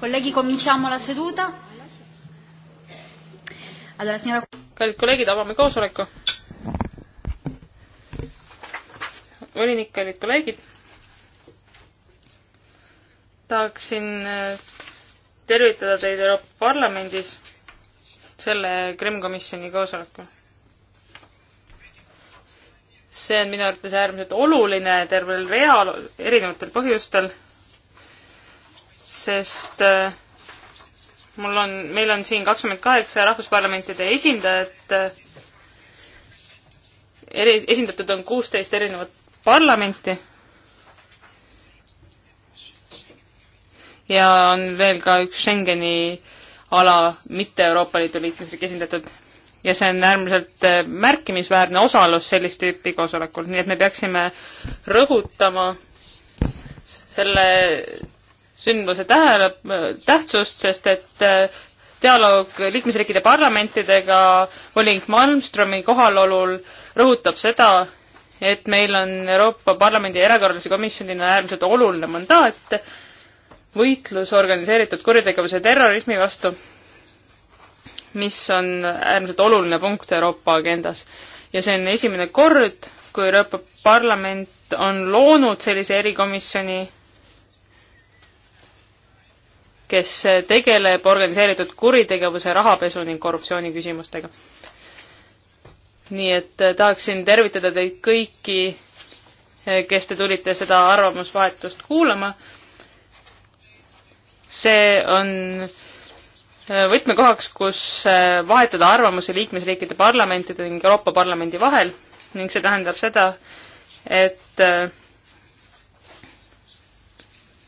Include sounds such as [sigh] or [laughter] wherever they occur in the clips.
Colleghi, cominciamo la seduta. Allora, signora... kallid kolleegid, avame koosoleku. volinik, kallid kolleegid. tahaksin äh, tervitada teid Euroopa Parlamendis selle Krimm komisjoni koosolekul see on minu arvates äärmiselt oluline tervel real erinevatel põhjustel sest äh, mul on, meil on siin kakskümmend kaheksa rahvusparlamentide esindajat, äh, eri, esindatud on kuusteist erinevat parlamenti ja on veel ka üks Schengeni ala mitte Euroopa Liidu liikmesriik esindatud. ja see on äärmiselt äh, märkimisväärne osalus sellist tüüpi koosolekul, nii et me peaksime rõhutama selle sündmuse tähele, tähtsust, sest et äh, dialoog liikmesriikide parlamentidega volinik Malmströmi kohalolul rõhutab seda, et meil on Euroopa Parlamendi erakorralise komisjonina äärmiselt oluline mandaat võitlus organiseeritud kuritegevuse ja terrorismi vastu, mis on äärmiselt oluline punkt Euroopa agendas. ja see on esimene kord, kui Euroopa Parlament on loonud sellise erikomisjoni kes tegeleb organiseeritud kuritegevuse, rahapesu ning korruptsiooni küsimustega. nii et äh, tahaksin tervitada teid kõiki, äh, kes te tulite seda arvamusvahetust kuulama. see on äh, võtmekohaks, kus vahetada arvamusi liikmesriikide parlamentide ning Euroopa Parlamendi vahel ning see tähendab seda, et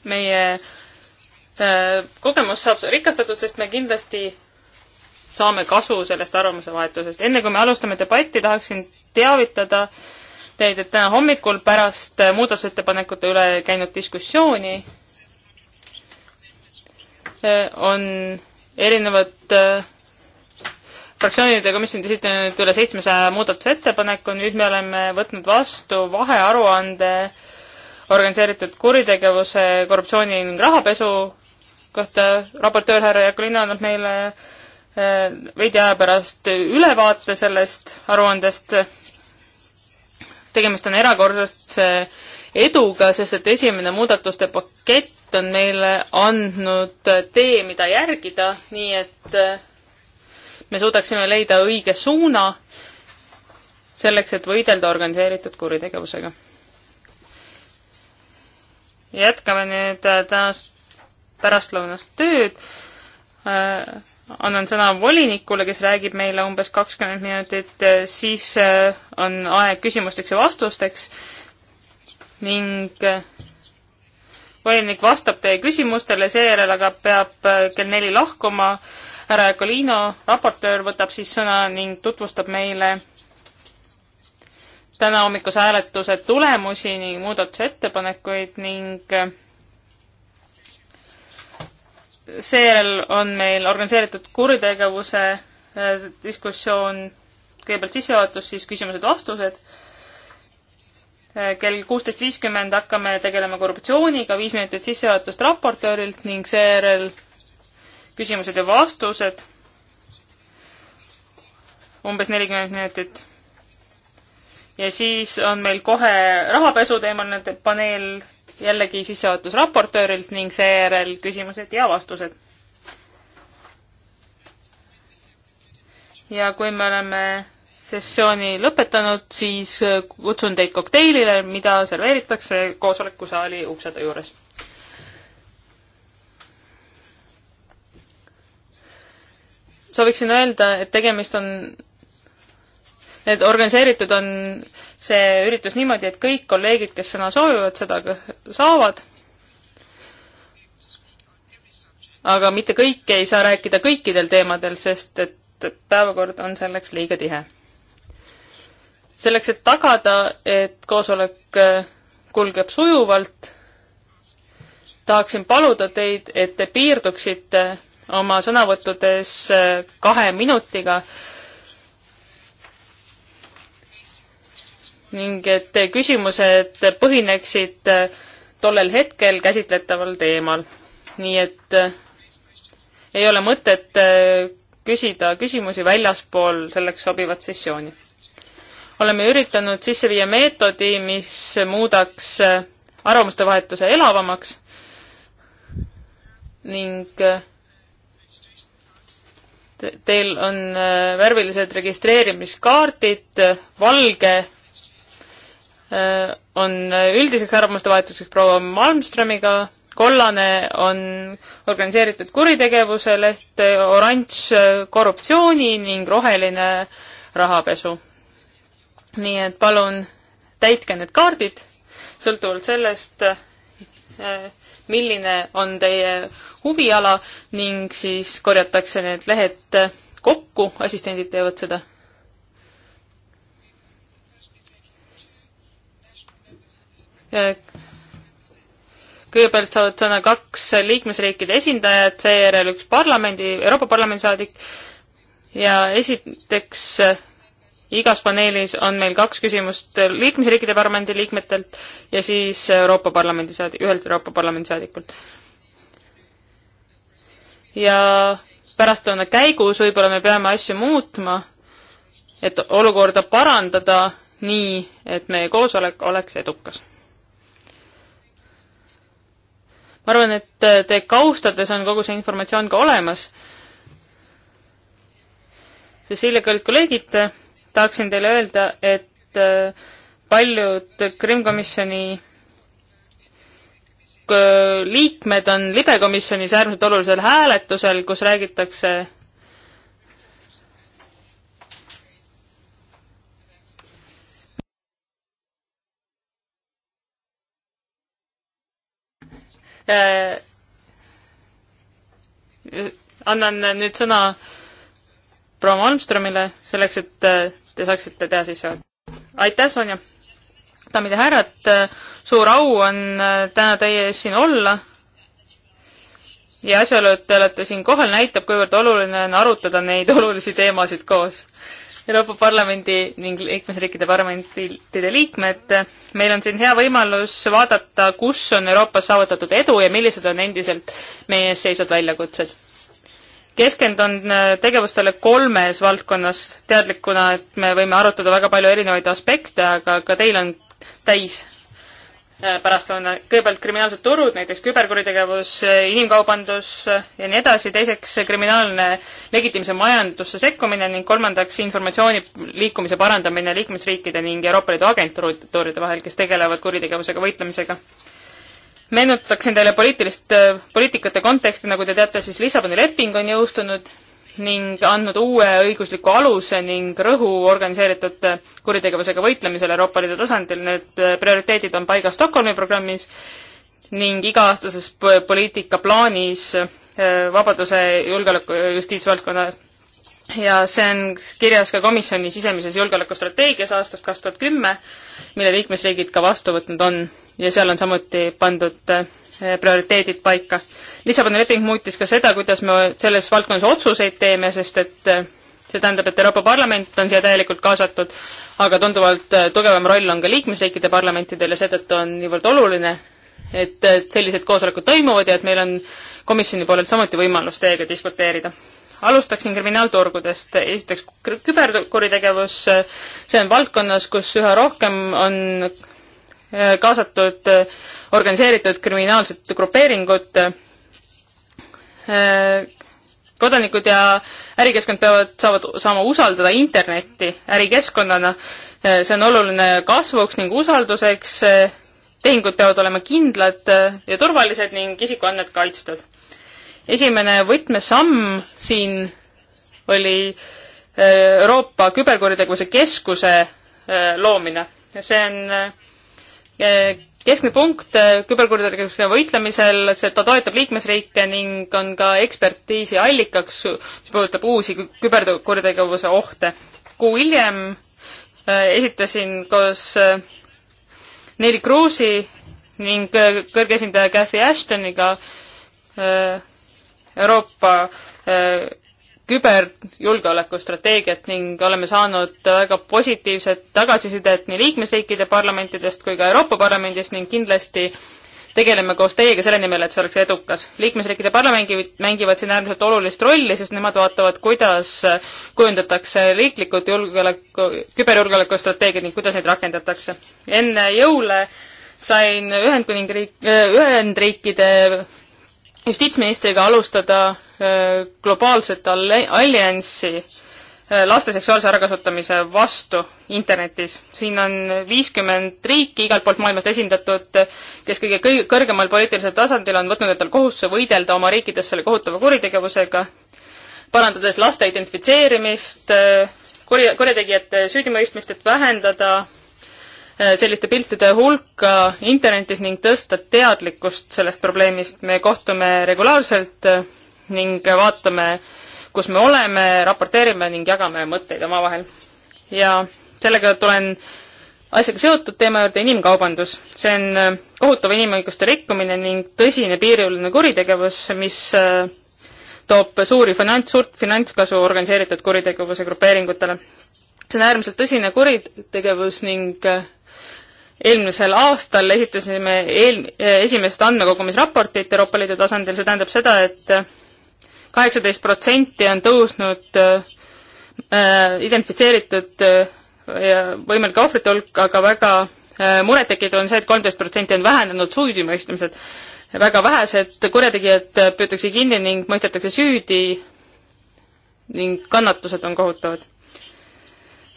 meie Äh, kogemus saab rikastatud, sest me kindlasti saame kasu sellest arvamusevahetusest. enne kui me alustame debatti, tahaksin teavitada teid, et täna hommikul pärast äh, muudatusettepanekute üle käinud diskussiooni äh, on erinevad fraktsioonide komisjonid esitanud üle seitsmesaja muudatusettepaneku, nüüd me oleme võtnud vastu vahearuande organiseeritud kuritegevuse, korruptsiooni ning rahapesu kohta raportöör härra Jakolina annab meile eh, veidi aja pärast ülevaate sellest aruandest. tegemist on erakordse eduga, sest et esimene muudatuste pakett on meile andnud tee, mida järgida, nii et eh, me suudaksime leida õige suuna selleks, et võidelda organiseeritud kuritegevusega. jätkame nüüd eh, tänast pärastlõunast tööd. Äh, annan sõna volinikule, kes räägib meile umbes kakskümmend minutit, äh, siis äh, on aeg küsimusteks ja vastusteks ning volinik vastab teie küsimustele, seejärel aga peab kell neli lahkuma. härra Jakolino, raportöör, võtab siis sõna ning tutvustab meile tänahommikuse hääletuse tulemusi ning muudatusettepanekuid ning seejärel on meil organiseeritud kuritegevuse äh, diskussioon, kõigepealt sissejuhatus, siis küsimused-vastused. Äh, kell kuusteist viiskümmend hakkame tegelema korruptsiooniga, viis minutit sissejuhatust raportöörilt ning seejärel küsimused ja vastused. umbes nelikümmend minutit. ja siis on meil kohe rahapesu teemaline paneel jällegi sissejuhatus raportöörilt ning seejärel küsimused ja vastused. ja kui me oleme sessiooni lõpetanud, siis kutsun teid kokteilile, mida serveeritakse koosolekusaali uksede juures. sooviksin öelda, et tegemist on et organiseeritud on see üritus niimoodi, et kõik kolleegid, kes sõna soovivad, seda ka saavad. aga mitte kõik ei saa rääkida kõikidel teemadel, sest et päevakord on selleks liiga tihe. selleks, et tagada, et koosolek äh, kulgeb sujuvalt, tahaksin paluda teid, et te piirduksite oma sõnavõttudes äh, kahe minutiga ning et küsimused põhineksid äh, tollel hetkel käsitletaval teemal. nii et äh, ei ole mõtet äh, küsida küsimusi väljaspool selleks sobivat sessiooni. oleme üritanud sisse viia meetodi, mis muudaks arvamuste vahetuse elavamaks ning teil on värvilised registreerimiskaardid, valge Äh, on üldiseks arvamuste vahetuseks proua Malmströmiga, kollane on organiseeritud kuritegevuse leht, äh, oranž äh, korruptsiooni ning roheline rahapesu. nii et palun täitke need kaardid, sõltuvalt sellest, milline on teie huviala ning siis korjatakse need lehed kokku, assistendid teevad seda kõigepealt saavad sõna kaks liikmesriikide esindajat, seejärel üks parlamendi, Euroopa Parlamendi saadik ja esiteks igas paneelis on meil kaks küsimust liikmesriikide parlamendi liikmetelt ja siis Euroopa Parlamendi saadi-, ühelt Euroopa Parlamendi saadikult. ja pärastlõuna käigus võib-olla me peame asju muutma, et olukorda parandada nii, et meie koosolek oleks edukas ma arvan, et äh, te kaustades on kogu see informatsioon ka olemas. Cecilia, kallid kolleegid, tahaksin teile öelda, et äh, paljud Krimm komisjoni äh, liikmed on libekomisjonis äärmiselt olulisel hääletusel, kus räägitakse Äh, annan nüüd sõna proua Malmströmile selleks, et äh, te saaksite teha sissejuhatuse. aitäh, Sonja! daamid ja härrad, äh, suur au on täna teie ees siin olla ja asjaolu, et te olete siin kohal, näitab, kuivõrd oluline on arutada neid [laughs] olulisi teemasid koos. Euroopa Parlamendi ning liikmesriikide parlamentide liikmed. meil on siin hea võimalus vaadata, kus on Euroopas saavutatud edu ja millised on endiselt meie ees seisvad väljakutsed. keskendun äh, tegevustele kolmes valdkonnas, teadlikuna, et me võime arutada väga palju erinevaid aspekte, aga ka teil on täis Äh, pärastlõuna, kõigepealt kriminaalsed turud, näiteks küberkuritegevus, äh, inimkaubandus äh, ja nii edasi, teiseks kriminaalne legitiimse majandusse sekkumine ning kolmandaks informatsiooni liikumise parandamine liikmesriikide ning Euroopa Liidu agentuuride vahel, kes tegelevad kuritegevusega võitlemisega. meenutaksin teile poliitilist, poliitikate konteksti, nagu te teate, siis Lissaboni leping on jõustunud ning andnud uue õigusliku aluse ning rõhu organiseeritud kuritegevusega võitlemisele Euroopa Liidu tasandil. Need prioriteedid on paigas Stockholmi programmis ning iga-aastases poliitikaplaanis äh, vabaduse, julgeoleku ja justiitsvaldkonna ja see on kirjas ka komisjoni sisemises julgeolekustrateegias aastast kaks tuhat kümme, mille liikmesriigid ka vastu võtnud on ja seal on samuti pandud äh, Eh, prioriteedid paika. Lissaboni leping muutis ka seda, kuidas me selles valdkonnas otsuseid teeme, sest et eh, see tähendab, et Euroopa Parlament on siia täielikult kaasatud, aga tunduvalt eh, tugevam roll on ka liikmesriikide parlamentidel ja seetõttu on niivõrd oluline, et, et sellised koosolekud toimuvad ja et meil on komisjoni poolelt samuti võimalus teiega diskuteerida alustaksin kriminaalturgudest. esiteks küberkuritegevus, see on valdkonnas, kus üha rohkem on Äh, kaasatud äh, organiseeritud kriminaalset grupeeringut. Äh, kodanikud ja ärikeskkond peavad, saavad saama usaldada Internetti ärikeskkonnana. see on oluline kasvuks ning usalduseks. tehingud peavad olema kindlad ja turvalised ning isikuandmed kaitstud. esimene võtmesamm siin oli Euroopa Küberkuritegevuse Keskuse loomine ja see on keskne punkt äh, küberkuritegevusega võitlemisel, ta toetab liikmesriike ning on ka ekspertiisi allikaks, mis puudutab uusi küberkuritegevuse ohte. kuu hiljem äh, esitasin koos äh, Neeli Kruusi ning kõrge esindaja Cathy Ashtoniga Euroopa küberjulgeolekustrateegiat ning oleme saanud väga positiivset tagasisidet nii liikmesriikide parlamentidest kui ka Euroopa Parlamendist ning kindlasti tegeleme koos teiega selle nimel, et see oleks edukas. liikmesriikide parlamendid mängivad siin äärmiselt olulist rolli, sest nemad vaatavad, kuidas kujundatakse riiklikud julgeoleku, küberjulgeoleku strateegiad ning kuidas neid rakendatakse. enne jõule sain Ühendkuningriik, Ühendriikide justiitsministriga alustada äh, globaalset alliansi äh, laste seksuaalse ärakasutamise vastu internetis. siin on viiskümmend riiki igalt poolt maailmast esindatud, kes kõige kõige kõrgemal poliitilisel tasandil on võtnud endale kohustuse võidelda oma riikides selle kohutava kuritegevusega, parandades laste identifitseerimist, äh, kurja, kurjategijate süüdimõistmist, et vähendada Äh, selliste piltide hulka internetis ning tõsta teadlikkust sellest probleemist. me kohtume regulaarselt äh, ning vaatame, kus me oleme, raporteerime ning jagame mõtteid omavahel. ja sellega tulen asjaga seotud teema juurde inimkaubandus. see on äh, kohutav inimõiguste rikkumine ning tõsine piiriülene kuritegevus, mis toob suuri finants, suurt finantskasu organiseeritud kuritegevuse grupeeringutele. see on äärmiselt tõsine kuritegevus ning äh, eelmisel aastal esitasime eel-, eh, esimest andmekogumisraportit Euroopa Liidu tasandil, see tähendab seda, et kaheksateist protsenti on tõusnud äh, identifitseeritud äh, võimalike ohvrite hulk, aga väga äh, murettekitav on see et, et kolmteist protsenti on vähenenud süüdimõistmised. väga vähesed kurjategijad püütakse kinni ning mõistetakse süüdi ning kannatused on kohutavad.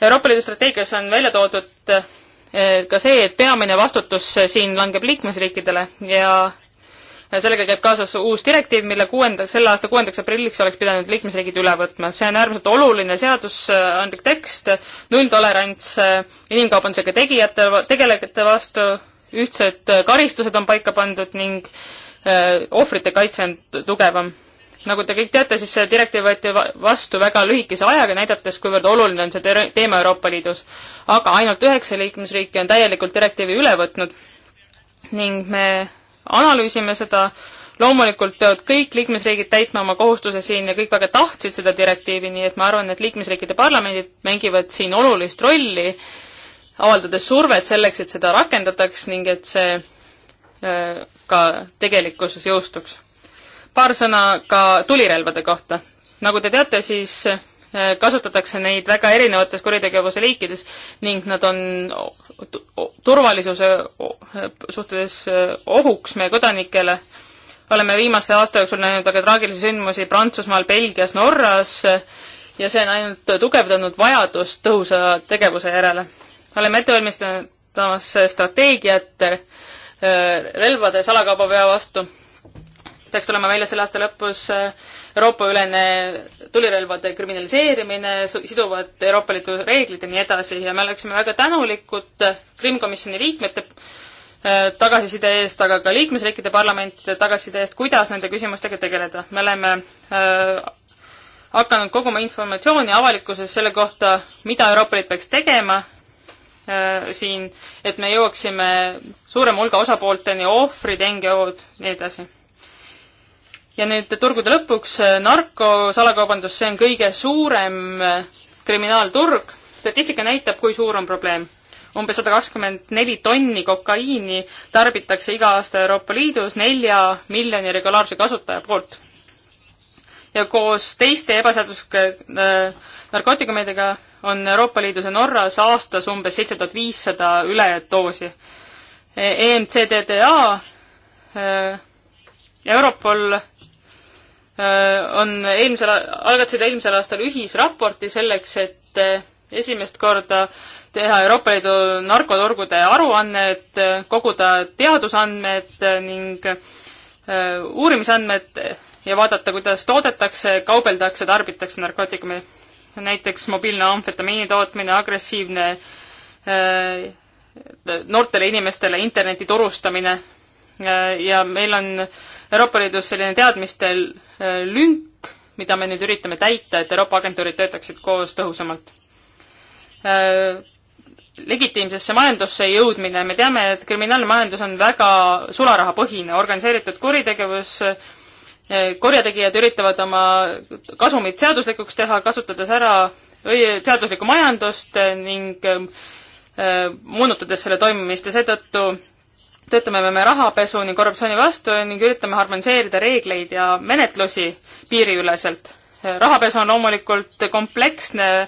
Euroopa Liidu strateegias on välja toodud äh, ka see, et peamine vastutus siin langeb liikmesriikidele ja sellega käib kaasas uus direktiiv, mille kuuenda, selle aasta kuuendaks aprilliks oleks pidanud liikmesriigid üle võtma. see on äärmiselt oluline seadusandlik tekst, nulltolerants inimkaubandusega tegijate, tegelejate vastu, ühtsed karistused on paika pandud ning äh, ohvrite kaitse on tugevam. nagu te kõik teate, siis see direktiiv võeti vastu väga lühikese ajaga, näidates, kuivõrd oluline on see teema Euroopa Liidus aga ainult üheksa liikmesriiki on täielikult direktiivi üle võtnud ning me analüüsime seda, loomulikult peavad kõik liikmesriigid täitma oma kohustuse siin ja kõik väga tahtsid seda direktiivi, nii et ma arvan, et liikmesriikide parlamendid mängivad siin olulist rolli, avaldades survet selleks, et seda rakendataks ning et see äh, ka tegelikkuses jõustuks. paar sõna ka tulirelvade kohta. nagu te teate, siis Äh, kasutatakse neid väga erinevates kuritegevuse liikides ning nad on turvalisuse suhtes äh, ohuks meie kodanikele. oleme viimase aasta jooksul näinud väga traagilisi sündmusi Prantsusmaal, Belgias, Norras äh, ja see on ainult tugevdanud vajadust tõhusa tegevuse järele. oleme ette valmistamas strateegiat relvade salakaubaveo vastu. peaks tulema välja selle aasta lõpus Euroopa-ülene tulirelvade kriminaliseerimine, siduvad Euroopa Liidu reeglid ja nii edasi ja me oleksime väga tänulikud Krimm komisjoni liikmete äh, tagasiside eest, aga ka liikmesriikide parlamentide tagasiside eest, kuidas nende küsimustega tegeleda. me oleme äh, hakanud koguma informatsiooni avalikkuses selle kohta, mida Euroopa Liit peaks tegema äh, siin, et me jõuaksime suurema hulga osapoolteni, ohvrid, NGO-d, nii edasi ja nüüd turgude lõpuks eh, narko, salakaubandus, see on kõige suurem eh, kriminaalturg. statistika näitab, kui suur on probleem. umbes sada kakskümmend neli tonni kokaiini tarbitakse iga aasta Euroopa Liidus nelja miljoni regulaarse kasutaja poolt. ja koos teiste ebaseaduslike äh, narkootikumidega on Euroopa Liidus ja Norras aastas umbes seitse tuhat viissada üledoosi. EMCDDA e äh, Europol äh, on eelmisel, algatasid eelmisel aastal ühisraporti selleks, et äh, esimest korda teha Euroopa Liidu narkoturgude aruanned, äh, koguda teadusandmed ning uurimisandmed ja vaadata, kuidas toodetakse, kaubeldakse, tarbitakse narkootikume. näiteks mobiilne amfetamiini tootmine, agressiivne noortele inimestele interneti turustamine ja meil on äh, Euroopa Liidus selline teadmiste äh, lünk, mida me nüüd üritame täita, et Euroopa agentuurid töötaksid koos tõhusamalt. Äh, legitiimsesse majandusse jõudmine, me teame, et kriminaalne majandus on väga sularahapõhine, organiseeritud kuritegevus, äh, korjategijad üritavad oma kasumit seaduslikuks teha, kasutades ära seaduslikku majandust ning moonutades selle toimumist ja seetõttu töötame me rahapesu ning korruptsiooni vastu ning üritame harmoniseerida reegleid ja menetlusi piiriüleselt. rahapesu on loomulikult kompleksne,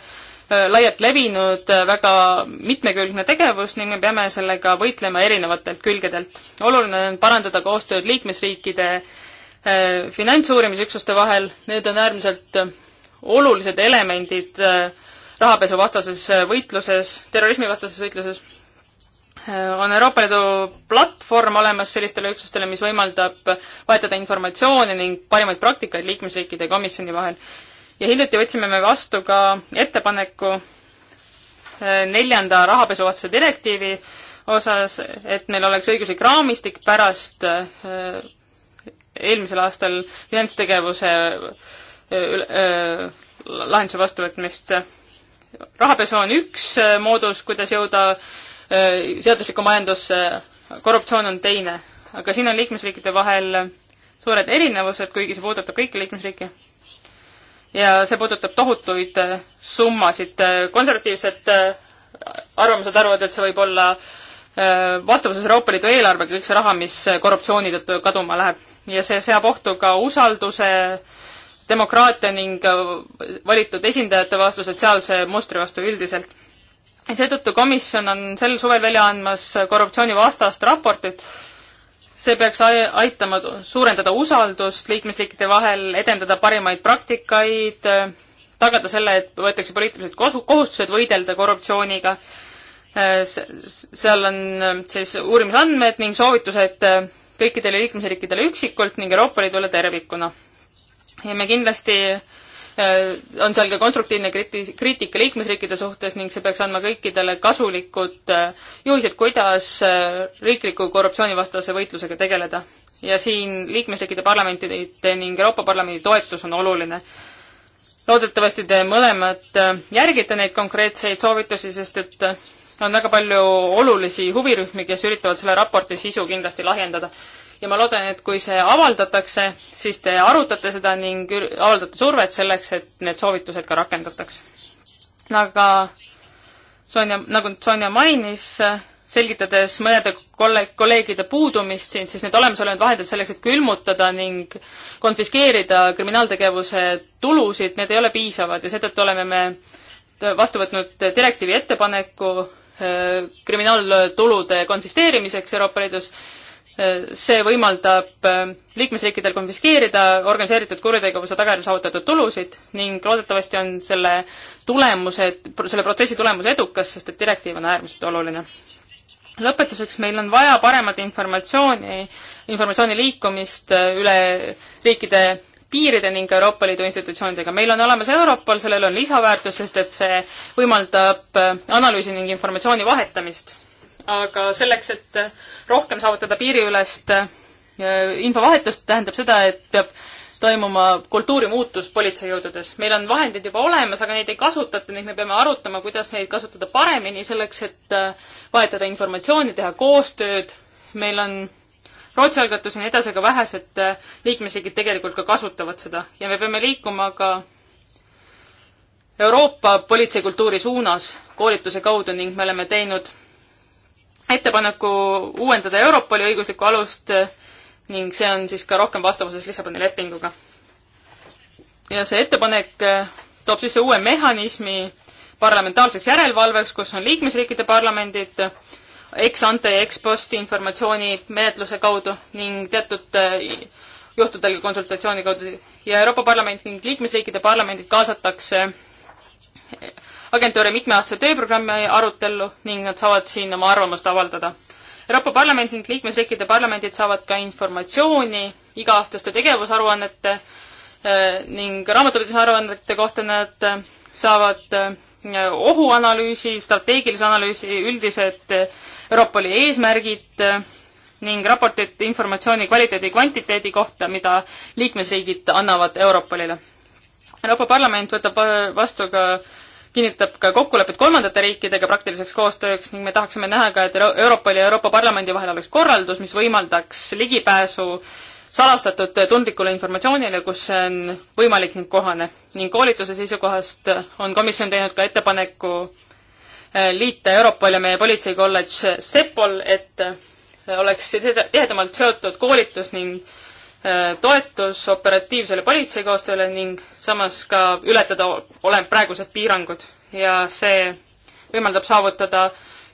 laialt levinud, väga mitmekülgne tegevus ning me peame sellega võitlema erinevatelt külgedelt. oluline on parandada koostööd liikmesriikide eh, finantsuurimisüksuste vahel, need on äärmiselt olulised elemendid eh, rahapesuvastases võitluses, terrorismivastases võitluses Äh, on Euroopa Liidu platvorm olemas sellistele üksustele, mis võimaldab vahetada informatsiooni ning parimaid praktikaid liikmesriikide ja komisjoni vahel. ja hiljuti võtsime me vastu ka ettepaneku äh, neljanda rahapesuvastase direktiivi osas, et meil oleks õiguslik raamistik pärast äh, eelmisel aastal finantstegevuse lahenduse vastuvõtmist. rahapesu on üks moodus, kuidas jõuda Äh, seaduslikku majandusse, äh, korruptsioon on teine. aga siin on liikmesriikide vahel suured erinevused, kuigi see puudutab kõiki liikmesriike. ja see puudutab tohutuid äh, summasid. konservatiivsed arvamused arvavad, et see võib olla vastavuses Euroopa Liidu eelarvega kõik see raha, mis korruptsiooni tõttu kaduma läheb. ja see seab ohtu ka usalduse, demokraatia ning valitud esindajate vastu, sotsiaalse mustri vastu üldiselt seetõttu komisjon on sel suvel välja andmas korruptsioonivastast raportit. see peaks aitama suurendada usaldust liikmesriikide vahel, edendada parimaid praktikaid, tagada selle, et võetakse poliitilised kohustused võidelda korruptsiooniga. seal on ähm, siis uurimisandmed ning soovitused äh, kõikidele liikmesriikidele üksikult ning Euroopa Liidule tervikuna. ja me kindlasti Äh, on seal ka konstruktiivne kriti-, kriitika liikmesriikide suhtes ning see peaks andma kõikidele kasulikud äh, juhised, kuidas äh, riikliku korruptsioonivastase võitlusega tegeleda. ja siin liikmesriikide parlamentide ning Euroopa Parlamendi toetus on oluline loodetavasti te mõlemad järgite neid konkreetseid soovitusi, sest et on väga palju olulisi huvirühmi, kes üritavad selle raporti sisu kindlasti lahjendada ja ma loodan, et kui see avaldatakse, siis te arutate seda ning avaldate survet selleks, et need soovitused ka rakendataks. aga Sonja, nagu Sonja mainis, selgitades mõnede kolleeg, kolleegide puudumist siin, siis need olemasolevad vahendid selleks, et külmutada ning konfiskeerida kriminaaltegevuse tulusid, need ei ole piisavad ja seetõttu oleme me vastu võtnud direktiivi ettepaneku äh, kriminaaltulude konfisteerimiseks Euroopa Liidus see võimaldab äh, liikmesriikidel konfiskeerida organiseeritud kuritegevuse tagajärjel saavutatud tulusid ning loodetavasti on selle tulemused, selle protsessi tulemus edukas, sest et direktiiv on äärmiselt oluline. lõpetuseks, meil on vaja paremat informatsiooni, informatsiooni liikumist äh, üle riikide piiride ning Euroopa Liidu institutsioonidega. meil on olemas Europol, sellel on lisaväärtus, sest et see võimaldab äh, analüüsi ning informatsiooni vahetamist aga selleks, et rohkem saavutada piiriülest äh, infovahetust, tähendab seda, et peab toimuma kultuurimuutus politseijõududes. meil on vahendid juba olemas, aga neid ei kasutata ning me peame arutama, kuidas neid kasutada paremini selleks, et äh, vahetada informatsiooni, teha koostööd. meil on Rootsi algatus ja nii edasi, aga vähesed äh, liikmesriigid tegelikult ka kasutavad seda ja me peame liikuma ka Euroopa politseikultuuri suunas koolituse kaudu ning me oleme teinud ettepaneku uuendada Europoli õiguslikku alust eh, ning see on siis ka rohkem vastavuses Lissaboni lepinguga. ja see ettepanek eh, toob sisse uue mehhanismi parlamentaarseks järelevalveks, kus on liikmesriikide parlamendid eh, ex-ante ja ex-post informatsiooni menetluse kaudu ning teatud juhtudel konsultatsiooni kaudu ja Euroopa Parlament ning liikmesriikide parlamendid kaasatakse agentuuri mitmeaastase tööprogrammi arutellu ning nad saavad siin oma arvamust avaldada. Euroopa Parlament ning liikmesriikide parlamendid saavad ka informatsiooni iga-aastaste tegevusaruannete eh, ning raamatupidamise aruannete kohta nad eh, saavad eh, ohuanalüüsi, strateegilise analüüsi, üldised Euroopa Liidu eesmärgid ning raportit informatsiooni kvaliteedi ja kvantiteedi kohta, mida liikmesriigid annavad Europolile. Euroopa Parlament võtab vastu ka kinnitab ka kokkulepped kolmandate riikidega praktiliseks koostööks ning me tahaksime näha ka, et Europoli ja Euroopa Parlamendi vahel oleks korraldus, mis võimaldaks ligipääsu salastatud tundlikule informatsioonile, kus see on võimalik ning kohane. ning koolituse seisukohast on komisjon teinud ka ettepaneku äh, liita Europol ja meie politseikolledž SEPOL, et äh, oleks tihedamalt seotud koolitus ning Äh, toetus operatiivsele politseikoostööle ning samas ka ületada olem-, praegused piirangud ja see võimaldab saavutada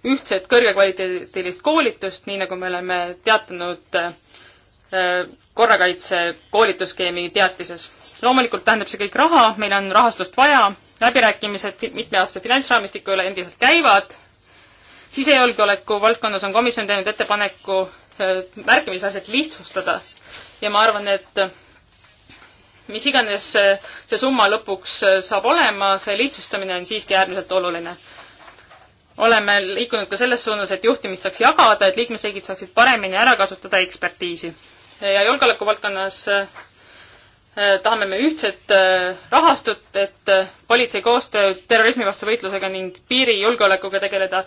ühtset kõrgekvaliteedilist koolitust, nii nagu me oleme teatanud äh, korrakaitse koolitusskeemi teatises. loomulikult tähendab see kõik raha, meil on rahastust vaja, läbirääkimised mitmeaastase finantsraamistiku üle endiselt käivad, sisejulgeoleku valdkonnas on komisjon teinud ettepaneku äh, märkimisväärselt lihtsustada ja ma arvan, et mis iganes äh, see summa lõpuks äh, saab olema, see lihtsustamine on siiski äärmiselt oluline. oleme liikunud ka selles suunas, et juhtimist saaks jagada, et liikmesriigid saaksid paremini ära kasutada ekspertiisi. ja julgeolekuvaldkonnas äh, tahame me ühtset rahastut, et politsei koostöö terrorismivastase võitlusega ning piirijulgeolekuga tegeleda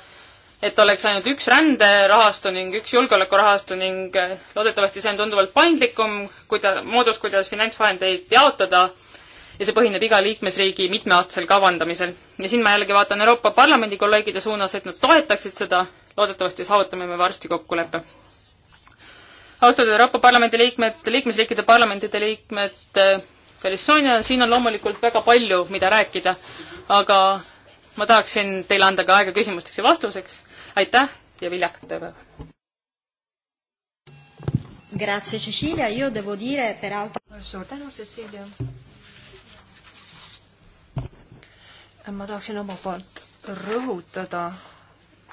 et oleks ainult üks ränderahastu ning üks julgeolekurahastu ning äh, loodetavasti see on tunduvalt paindlikum, kuida-, moodus, kuidas finantsvahendeid jaotada ja see põhineb iga liikmesriigi mitmeaastasel kavandamisel. ja siin ma jällegi vaatan Euroopa Parlamendi kolleegide suunas, et nad toetaksid seda, loodetavasti saavutame me varsti kokkuleppe. austatud Euroopa Parlamendi liikmed, liikmesriikide parlamentide liikmed, äh, Kalistonia, siin on loomulikult väga palju, mida rääkida, aga ma tahaksin teile anda ka aega küsimusteks ja vastuseks aitäh ja viljakat tööpäeva! Grazie Cecilia, io devo dire peraltro... suur tänu, Cecilia! ma tahaksin oma poolt rõhutada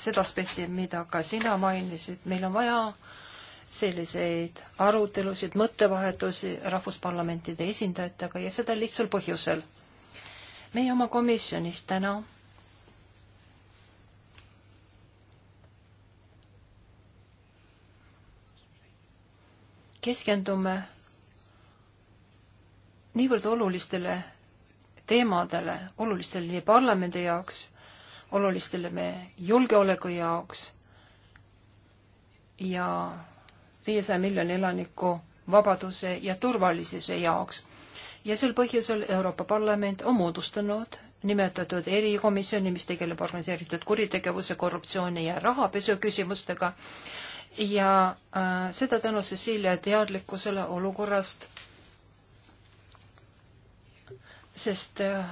seda aspekti, mida ka sina mainisid, meil on vaja selliseid arutelusid, mõttevahetusi rahvusparlamentide esindajatega ja seda lihtsal põhjusel. meie oma komisjonis täna keskendume niivõrd olulistele teemadele, olulistele nii parlamendi jaoks, olulistele meie julgeoleku jaoks ja viiesaja miljoni elaniku vabaduse ja turvalisuse jaoks. ja sel põhjusel Euroopa Parlament on moodustanud nimetatud erikomisjoni, mis tegeleb organiseeritud kuritegevuse, korruptsiooni ja rahapesu küsimustega ja äh, seda tänu Cecilia teadlikkusele olukorrast, sest äh,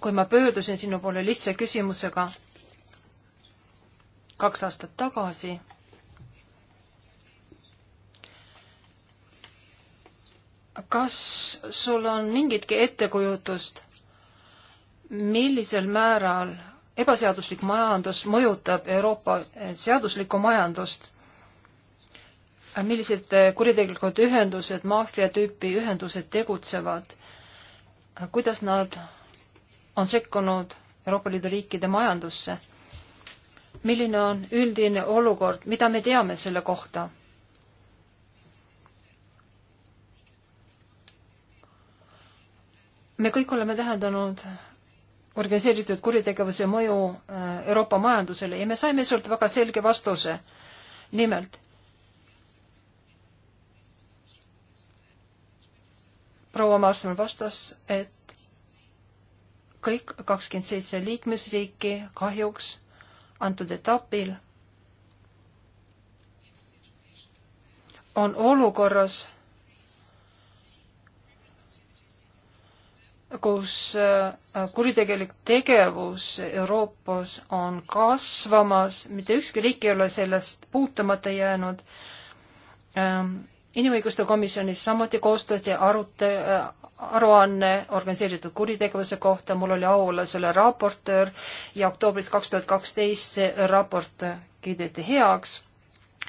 kui ma pöördusin sinu poole lihtsa küsimusega kaks aastat tagasi, kas sul on mingitki ettekujutust, millisel määral ebaseaduslik majandus mõjutab Euroopa seaduslikku majandust, millised kuritegelikud ühendused, maffia tüüpi ühendused tegutsevad, kuidas nad on sekkunud Euroopa Liidu riikide majandusse, milline on üldine olukord, mida me teame selle kohta? me kõik oleme täheldanud organiseeritud kuritegevuse mõju äh, Euroopa majandusele ja me saime sealt väga selge vastuse. nimelt, proua Maastam vastas, et kõik kakskümmend seitse liikmesriiki kahjuks antud etapil on olukorras, kus äh, kuritegelik tegevus Euroopas on kasvamas, mitte ükski riik ei ole sellest puutumata jäänud. Ähm, inimõiguste komisjonis samuti koostati arute-, äh, aruanne organiseeritud kuritegevuse kohta, mul oli au olla selle raportöör ja oktoobris kaks tuhat kaksteist see raport kiideti heaks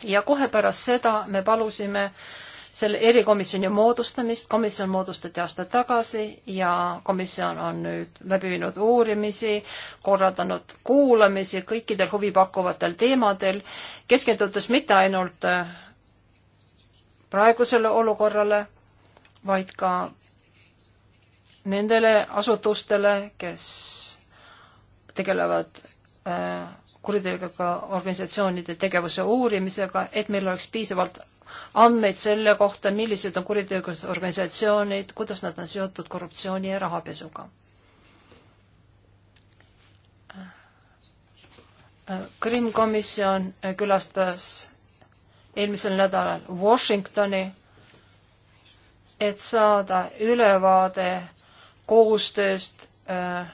ja kohe pärast seda me palusime äh, selle erikomisjoni moodustamist. komisjon moodustati aasta tagasi ja komisjon on nüüd läbi viinud uurimisi, korraldanud kuulamisi kõikidel huvipakkuvatel teemadel, keskendudes mitte ainult äh, praegusele olukorrale, vaid ka nendele asutustele, kes tegelevad äh, kuritegeliga organisatsioonide tegevuse uurimisega, et meil oleks piisavalt andmeid selle kohta, millised on kuritegelikud organisatsioonid, kuidas nad on seotud korruptsiooni ja rahapesuga. Krimm komisjon külastas eelmisel nädalal Washingtoni, et saada ülevaade koostööst äh,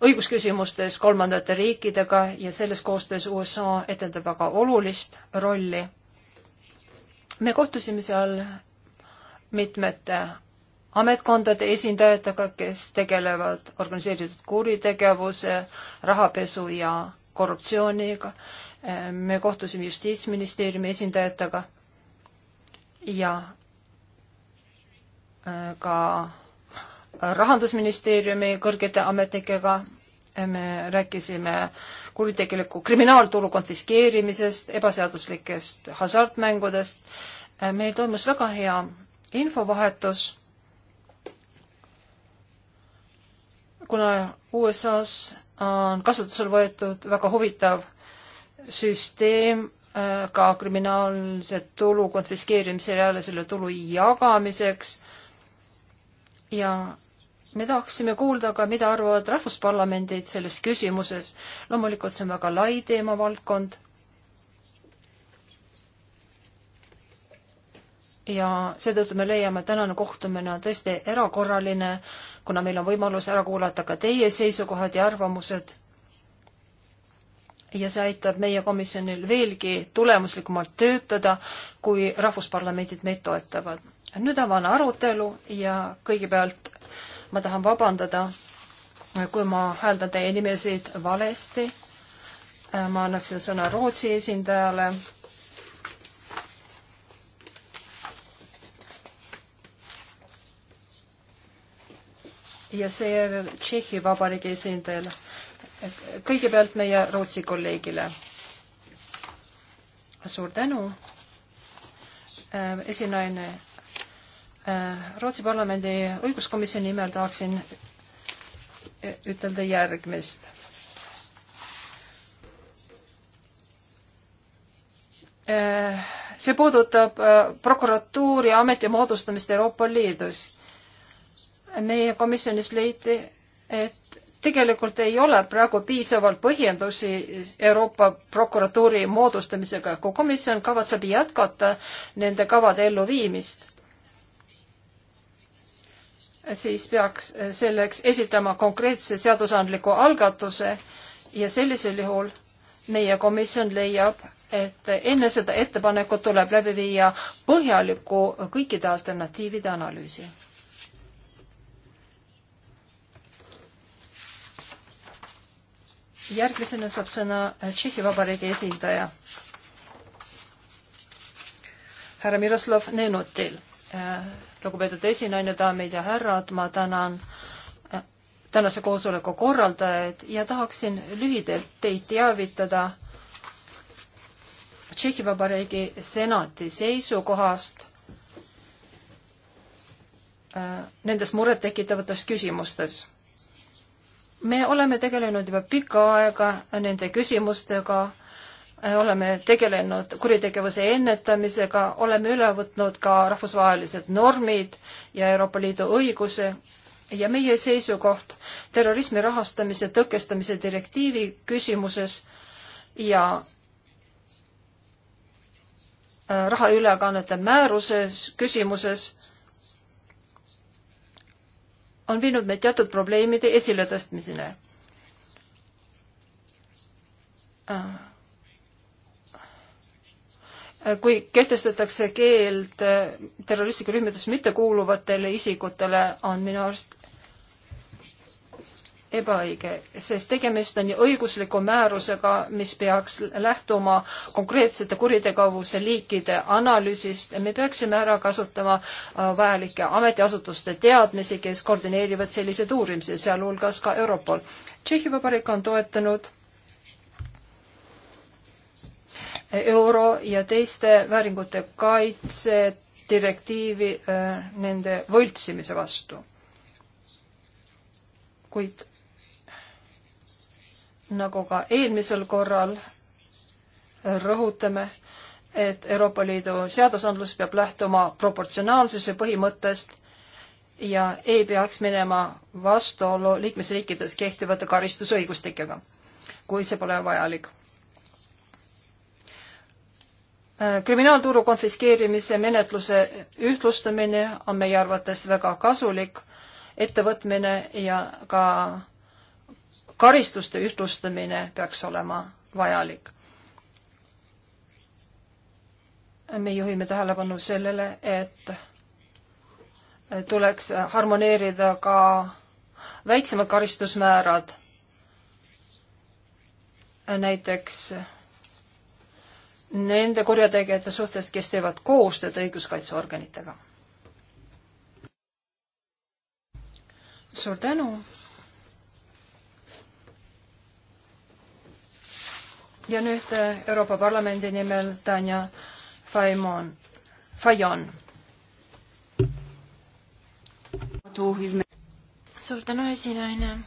õigusküsimustes kolmandate riikidega ja selles koostöös USA etendab väga olulist rolli me kohtusime seal mitmete ametkondade esindajatega, kes tegelevad organiseeritud kuritegevuse, rahapesu ja korruptsiooniga. me kohtusime Justiitsministeeriumi esindajatega ja äh, ka rahandusministeeriumi kõrgete ametnikega me rääkisime kuritegeliku kriminaalturu konfiskeerimisest, ebaseaduslikest hasartmängudest. meil toimus väga hea infovahetus. kuna USA-s on kasutusele võetud väga huvitav süsteem äh, ka kriminaalse tulu konfiskeerimisel ja selle tulu jagamiseks ja me tahaksime kuulda ka, mida arvavad rahvusparlamendid selles küsimuses. loomulikult see on väga lai teemavaldkond. ja seetõttu me leiame, et tänane kohtumine on tõesti erakorraline, kuna meil on võimalus ära kuulata ka teie seisukohad ja arvamused. ja see aitab meie komisjonil veelgi tulemuslikumalt töötada, kui rahvusparlamendid meid toetavad. nüüd avan arutelu ja kõigepealt ma tahan vabandada, kui ma hääldan teie nimesid valesti. ma annaksin sõna Rootsi esindajale. ja seejärel Tšehhi Vabariigi esindajale. kõigepealt meie Rootsi kolleegile. suur tänu, esinaine Äh, Rootsi parlamendi õiguskomisjoni nimel tahaksin e, ütelda järgmist. Äh, see puudutab äh, prokuratuuri ameti moodustamist Euroopa Liidus. meie komisjonis leiti, et tegelikult ei ole praegu piisavalt põhjendusi Euroopa prokuratuuri moodustamisega, kui komisjon kavatseb jätkata nende kavade elluviimist siis peaks selleks esitama konkreetse seadusandliku algatuse ja sellisel juhul meie komisjon leiab, et enne seda ettepanekut tuleb läbi viia põhjaliku kõikide alternatiivide analüüsi. järgmisena saab sõna Tšehhi Vabariigi esindaja härra Miroslav Nenutil lugupeetud esinaine, daamid ja härrad, ma tänan äh, tänase koosoleku korraldajaid ja tahaksin lühidalt teid teavitada Tšehhi Vabariigi senati seisukohast äh, nendes murettekitavates küsimustes. me oleme tegelenud juba pikka aega nende küsimustega Äh, oleme tegelenud kuritegevuse ennetamisega, oleme üle võtnud ka rahvusvahelised normid ja Euroopa Liidu õiguse ja meie seisukoht terrorismi rahastamise tõkestamise direktiivi küsimuses ja äh, rahaülekannete määruses küsimuses on viinud meid teatud probleemide esiletõstmisele äh, kui kehtestatakse keeld äh, terroristlikku rühmitust mittekuuluvatele isikutele, on minu arust ebaõige, sest tegemist on ju õigusliku määrusega, mis peaks lähtuma konkreetsete kuritegevuse liikide analüüsist ja me peaksime ära kasutama äh, vajalike ametiasutuste teadmisi, kes koordineerivad selliseid uurimisi, sealhulgas ka Europol. Tšehhi Vabariik on toetanud euro ja teiste vääringute kaitse direktiivi äh, nende võltsimise vastu. kuid nagu ka eelmisel korral rõhutame, et Euroopa Liidu seadusandlus peab lähtuma proportsionaalsuse põhimõttest ja ei peaks minema vastuollu liikmesriikides kehtivate karistusõigustikega, kui see pole vajalik Äh, kriminaalturu konfiskeerimise menetluse ühtlustamine on meie arvates väga kasulik ettevõtmine ja ka karistuste ühtlustamine peaks olema vajalik. me juhime tähelepanu sellele, et tuleks harmoneerida ka väiksemad karistusmäärad, näiteks nende kurjategijate suhtes, kes teevad koostööd õiguskaitseorganitega. suur tänu. ja nüüd äh, Euroopa Parlamendi nimel Tanja Faimon, Fajon. suur tänu, esinaine,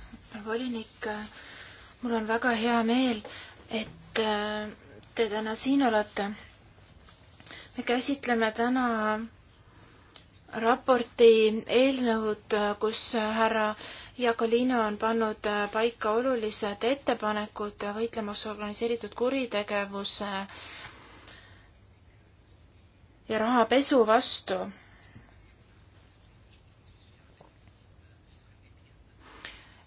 volinik. Äh, mul on väga hea meel, et äh, te täna siin olete. me käsitleme täna raporti eelnõud, kus härra Jakolino on pannud paika olulised ettepanekud võitlemaks organiseeritud kuritegevuse ja rahapesu vastu.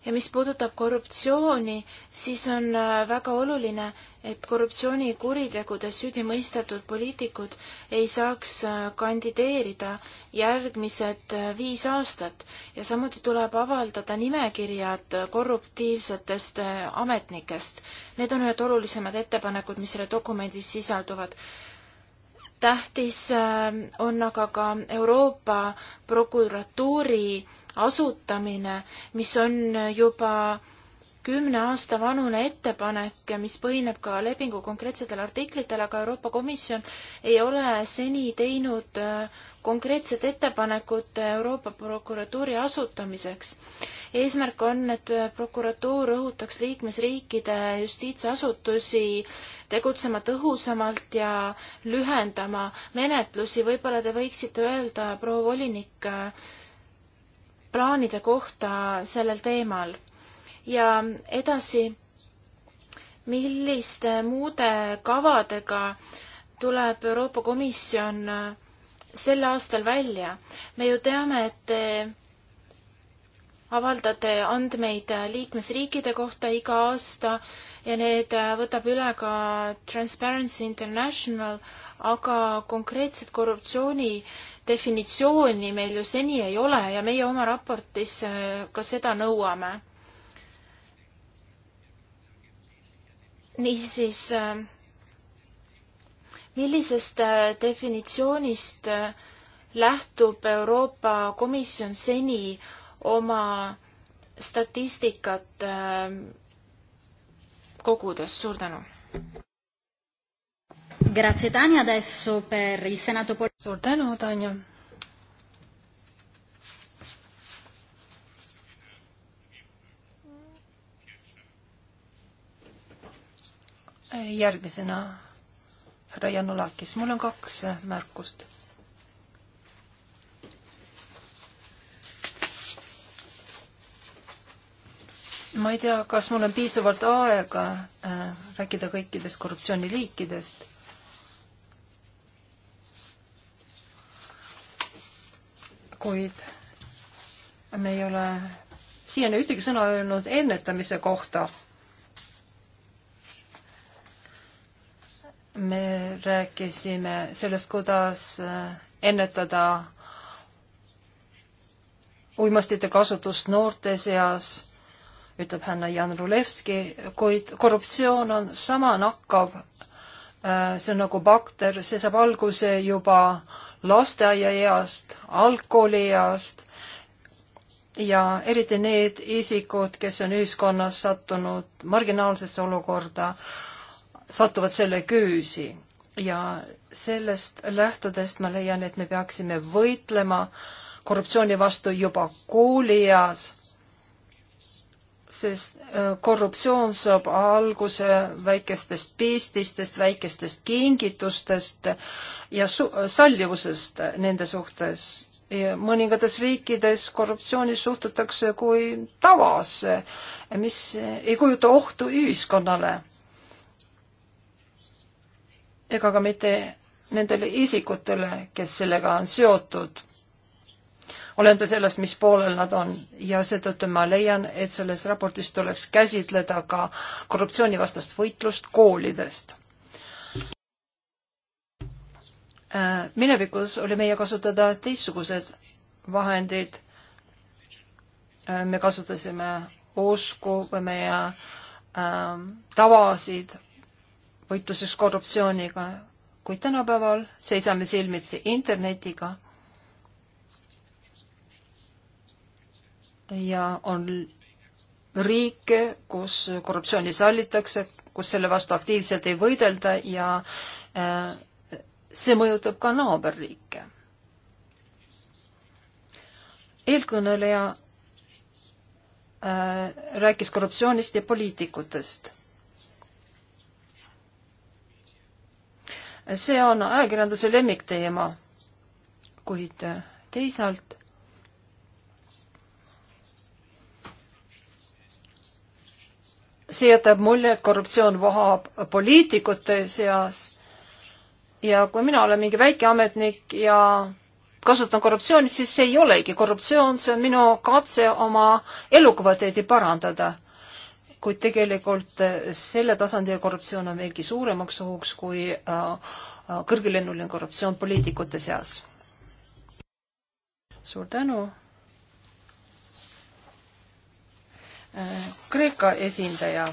ja mis puudutab korruptsiooni, siis on väga oluline, et korruptsioonikuritegudes süüdi mõistetud poliitikud ei saaks äh, kandideerida järgmised äh, viis aastat ja samuti tuleb avaldada nimekirjad korruptiivsetest äh, ametnikest. Need on ühed olulisemad ettepanekud, mis selle dokumendis sisalduvad. tähtis on aga ka Euroopa prokuratuuri asutamine, mis on juba kümne aasta vanune ettepanek, mis põhineb ka lepingu konkreetsetel artiklitel, aga Euroopa Komisjon ei ole seni teinud äh, konkreetset ettepanekut Euroopa prokuratuuri asutamiseks. eesmärk on, et äh, prokuratuur õhutaks liikmesriikide justiitsasutusi tegutsema tõhusamalt ja lühendama menetlusi. võib-olla te võiksite öelda, proua volinik, äh, plaanide kohta sellel teemal ja edasi, milliste muude kavadega tuleb Euroopa Komisjon äh, sel aastal välja? me ju teame, et te avaldate andmeid äh, liikmesriikide kohta iga aasta ja need äh, võtab üle ka Transparency International, aga konkreetset korruptsiooni definitsiooni meil ju seni ei ole ja meie oma raportis ka seda nõuame. niisiis, äh, millisest äh, definitsioonist äh, lähtub Euroopa Komisjon seni oma statistikat kogudes, suur tänu! Grazie Tanja, adesso per il Senato Pol-. suur tänu, Tanja! järgmisena härra Janulakis, mul on kaks märkust ma ei tea, kas mul on piisavalt aega äh, rääkida kõikidest korruptsiooniliikidest. kuid me ei ole siiani ühtegi sõna öelnud ennetamise kohta me rääkisime sellest, kuidas äh, ennetada uimastite kasutust noorte seas, ütleb Hanna Janrulevski, kuid korruptsioon on sama nakkav. Äh, see on nagu bakter, see saab alguse juba lasteaiaeast, algkoolieast ja eriti need isikud, kes on ühiskonnas sattunud marginaalsesse olukorda, satuvad selle küüsi ja sellest lähtudest ma leian, et me peaksime võitlema korruptsiooni vastu juba koolieas, sest äh, korruptsioon saab alguse väikestest pististest, väikestest kingitustest ja sallivusest nende suhtes. mõningates riikides korruptsiooni suhtutakse kui tavasse, mis ei kujuta ohtu ühiskonnale ega ka mitte nendele isikutele, kes sellega on seotud. oleneb sellest, mis poolel nad on ja seetõttu ma leian, et selles raportis tuleks käsitleda ka korruptsioonivastast võitlust koolidest. Äh, minevikus oli meie kasutada teistsugused vahendid. Äh, me kasutasime usku või meie äh, tavasid võitluses korruptsiooniga, kuid tänapäeval seisame silmitsi internetiga ja on riike, kus korruptsiooni sallitakse, kus selle vastu aktiivselt ei võidelda ja äh, see mõjutab ka naaberriike. eelkõneleja äh, rääkis korruptsioonist ja poliitikutest see on ajakirjanduse lemmikteema. kuid teisalt see jätab mulje, et korruptsioon vohab poliitikute seas ja kui mina olen mingi väikeametnik ja kasutan korruptsiooni, siis see ei olegi korruptsioon, see on minu katse oma elukvaliteedi parandada kuid tegelikult äh, selle tasandi korruptsioon on veelgi suuremaks ohuks kui äh, äh, kõrgelennuline korruptsioon poliitikute seas. suur tänu. Kreeka esindaja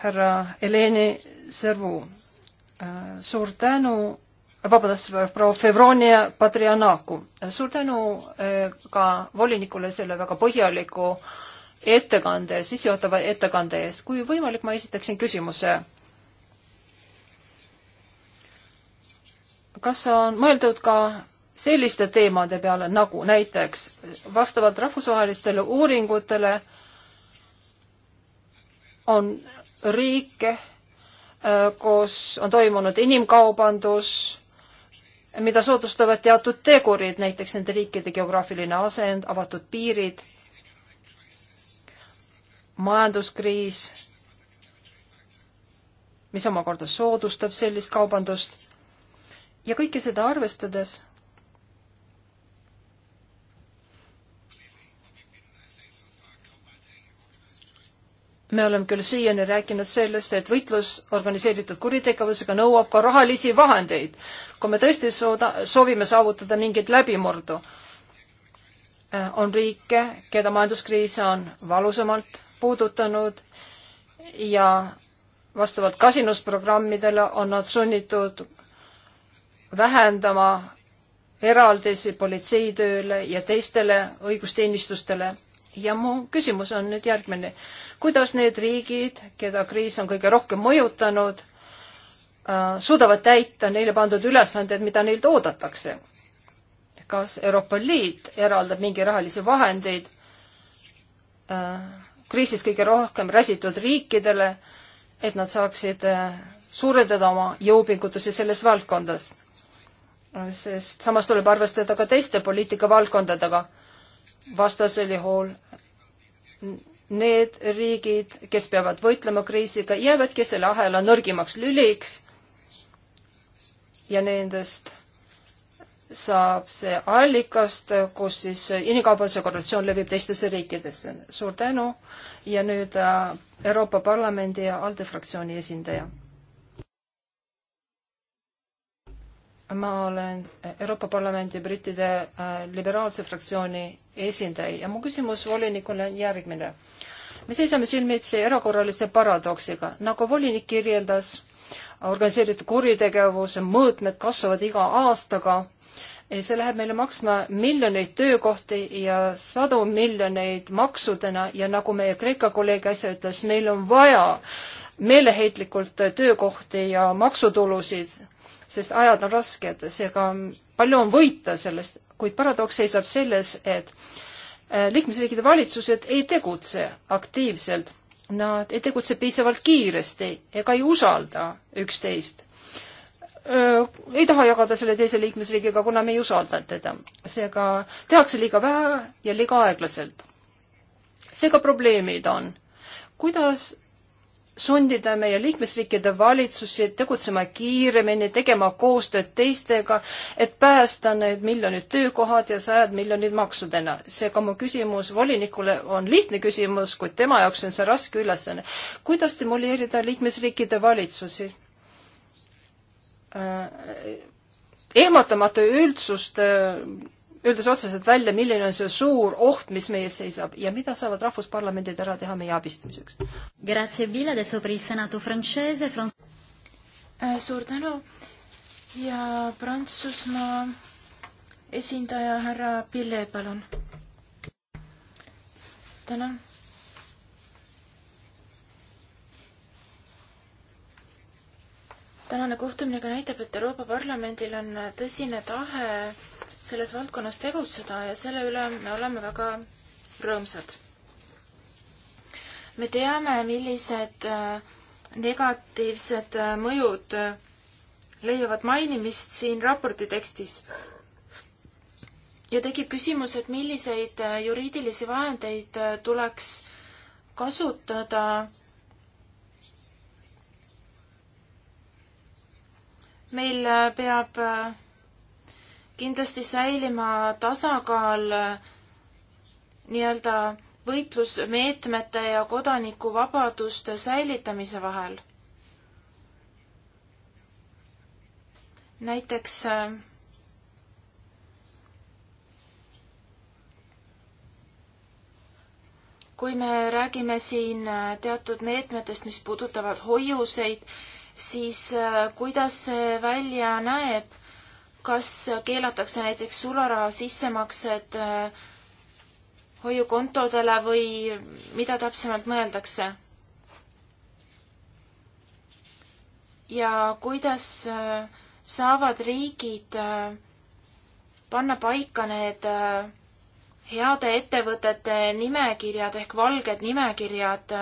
härra Heleni Servu. suur tänu, vabandust, proua Fevronia Patrianaku. suur tänu ka volinikule selle väga põhjaliku äh, ettekande, sissejuhatava ettekande eest. kui võimalik, ma esitaksin küsimuse. kas on mõeldud ka selliste teemade peale, nagu näiteks vastavalt rahvusvahelistele uuringutele on riike, äh, kus on toimunud inimkaubandus, mida soodustavad teatud tegurid, näiteks nende riikide geograafiline asend, avatud piirid majanduskriis, mis omakorda soodustab sellist kaubandust ja kõike seda arvestades me oleme küll siiani rääkinud sellest, et võitlus organiseeritud kuritegevusega nõuab ka rahalisi vahendeid, kui me tõesti sooda, soovime saavutada mingit läbimurdu. Eh, on riike, keda majanduskriis on valusamalt puudutanud ja vastavalt kasinusprogrammidele on nad sunnitud vähendama eraldisi politseitööle ja teistele õigusteenistustele. ja mu küsimus on nüüd järgmine. kuidas need riigid, keda kriis on kõige rohkem mõjutanud, äh, suudavad täita neile pandud ülesanded, mida neilt oodatakse? kas Euroopa Liit eraldab mingi rahalisi vahendeid äh, kriisist kõige rohkem räsitud riikidele, et nad saaksid äh, suurendada oma jõupingutusi selles valdkondas. sest samas tuleb arvestada ka teiste poliitikavaldkondadega. vastasel juhul need riigid, kes peavad võitlema kriisiga, jäävadki selle ahela nõrgimaks lüliks ja nendest saab see allikast, kus siis inimkaubanduse korruptsioon levib teistesse riikidesse. suur tänu ja nüüd äh, Euroopa Parlamendi ja ALDE fraktsiooni esindaja. ma olen Euroopa Parlamendi brittide äh, liberaalse fraktsiooni esindaja ja mu küsimus volinikule on järgmine. me seisame silmitsi erakorralise paradoksiga, nagu volinik kirjeldas, organiseeritud kuritegevuse mõõtmed kasvavad iga aastaga Eh, see läheb meile maksma miljoneid töökohti ja sadu miljoneid maksudena ja nagu meie Kreeka kolleeg äsja ütles, meil on vaja meeleheitlikult töökohti ja maksutulusid, sest ajad on rasked, seega palju on võita sellest, kuid paradoks seisab selles, et eh, liikmesriikide valitsused ei tegutse aktiivselt, nad ei tegutse piisavalt kiiresti ega ei usalda üksteist ei taha jagada selle teise liikmesriigiga, kuna me ei usalda teda. seega tehakse liiga vähe ja liiga aeglaselt. seega probleemid on, kuidas sundida meie liikmesriikide valitsusi tegutsema kiiremini, tegema koostööd teistega, et päästa need miljonid töökohad ja sajad miljonid maksudena. seega mu küsimus volinikule on lihtne küsimus, kuid tema jaoks on see raske ülesanne. kuidas stimuleerida liikmesriikide valitsusi? Äh, ehmatamatu üldsust, öeldes äh, otseselt välja, milline on see suur oht, mis meie ees seisab ja mida saavad rahvusparlamendid ära teha meie abistamiseks. Äh, suur tänu ja Prantsusmaa esindaja härra Pille, palun. tänan tänane kohtumine ka näitab, et Euroopa Parlamendil on tõsine tahe selles valdkonnas tegutseda ja selle üle me oleme väga rõõmsad. me teame, millised äh, negatiivsed äh, mõjud äh, leiavad mainimist siin raporti tekstis. ja tekib küsimus, et milliseid juriidilisi vahendeid tuleks kasutada meil peab äh, kindlasti säilima tasakaal äh, nii-öelda võitlusmeetmete ja kodanikuvabaduste säilitamise vahel. näiteks äh, kui me räägime siin teatud meetmetest, mis puudutavad hoiuseid, siis äh, kuidas see välja näeb? kas keelatakse näiteks sularaha sissemaksed äh, hoiukontodele või mida täpsemalt mõeldakse? ja kuidas äh, saavad riigid panna paika need heade ettevõtete nimekirjad ehk valged nimekirjad,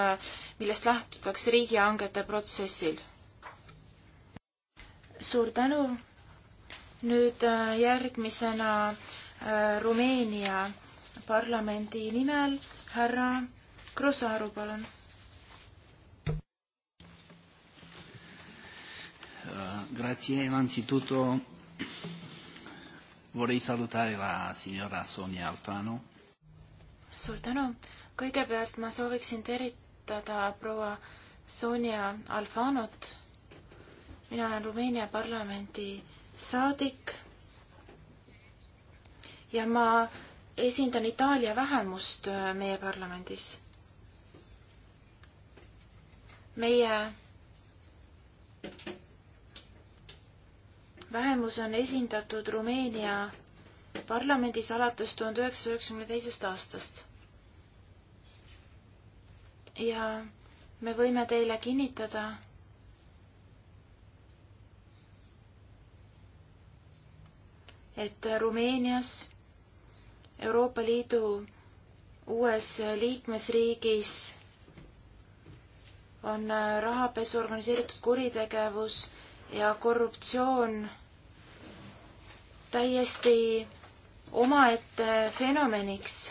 millest lähtutakse riigihangete protsessil? suur tänu. nüüd äh, järgmisena äh, Rumeenia parlamendi nimel härra Krossaru, palun. Eh, grazie innanzitutto vorrei salutare la signora Sonia Alfano. suur tänu. kõigepealt ma sooviksin tervitada proua Sonia Alfanot mina olen Rumeenia parlamendi saadik ja ma esindan Itaalia vähemust äh, meie parlamendis. meie vähemus on esindatud Rumeenia parlamendis alates tuhande üheksasaja üheksakümne teisest aastast. ja me võime teile kinnitada, et Rumeenias, Euroopa Liidu uues liikmesriigis on rahapesu, organiseeritud kuritegevus ja korruptsioon täiesti omaette fenomeniks,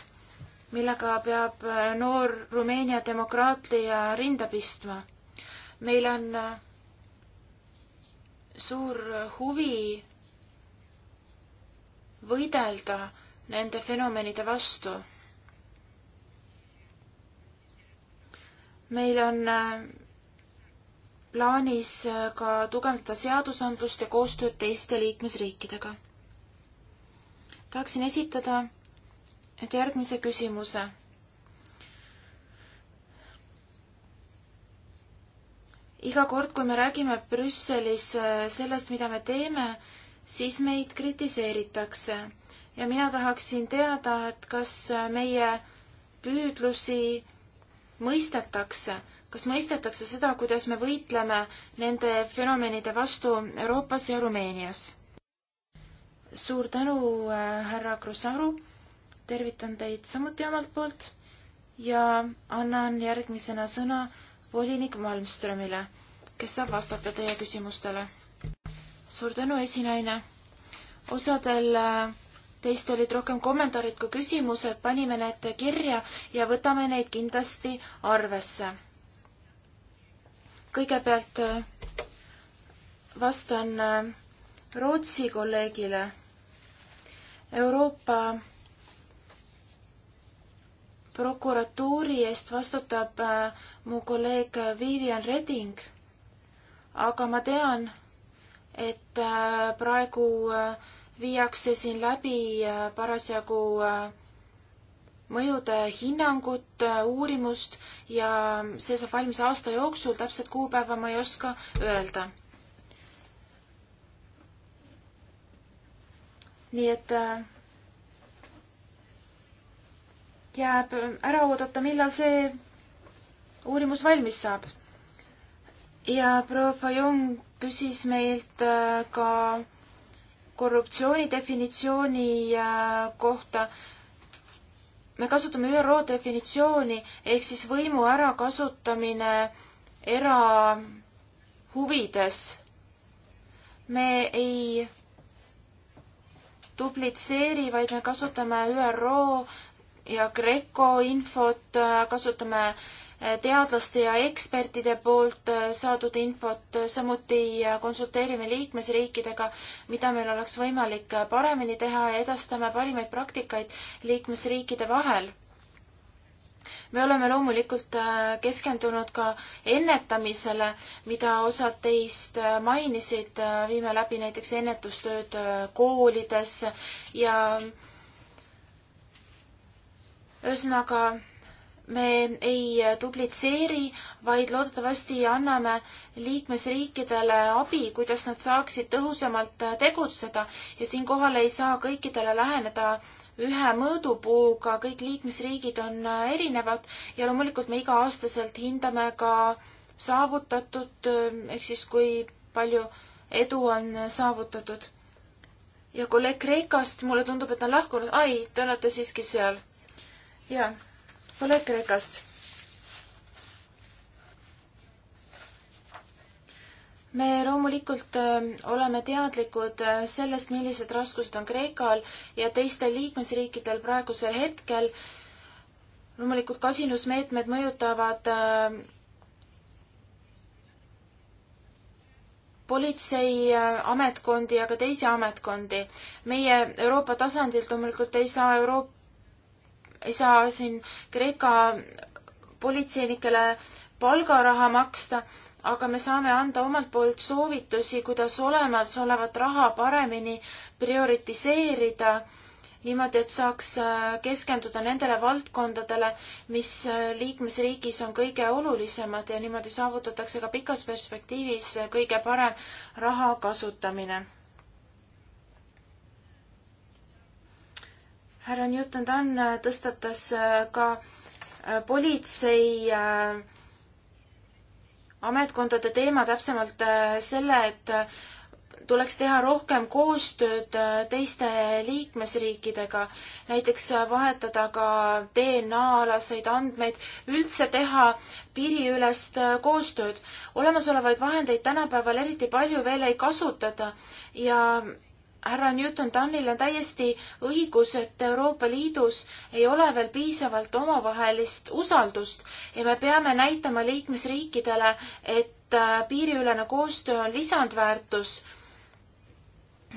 millega peab noor Rumeenia demokraatia rinda pistma. meil on suur huvi võidelda nende fenomenide vastu. meil on äh, plaanis äh, ka tugevdada seadusandlust ja koostööd teiste liikmesriikidega. tahaksin esitada nüüd järgmise küsimuse. iga kord, kui me räägime Brüsselis äh, sellest, mida me teeme, siis meid kritiseeritakse ja mina tahaksin teada, et kas meie püüdlusi mõistetakse, kas mõistetakse seda, kuidas me võitleme nende fenomenide vastu Euroopas ja Rumeenias? suur tänu, äh, härra Krusaru, tervitan teid samuti omalt poolt ja annan järgmisena sõna volinik Malmströmile, kes saab vastata teie küsimustele suur tänu, esinaine. osadel äh, teist olid rohkem kommentaarid kui küsimused, panime need kirja ja võtame neid kindlasti arvesse. kõigepealt äh, vastan äh, Rootsi kolleegile. Euroopa prokuratuuri eest vastutab mu kolleeg Vivian Reding, aga ma tean, et äh, praegu äh, viiakse siin läbi äh, parasjagu mõjude hinnangut, uurimust ja see saab valmis aasta jooksul, täpset kuupäeva ma ei oska öelda. nii et jääb ära oodata, millal see uurimus valmis saab. ja proua Fajong küsis meilt äh, ka korruptsiooni definitsiooni äh, kohta. me kasutame ÜRO definitsiooni ehk siis võimu ärakasutamine erahuvides. me ei duplitseeri, vaid me kasutame ÜRO ja GRECO infot, äh, kasutame äh, teadlaste ja ekspertide poolt äh, saadud infot, äh, samuti äh, konsulteerime liikmesriikidega, mida meil oleks võimalik paremini teha ja edastame parimaid praktikaid liikmesriikide vahel me oleme loomulikult keskendunud ka ennetamisele, mida osad teist mainisid, viime läbi näiteks ennetustööd koolides ja ühesõnaga me ei dublitseeri, vaid loodetavasti anname liikmesriikidele abi, kuidas nad saaksid tõhusamalt äh, tegutseda ja siinkohal ei saa kõikidele läheneda ühe mõõdupuuga, kõik liikmesriigid on äh, erinevad ja loomulikult me iga-aastaselt hindame ka saavutatud, äh, ehk siis kui palju edu on saavutatud. ja kolleeg Kreekast, mulle tundub, et ta on lahkunud, ai, te olete siiski seal? jaa ole Kreekast. me loomulikult äh, oleme teadlikud äh, sellest, millised raskused on Kreekal ja teistel liikmesriikidel praegusel hetkel. loomulikult kasinusmeetmed mõjutavad äh, politseiametkondi ja ka teisi ametkondi. meie Euroopa tasandilt loomulikult ei saa Euroopa ei saa siin Kreeka politseinikele palgaraha maksta, aga me saame anda omalt poolt soovitusi, kuidas olemasolevat raha paremini prioritiseerida, niimoodi, et saaks äh, keskenduda nendele valdkondadele, mis äh, liikmesriigis on kõige olulisemad ja niimoodi saavutatakse ka pikas perspektiivis kõige parem raha kasutamine härra Newton-Dunn äh, tõstatas äh, ka äh, politsei ametkondade teema, täpsemalt selle, et tuleks teha rohkem koostööd teiste liikmesriikidega, näiteks vahetada ka DNA-alaseid andmeid, üldse teha piiriülest koostööd. olemasolevaid vahendeid tänapäeval eriti palju veel ei kasutata ja härra Newton-Dunnil on täiesti õigus, et Euroopa Liidus ei ole veel piisavalt omavahelist usaldust ja me peame näitama liikmesriikidele, et äh, piiriülene koostöö on lisandväärtus.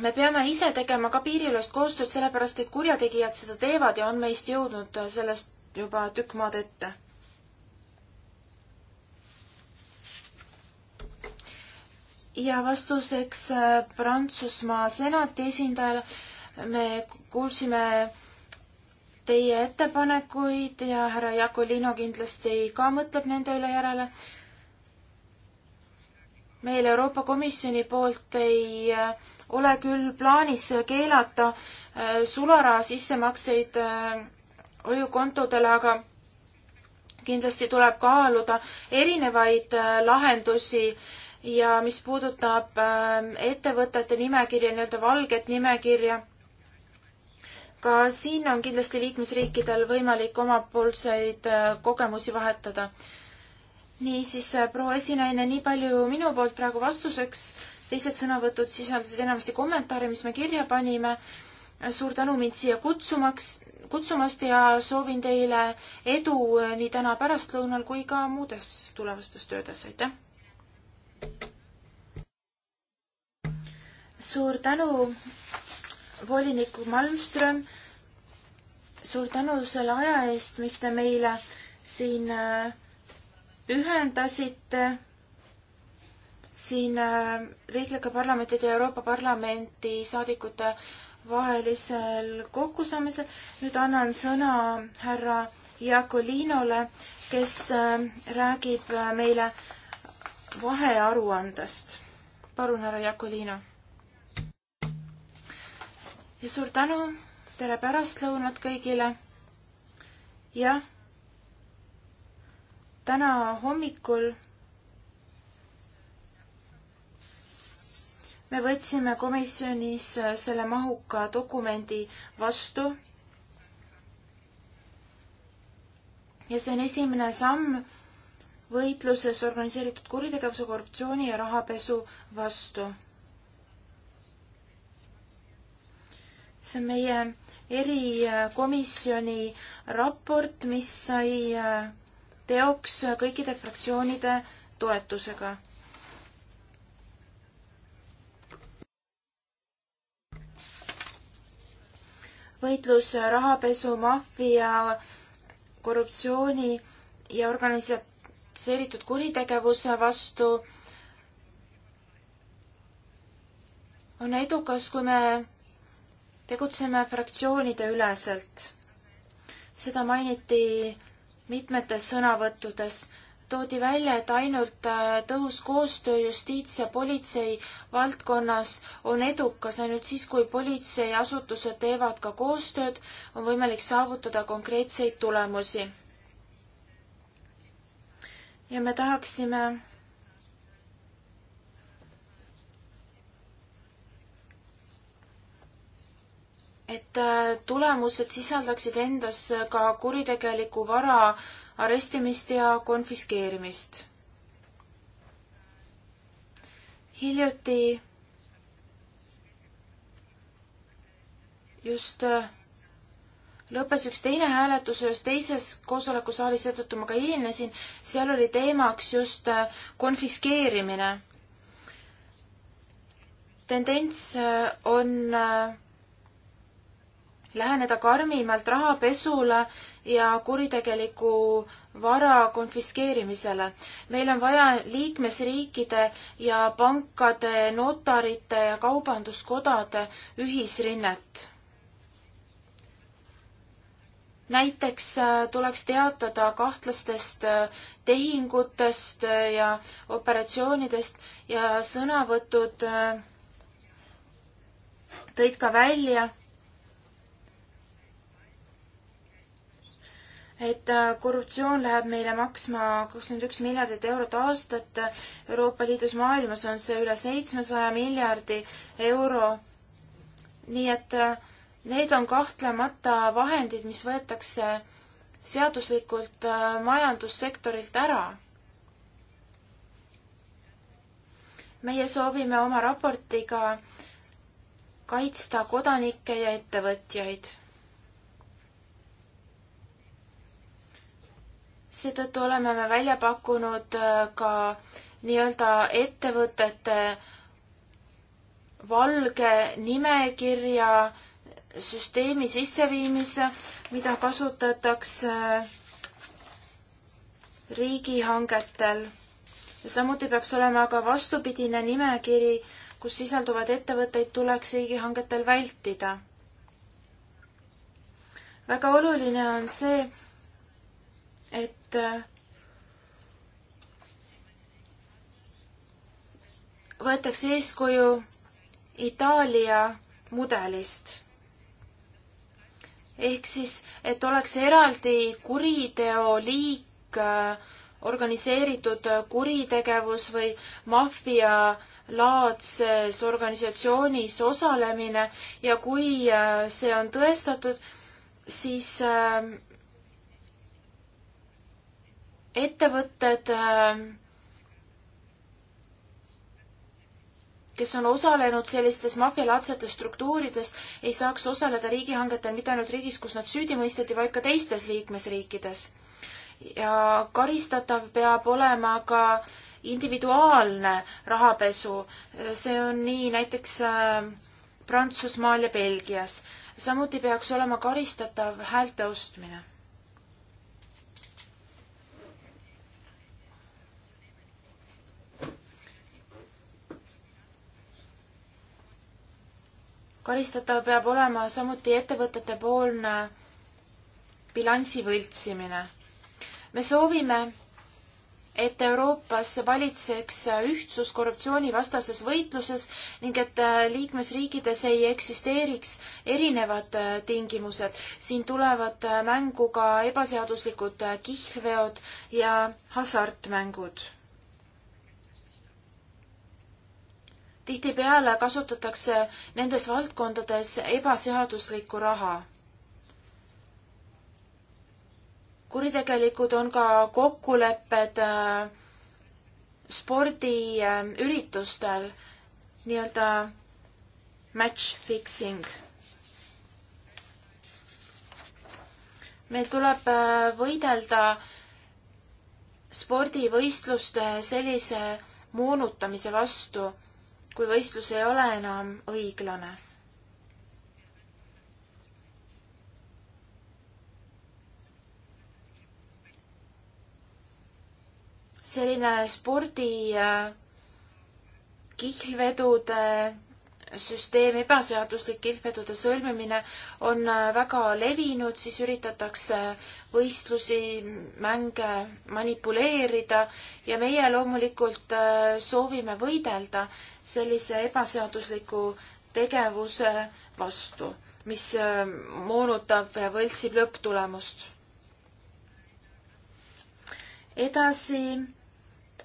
me peame ise tegema ka piiriülest koostööd, sellepärast et kurjategijad seda teevad ja on meist jõudnud äh, sellest juba tükk maad ette ja vastuseks äh, Prantsusmaa senati esindajale me kuulsime teie ettepanekuid ja härra Jakolino kindlasti ka mõtleb nende üle järele. meil Euroopa Komisjoni poolt ei äh, ole küll plaanis keelata äh, sularaha sissemakseid hoiukontodele, aga kindlasti tuleb kaaluda erinevaid lahendusi äh, ja mis puudutab ähm, ettevõtete nimekirja, nii-öelda valget nimekirja, ka siin on kindlasti liikmesriikidel võimalik omapoolseid äh, kogemusi vahetada. niisiis, äh, proua esinaine, nii palju minu poolt praegu vastuseks, teised sõnavõtud sisaldasid enamasti kommentaare, mis me kirja panime. Äh, suur tänu mind siia kutsumaks, kutsumast ja soovin teile edu nii täna pärastlõunal kui ka muudes tulevastes töödes, aitäh! suur tänu, volinik Malmström. suur tänu selle aja eest, mis te meile siin äh, ühendasite siin äh, riiklike parlamentide ja Euroopa Parlamenti saadikute vahelisel kokkusaamisel. nüüd annan sõna härra Jakolinole, kes äh, räägib meile vahearuandest. palun, härra Jakolino. ja suur tänu, tere pärastlõunat kõigile. jah, täna hommikul me võtsime komisjonis selle mahuka dokumendi vastu. ja see on esimene samm võitluses organiseeritud kuritegevuse, korruptsiooni ja rahapesu vastu. see on meie erikomisjoni raport, mis sai äh, teoks kõikide fraktsioonide toetusega. võitlus rahapesu, maffia, korruptsiooni ja organisa-, organiseeritud kuritegevuse vastu on edukas, kui me tegutseme fraktsioonide üleselt. seda mainiti mitmetes sõnavõttudes. toodi välja, et ainult äh, tõhus koostöö justiits- ja politsei valdkonnas on edukas, ainult siis, kui politseiasutused teevad ka koostööd, on võimalik saavutada konkreetseid tulemusi ja me tahaksime et äh, tulemused sisaldaksid endas ka kuritegeliku vara arestimist ja konfiskeerimist. hiljuti just äh, lõppes üks teine hääletus ühes teises koosolekusaalis, seetõttu ma ka hilinesin, seal oli teemaks just äh, konfiskeerimine. tendents äh, on äh, läheneda karmimalt rahapesule ja kuritegeliku vara konfiskeerimisele. meil on vaja liikmesriikide ja pankade, notarite ja kaubanduskodade ühisrinnet näiteks äh, tuleks teatada kahtlastest äh, tehingutest äh, ja operatsioonidest ja sõnavõtud tõid ka välja, et korruptsioon läheb meile maksma kakskümmend üks miljardit eurot aastat, Euroopa Liidus, maailmas on see üle seitsmesaja miljardi euro, nii et äh, Need on kahtlemata vahendid, mis võetakse seaduslikult äh, majandussektorilt ära. meie soovime oma raportiga kaitsta kodanikke ja ettevõtjaid. seetõttu oleme me välja pakkunud äh, ka nii-öelda ettevõtete valge nimekirja süsteemi sisseviimise, mida kasutatakse riigihangetel. ja samuti peaks olema ka vastupidine nimekiri, kus sisalduvaid ettevõtteid tuleks riigihangetel vältida. väga oluline on see, et võetakse eeskuju Itaalia mudelist ehk siis, et oleks eraldi kuriteoliik, äh, organiseeritud äh, kuritegevus või maffialaadses organisatsioonis osalemine ja kui äh, see on tõestatud, siis ettevõtted äh, kes on osalenud sellistes maffialaadsetes struktuurides, ei saaks osaleda riigihangetel mitte ainult riigis, kus nad süüdi mõisteti, vaid ka teistes liikmesriikides. ja karistatav peab olema ka individuaalne rahapesu, see on nii näiteks äh, Prantsusmaal ja Belgias. samuti peaks olema karistatav häälte ostmine karistatav peab olema samuti ettevõtetepoolne bilansi võltsimine. me soovime, et Euroopas valitseks ühtsus korruptsioonivastases võitluses ning et liikmesriikides ei eksisteeriks erinevad tingimused. siin tulevad mängu ka ebaseaduslikud kihlveod ja hasartmängud. tihtipeale kasutatakse nendes valdkondades ebaseaduslikku raha. kuritegelikud on ka kokkulepped äh, spordiüritustel, nii-öelda match fixing. meil tuleb äh, võidelda spordivõistluste sellise moonutamise vastu kui võistlus ei ole enam õiglane. selline spordi äh, kihlvedude süsteem ebaseaduslik ilpedude sõlmimine on äh, väga levinud, siis üritatakse võistlusi, mänge manipuleerida ja meie loomulikult äh, soovime võidelda sellise ebaseadusliku tegevuse vastu, mis äh, moonutab ja võltsib lõpptulemust. edasi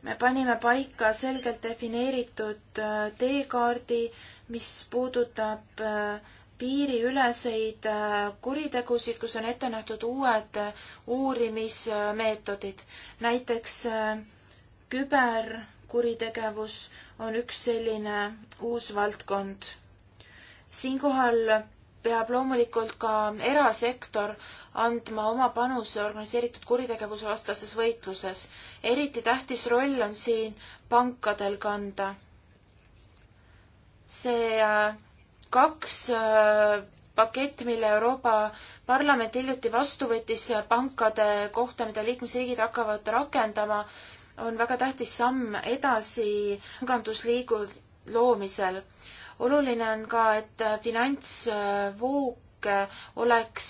me panime paika selgelt defineeritud teekaardi, mis puudutab äh, piiriüleseid äh, kuritegusid, kus on ette nähtud uued äh, uurimismeetodid. näiteks küberkuritegevus on üks selline uus valdkond. siinkohal peab loomulikult ka erasektor andma oma panuse organiseeritud kuritegevuse vastases võitluses. eriti tähtis roll on siin pankadel kanda see äh, kaks äh, pakett, mille Euroopa Parlament hiljuti vastu võttis pankade kohta, mida liikmesriigid hakkavad rakendama, on väga tähtis samm edasi pangandusliigu loomisel. oluline on ka, et äh, finantsvoog oleks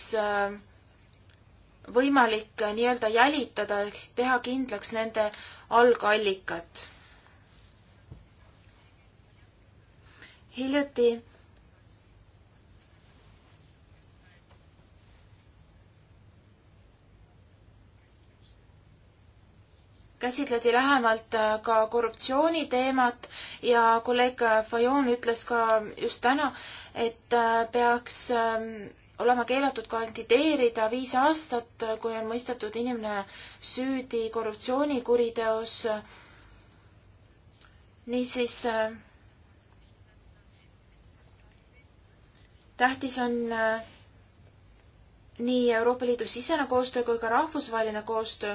võimalik nii-öelda jälitada ehk teha kindlaks nende algallikat hiljuti käsitleti lähemalt äh, ka korruptsiooniteemat ja kolleeg Fajon ütles ka just täna, et äh, peaks ähm, olema keelatud kandideerida viis aastat, äh, kui on mõistetud inimene süüdi korruptsioonikuriteos. niisiis tähtis on äh, nii Euroopa Liidu sisene koostöö kui ka rahvusvaheline koostöö.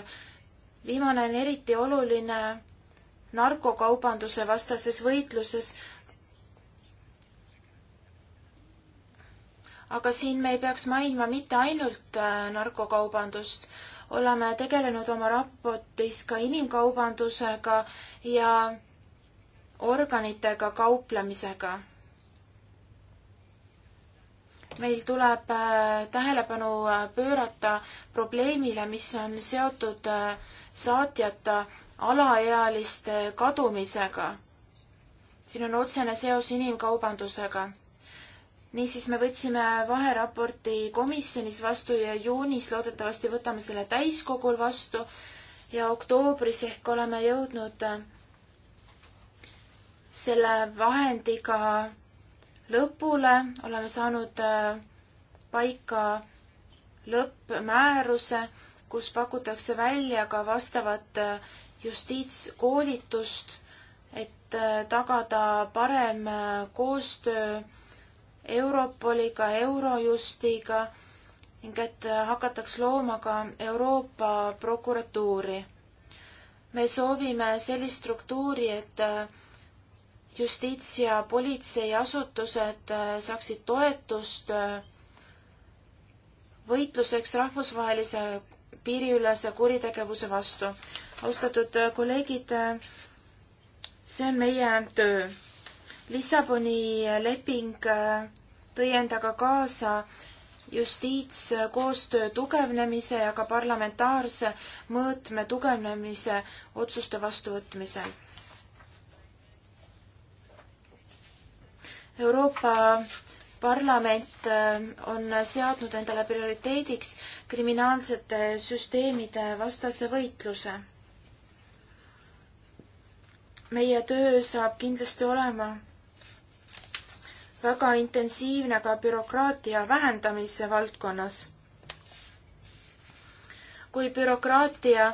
viimane on eriti oluline narkokaubanduse vastases võitluses. aga siin me ei peaks mainima mitte ainult äh, narkokaubandust, oleme tegelenud oma raportis ka inimkaubandusega ja organitega kauplemisega meil tuleb äh, tähelepanu äh, pöörata probleemile, mis on seotud äh, saatjata alaealiste kadumisega. siin on otsene seos inimkaubandusega. niisiis, me võtsime vaheraporti komisjonis vastu ja juunis loodetavasti võtame selle täiskogul vastu ja oktoobris ehk oleme jõudnud selle vahendiga lõpule, oleme saanud äh, paika lõppmääruse, kus pakutakse välja ka vastavat äh, justiitskoolitust, et äh, tagada parem koostöö Europoliga, Eurojustiga ning et hakataks looma ka Euroopa prokuratuuri. me soovime sellist struktuuri, et justiits- ja politseiasutused äh, saaksid toetust äh, võitluseks rahvusvahelise piiriülese kuritegevuse vastu. austatud äh, kolleegid, see on meie töö. Lissaboni leping tõi endaga kaasa justiitskoostöö tugevnemise ja ka parlamentaarse mõõtme tugevnemise otsuste vastuvõtmisel Euroopa Parlament äh, on seadnud endale prioriteediks kriminaalsete süsteemide vastase võitluse. meie töö saab kindlasti olema väga intensiivne ka bürokraatia vähendamise valdkonnas. kui bürokraatia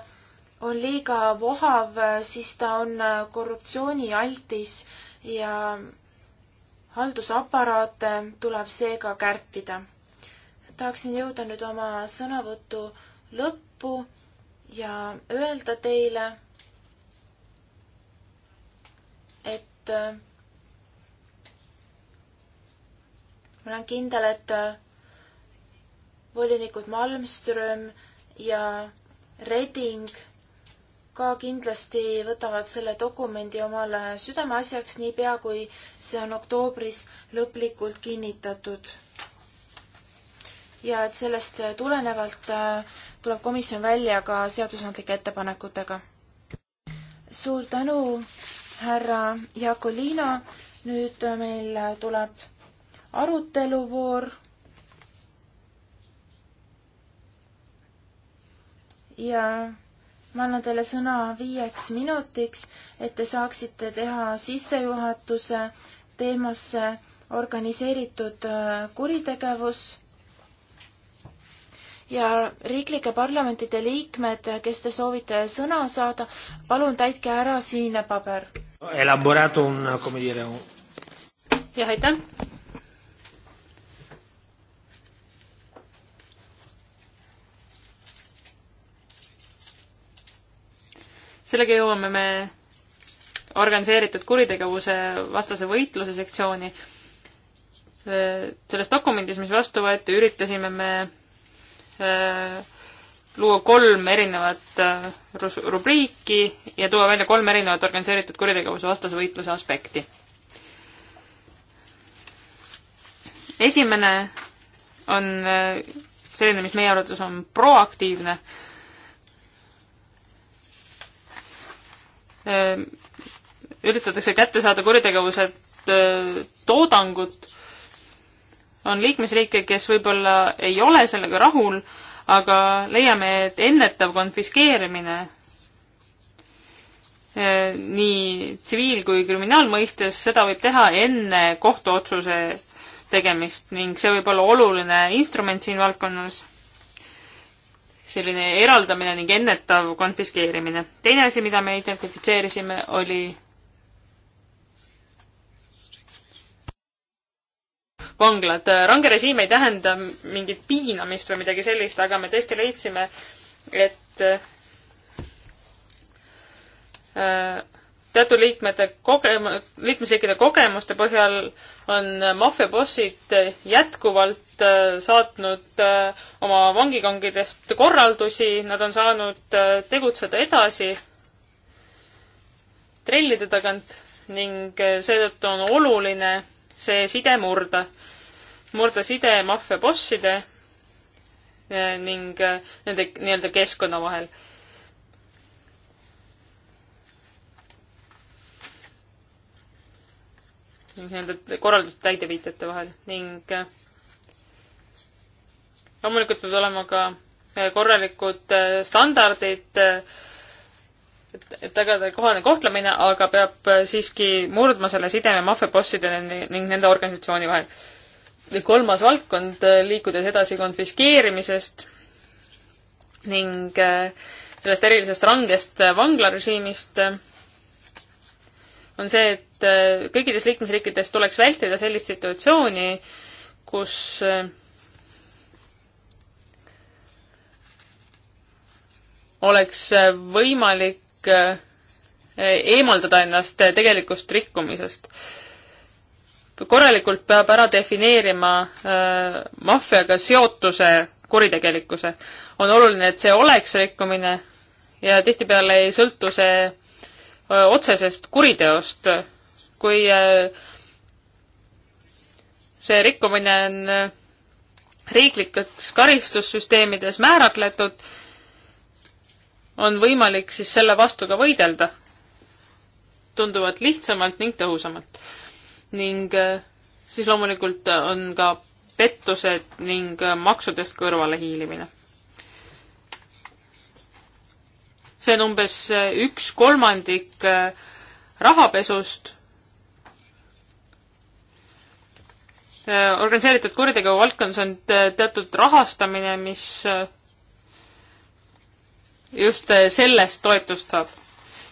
on liiga vohav, siis ta on korruptsioonialtis ja haldusaparaate tuleb seega kärpida. tahaksin jõuda nüüd oma sõnavõtu lõppu ja öelda teile, et äh, ma olen kindel, et äh, volinikud Malmström ja Reding ka kindlasti võtavad selle dokumendi omale südameasjaks niipea, kui see on oktoobris lõplikult kinnitatud. ja et sellest tulenevalt äh, tuleb komisjon välja ka seadusandlike ettepanekutega. suur tänu, härra Jakolina. nüüd meil tuleb aruteluvoor ja ma annan teile sõna viieks minutiks, et te saaksite teha sissejuhatuse teemasse organiseeritud äh, kuritegevus ja riiklike parlamentide liikmed, kes te soovite sõna saada, palun täitke ära sinine paber. jah, aitäh sellega jõuame me organiseeritud kuritegevuse vastase võitluse sektsiooni. selles dokumendis, mis vastu võeti, üritasime me äh, luua kolm erinevat äh, rubriiki ja tuua välja kolm erinevat organiseeritud kuritegevuse vastase võitluse aspekti. esimene on äh, selline, mis meie arvates on proaktiivne Ehm, üritatakse kätte saada kuritegevuse ehm, toodangut, on liikmesriike, kes võib-olla ei ole sellega rahul, aga leiame, et ennetav konfiskeerimine ehm, nii tsiviil- kui kriminaalmõistes, seda võib teha enne kohtuotsuse tegemist ning see võib olla oluline instrument siin valdkonnas selline eraldamine ning ennetav konfiskeerimine. teine asi, mida me identifitseerisime, oli vanglad. range režiim ei tähenda mingit piinamist või midagi sellist, aga me tõesti leidsime, et äh, teatud liikmete kogem-, liikmesriikide kogemuste põhjal on maffiabossid jätkuvalt äh, saatnud äh, oma vangikangidest korraldusi, nad on saanud äh, tegutseda edasi trellide tagant ning seetõttu on oluline see side murda, murda side maffiabosside ning nende nii-öelda keskkonna vahel nii-öelda korralduste täideviitajate vahel ning äh, loomulikult peavad olema ka äh, korralikud äh, standardid, et, et tagada kohane kohtlemine, aga peab siiski murdma selle sideme maffiabosside ning nende organisatsiooni vahel. kolmas valdkond, liikudes edasi konfiskeerimisest ning sellest erilisest rangest vanglarežiimist on see, et äh, kõikides liikmesriikides tuleks vältida sellist situatsiooni, kus äh, oleks äh, võimalik eemaldada ennast tegelikust rikkumisest. korralikult peab ära defineerima maffiaga seotuse kuritegelikkuse. on oluline, et see oleks rikkumine ja tihtipeale ei sõltu see Äh, otsesest kuriteost, kui äh, see rikkumine on äh, riiklikes karistussüsteemides määratletud, on võimalik siis selle vastu ka võidelda tunduvalt lihtsamalt ning tõhusamalt. ning siis loomulikult on ka pettused ning maksudest kõrvalehiilimine see on umbes eh, üks kolmandik eh, rahapesust. Eh, organiseeritud kuritegu valdkonnas on teatud rahastamine, mis just sellest toetust saab.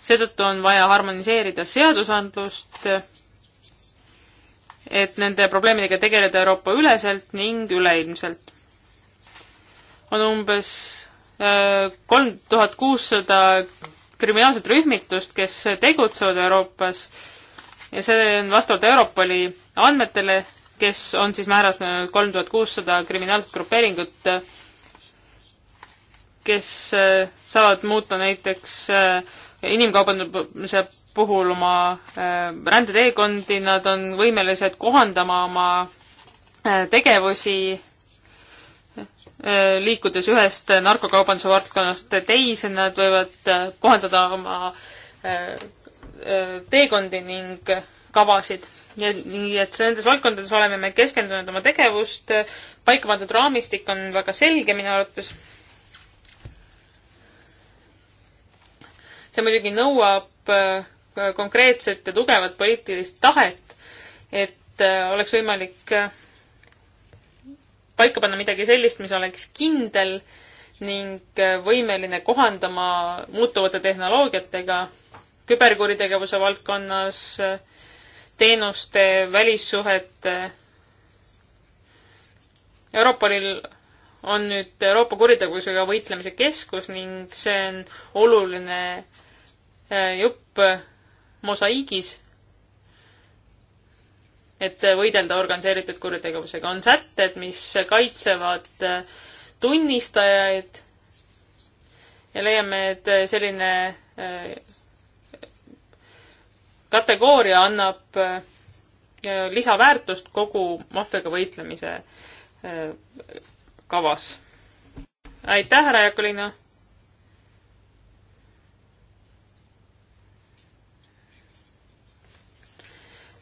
seetõttu on vaja harmoniseerida seadusandlust, et nende probleemidega tegeleda Euroopa üleselt ning üleilmselt. on umbes kolm tuhat kuussada kriminaalset rühmitust, kes tegutsevad Euroopas ja see on vastavalt Europoli andmetele, kes on siis määratlenud kolm tuhat kuussada kriminaalset grupeeringut, kes äh, saavad muuta näiteks äh, inimkaubanduse puhul oma äh, rändeteekondi, nad on võimelised kohandama oma tegevusi Äh, liikudes ühest narkokaubanduse valdkonnast teise, nad võivad äh, kohandada oma äh, teekondi ning kavasid. ja nii, et nendes valdkondades oleme me keskendunud oma tegevust, paika pandud raamistik on väga selge minu arvates. see muidugi nõuab konkreetset ja tugevat poliitilist tahet, et oleks võimalik paika panna midagi sellist, mis oleks kindel ning äh, võimeline kohandama muutuvate tehnoloogiatega küberkuritegevuse valdkonnas, äh, teenuste, välissuhete. Europolil on nüüd Euroopa kuritegevusega võitlemise keskus ning see on oluline äh, jupp mosaiigis et võidelda organiseeritud kuritegevusega. on sätted, mis kaitsevad äh, tunnistajaid ja leiame, et äh, selline äh, kategooria annab lisaväärtust kogu maffiaga võitlemise kavas. aitäh, härra Jakolino!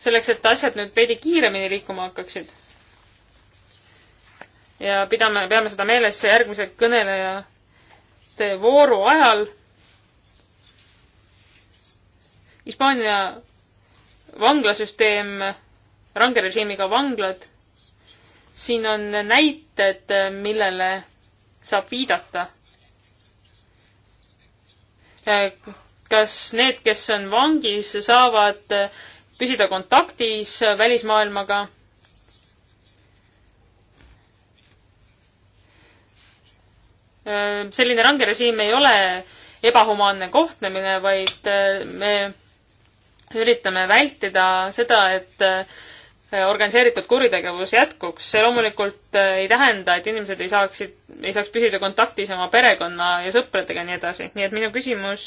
selleks, et asjad nüüd veidi kiiremini liikuma hakkaksid. ja pidame, peame seda meeles järgmise kõnelejate vooru ajal. Hispaania vanglasüsteem, range režiimiga vanglad, siin on näited, millele saab viidata kas need, kes on vangis, saavad püsida kontaktis välismaailmaga. selline range režiim ei ole ebahumaanne kohtlemine, vaid äh, me üritame vältida seda, et äh, organiseeritud kuritegevus jätkuks. see loomulikult äh, ei tähenda, et inimesed ei saaksid, ei saaks püsida kontaktis oma perekonna ja sõpradega ja nii edasi. nii et minu küsimus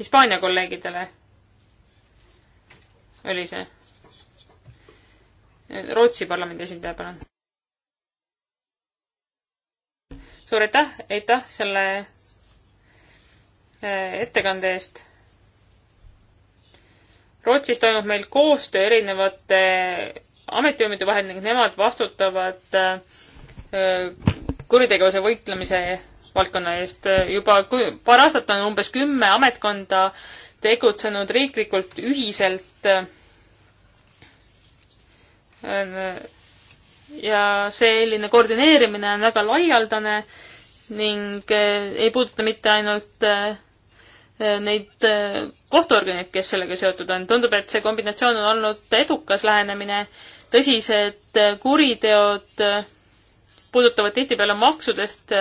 Hispaania kolleegidele oli see? Rootsi parlamendi esindaja, palun. suur aitäh, aitäh selle äh, ettekande eest. Rootsis toimub meil koostöö erinevate ametivõimude vahel ning nemad vastutavad äh, kuritegevuse võitlemise valdkonna eest. juba paar aastat on umbes kümme ametkonda tegutsenud riiklikult ühiselt. ja selline koordineerimine on väga laialdane ning eh, ei puuduta mitte ainult eh, neid eh, kohtuorganeid, kes sellega seotud on. tundub, et see kombinatsioon on olnud edukas lähenemine. tõsised kuriteod puudutavad tihtipeale maksudest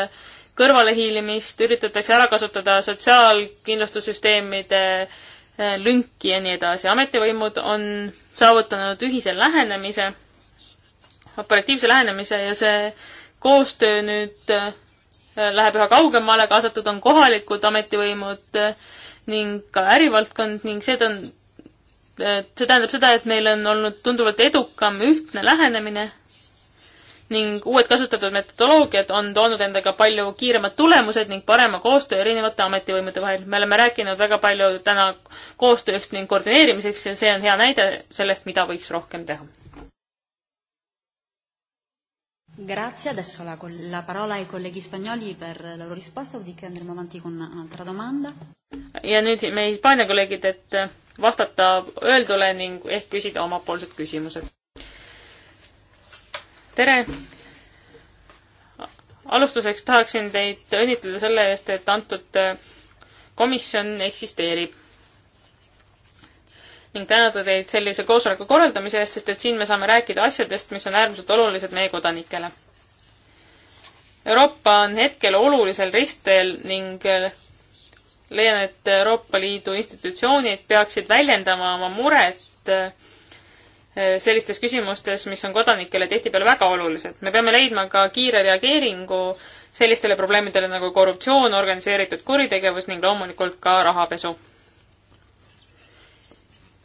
kõrvalehiilimist, üritatakse ära kasutada sotsiaalkindlustussüsteemide äh, lünki ja nii edasi. ametivõimud on saavutanud ühise lähenemise, operatiivse lähenemise ja see koostöö nüüd äh, läheb üha kaugemale, kaasatud on kohalikud ametivõimud äh, ning ka ärivaldkond ning see on, see tähendab seda, et meil on olnud tunduvalt edukam ühtne lähenemine ning uued kasutatud metodoloogiad on toonud endaga palju kiiremad tulemused ning parema koostöö erinevate ametivõimude vahel. me oleme rääkinud väga palju täna koostööst ning koordineerimiseks ja see on hea näide sellest, mida võiks rohkem teha. Grazie, adesso la, la parola ai colleghi spagnoli per la loro risposta, dopodiché andremo avanti con un'altra domanda. ja nüüd meie Hispaania kolleegid, et vastata öeldule ning ehk küsida omapoolsed küsimused tere! alustuseks tahaksin teid õnnitleda selle eest, et antud äh, komisjon eksisteerib. ning tänada teid sellise koosoleku korraldamise eest, sest et siin me saame rääkida asjadest, mis on äärmiselt olulised meie kodanikele. Euroopa on hetkel olulisel ristteel ning äh, leian, et Euroopa Liidu institutsioonid peaksid väljendama oma muret äh, Eh, sellistes küsimustes, mis on kodanikele tihtipeale väga olulised. me peame leidma ka kiire reageeringu sellistele probleemidele nagu korruptsioon, organiseeritud kuritegevus ning loomulikult ka rahapesu.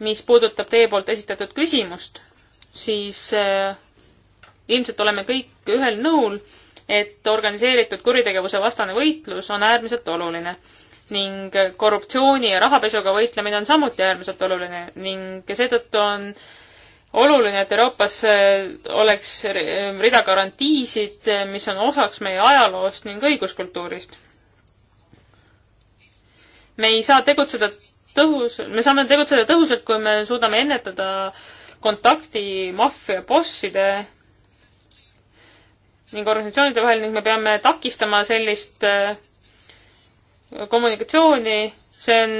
mis puudutab teie poolt esitatud küsimust, siis äh, ilmselt oleme kõik ühel nõul, et organiseeritud kuritegevuse vastane võitlus on äärmiselt oluline ning korruptsiooni ja rahapesuga võitlemine on samuti äärmiselt oluline ning seetõttu on äh, oluline, et Euroopas äh, oleks äh, rida garantiisid, äh, mis on osaks meie ajaloost ning õiguskultuurist. me ei saa tegutseda tõhus, me saame tegutseda tõhusalt, kui me suudame ennetada kontakti maffia bosside ning organisatsioonide vahel ning me peame takistama sellist kommunikatsiooni, see on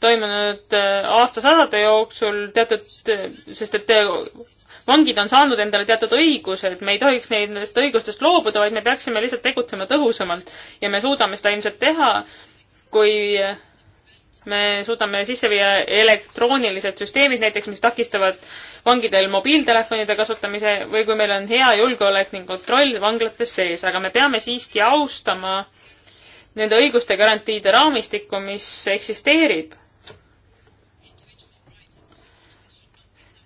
toimunud äh, aastasadade jooksul teatud, sest et äh, vangid on saanud endale teatud õigused, me ei tohiks nendest õigustest loobuda, vaid me peaksime lihtsalt tegutsema tõhusamalt ja me suudame seda ilmselt teha, kui äh, me suudame sisse viia elektroonilised süsteemid näiteks, mis takistavad vangidel mobiiltelefonide kasutamise või kui meil on hea julgeolek ning kontroll vanglates sees, aga me peame siiski austama nende õiguste garantiide raamistikku, mis eksisteerib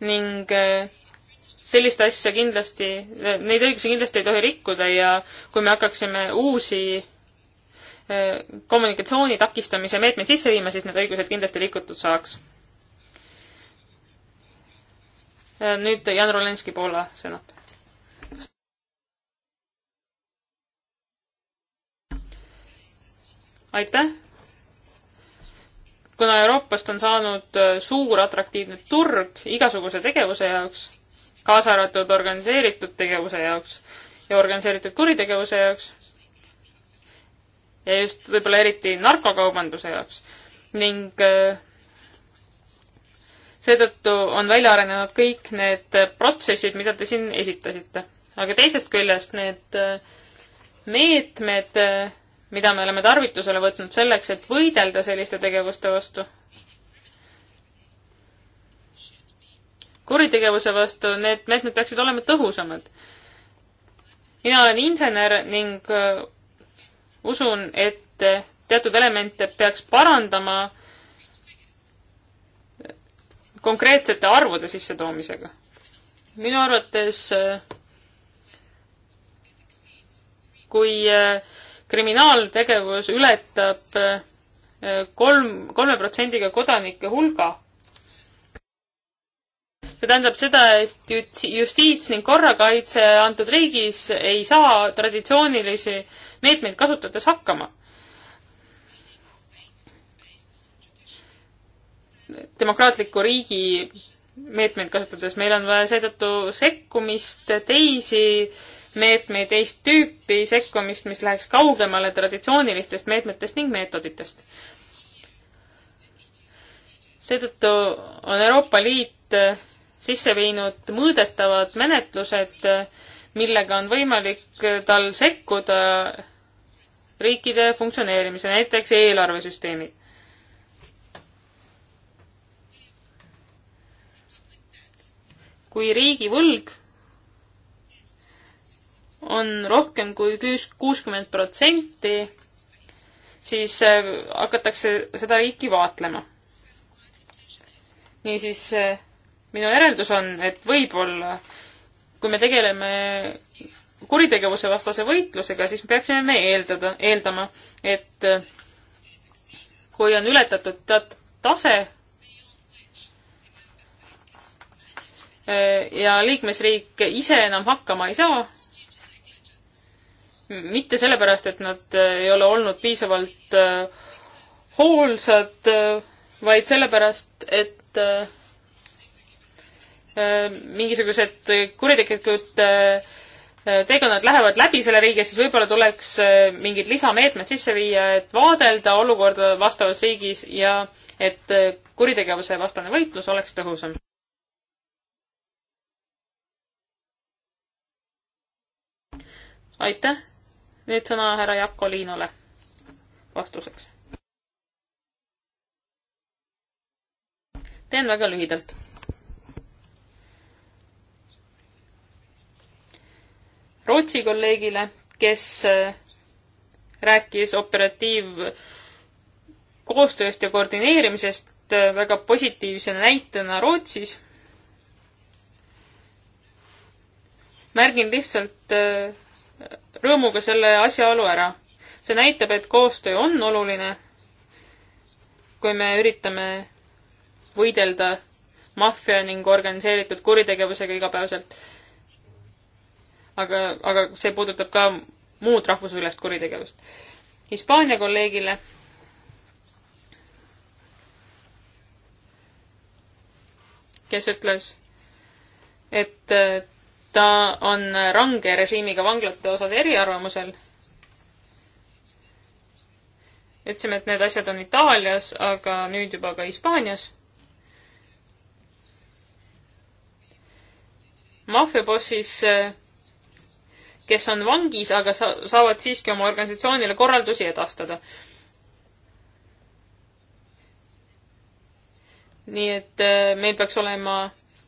ning äh, sellist asja kindlasti, neid õigusi kindlasti ei tohi rikkuda ja kui me hakkaksime uusi äh, kommunikatsiooni takistamise meetmeid sisse viima, siis need õigused kindlasti rikutud saaks. Äh, nüüd Jan Rolenski, Poola senat. aitäh kuna Euroopast on saanud äh, suur atraktiivne turg igasuguse tegevuse jaoks, kaasa arvatud organiseeritud tegevuse jaoks ja organiseeritud kuritegevuse jaoks ja just võib-olla eriti narkokaubanduse jaoks ning äh, seetõttu on välja arenenud kõik need äh, protsessid, mida te siin esitasite. aga teisest küljest need meetmed, mida me oleme tarvitusele võtnud selleks, et võidelda selliste tegevuste vastu. kuritegevuse vastu, need meetmed peaksid olema tõhusamad. mina olen insener ning äh, usun, et teatud elemente peaks parandama äh, konkreetsete arvude sissetoomisega. minu arvates äh, kui kriminaaltegevus ületab äh, kolm, kolme protsendiga kodanike hulga. see tähendab seda, et justiits ning korrakaitse antud riigis ei saa traditsioonilisi meetmeid kasutades hakkama. demokraatliku riigi meetmeid kasutades, meil on vaja seetõttu sekkumist teisi äh, meetmeid teist tüüpi sekkumist, mis läheks kaugemale traditsioonilistest meetmetest ning meetoditest. seetõttu on Euroopa Liit äh, sisse viinud mõõdetavad menetlused, äh, millega on võimalik äh, tal sekkuda riikide funktsioneerimise, näiteks eelarvesüsteemid. kui riigivõlg on rohkem kui kuuskümmend protsenti, siis äh, hakatakse seda riiki vaatlema. niisiis äh, minu järeldus on, et võib-olla kui me tegeleme kuritegevuse vastase võitlusega, siis me peaksime me eeldada, eeldama, et äh, kui on ületatud teatud tase ja liikmesriik ise enam hakkama ei saa, mitte sellepärast, et nad äh, ei ole olnud piisavalt äh, hoolsad, äh, vaid sellepärast, et mingisugused kuritegelikud teekonnad lähevad läbi selle riigi ja siis võib-olla tuleks mingid lisameetmed sisse viia, et vaadelda olukorda vastavas riigis ja et kuritegevuse vastane võitlus oleks tõhusam. aitäh nüüd sõna härra Jakko Liinule vastuseks. teen väga lühidalt. Rootsi kolleegile, kes äh, rääkis operatiivkoostööst ja koordineerimisest äh, väga positiivse näitena Rootsis. märgin lihtsalt äh, rõõmuga selle asjaolu ära. see näitab, et koostöö on oluline, kui me üritame võidelda maffia ning organiseeritud kuritegevusega igapäevaselt. aga, aga see puudutab ka muud rahvusülest kuritegevust. Hispaania kolleegile kes ütles, et ta on range režiimiga vanglate osas eriarvamusel. ütlesime, et need asjad on Itaalias, aga nüüd juba ka Hispaanias. maffiabossis, kes on vangis, aga sa-, saavad siiski oma organisatsioonile korraldusi edastada. nii et eh, meil peaks olema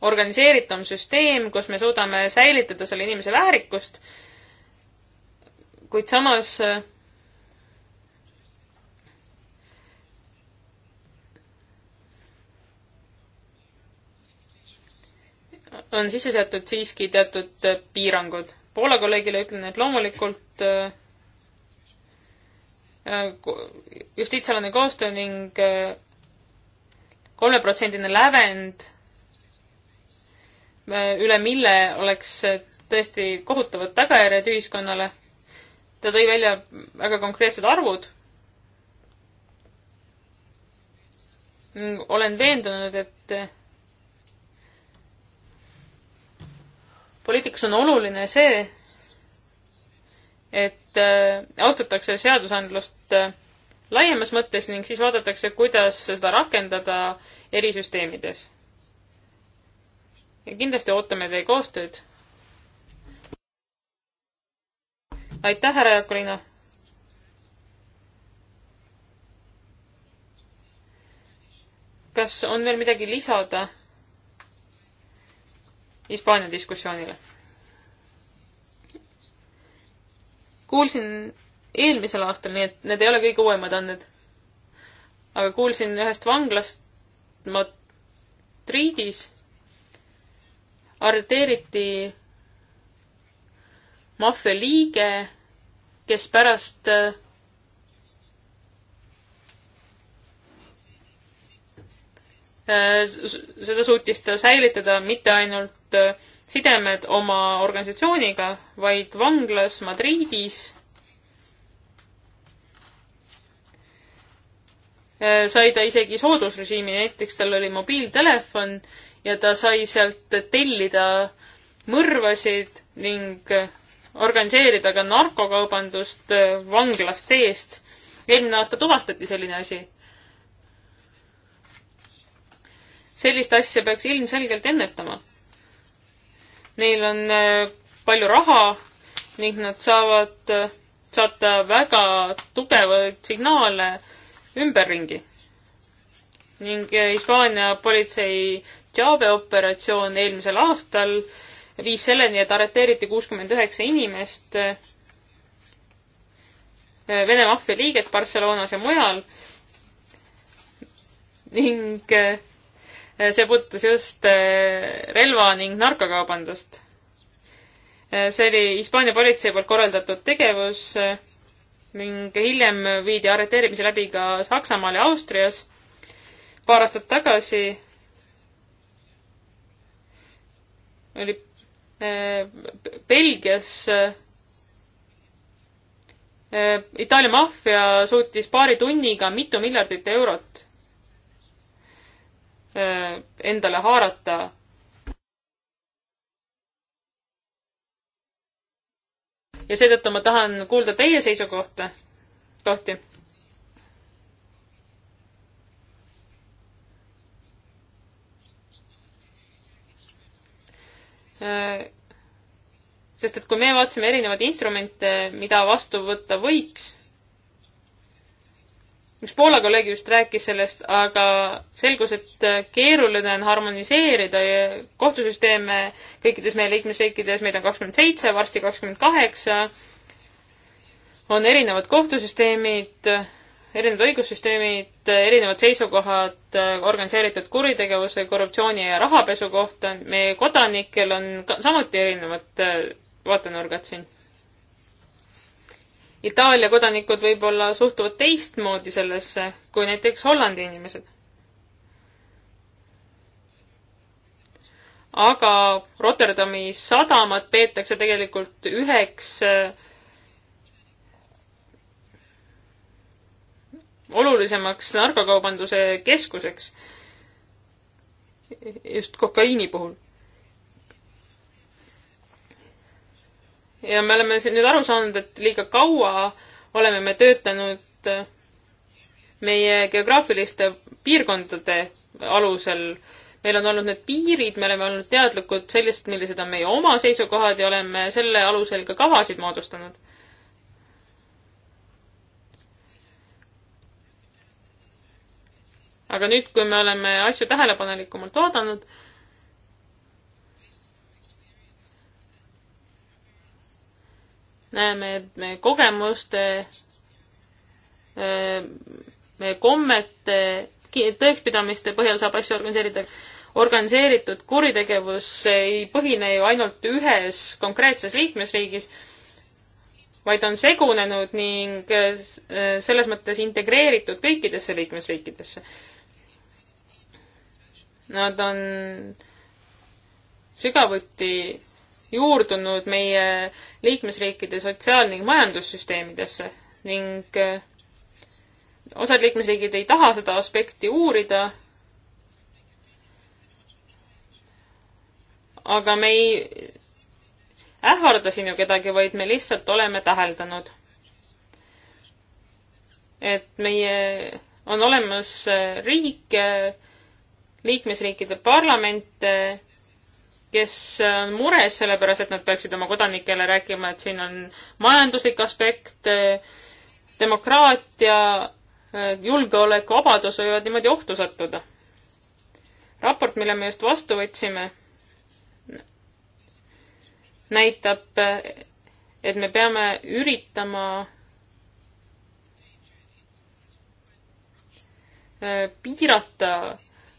organiseeritum süsteem, kus me suudame säilitada selle inimese väärikust, kuid samas äh, on sisse seatud siiski teatud piirangud. Poola kolleegile ütlen, et loomulikult äh, äh, justiitsalane koostöö ning kolmeprotsendine lävend üle mille oleks tõesti kohutavad tagajärjed ühiskonnale. ta tõi välja väga konkreetsed arvud. olen veendunud, et poliitikas on oluline see, et äh, austatakse seadusandlust äh, laiemas mõttes ning siis vaadatakse, kuidas seda rakendada erisüsteemides ja kindlasti ootame teie koostööd. aitäh, härra Jakolino. kas on veel midagi lisada Hispaania diskussioonile? kuulsin eelmisel aastal, nii et need ei ole kõige uuemad andmed. aga kuulsin ühest vanglast Madridis arreteeriti maffia liige, kes pärast äh, seda suutis ta säilitada mitte ainult äh, sidemed oma organisatsiooniga, vaid vanglas Madridis äh, sai ta isegi soodusrežiimi, näiteks tal oli mobiiltelefon ja ta sai sealt tellida mõrvasid ning organiseerida ka narkokaubandust äh, vanglast seest. eelmine aasta tuvastati selline asi. sellist asja peaks ilmselgelt ennetama. Neil on äh, palju raha ning nad saavad äh, saata väga tugevaid signaale ümberringi ning Hispaania politsei Java operatsioon eelmisel aastal viis selleni, et arreteeriti kuuskümmend üheksa inimest, eh, Vene maffia liiget Barcelonas ja mujal ning eh, see puudutas just eh, relva ning narkokaubandust. see oli Hispaania politsei poolt korraldatud tegevus ning hiljem viidi arreteerimisi läbi ka Saksamaal ja Austrias. paar aastat tagasi oli äh, Belgias äh, äh, Itaalia maffia suutis paari tunniga mitu miljardit eurot endale haarata ja seetõttu ma tahan kuulda teie seisukohta, kohti. sest et kui me vaatasime erinevaid instrumente, mida vastu võtta võiks, üks Poola kolleeg just rääkis sellest, aga selgus, et keeruline on harmoniseerida kohtusüsteeme kõikides meie liikmesriikides, meid on kakskümmend seitse, varsti kakskümmend kaheksa, on erinevad kohtusüsteemid erinevad õigussüsteemid, erinevad seisukohad organiseeritud kuritegevuse, korruptsiooni ja rahapesu kohta, meie kodanikel on ka, samuti erinevad äh, vaatenurgad siin. Itaalia kodanikud võib-olla suhtuvad teistmoodi sellesse kui näiteks Hollandi inimesed. aga Rotterdami sadamat peetakse tegelikult üheks äh, olulisemaks narkokaubanduse keskuseks. just kokaiini puhul. ja me oleme siin nüüd aru saanud, et liiga kaua oleme me töötanud meie geograafiliste piirkondade alusel. meil on olnud need piirid, me oleme olnud teadlikud sellest, millised on meie oma seisukohad ja oleme selle alusel ka kavasid moodustanud aga nüüd, kui me oleme asju tähelepanelikumalt vaadanud, näeme, et meie kogemuste, äh, meie kommete, tõekspidamiste põhjal saab asju organiseerida. organiseeritud kuritegevus ei põhine ju ainult ühes konkreetses liikmesriigis, vaid on segunenud ning äh, selles mõttes integreeritud kõikidesse liikmesriikidesse. Nad on sügavuti juurdunud meie liikmesriikide sotsiaal- ning majandussüsteemidesse ning eh, osad liikmesriigid ei taha seda aspekti uurida. aga me ei ähvarda siin ju kedagi, vaid me lihtsalt oleme täheldanud, et meie, on olemas eh, riike, eh, liikmesriikide parlamente, kes on mures selle pärast, et nad peaksid oma kodanikele rääkima, et siin on majanduslik aspekt, demokraatia, julgeolek, vabadus võivad niimoodi ohtu sattuda. raport, mille me just vastu võtsime, näitab, et me peame üritama äh, piirata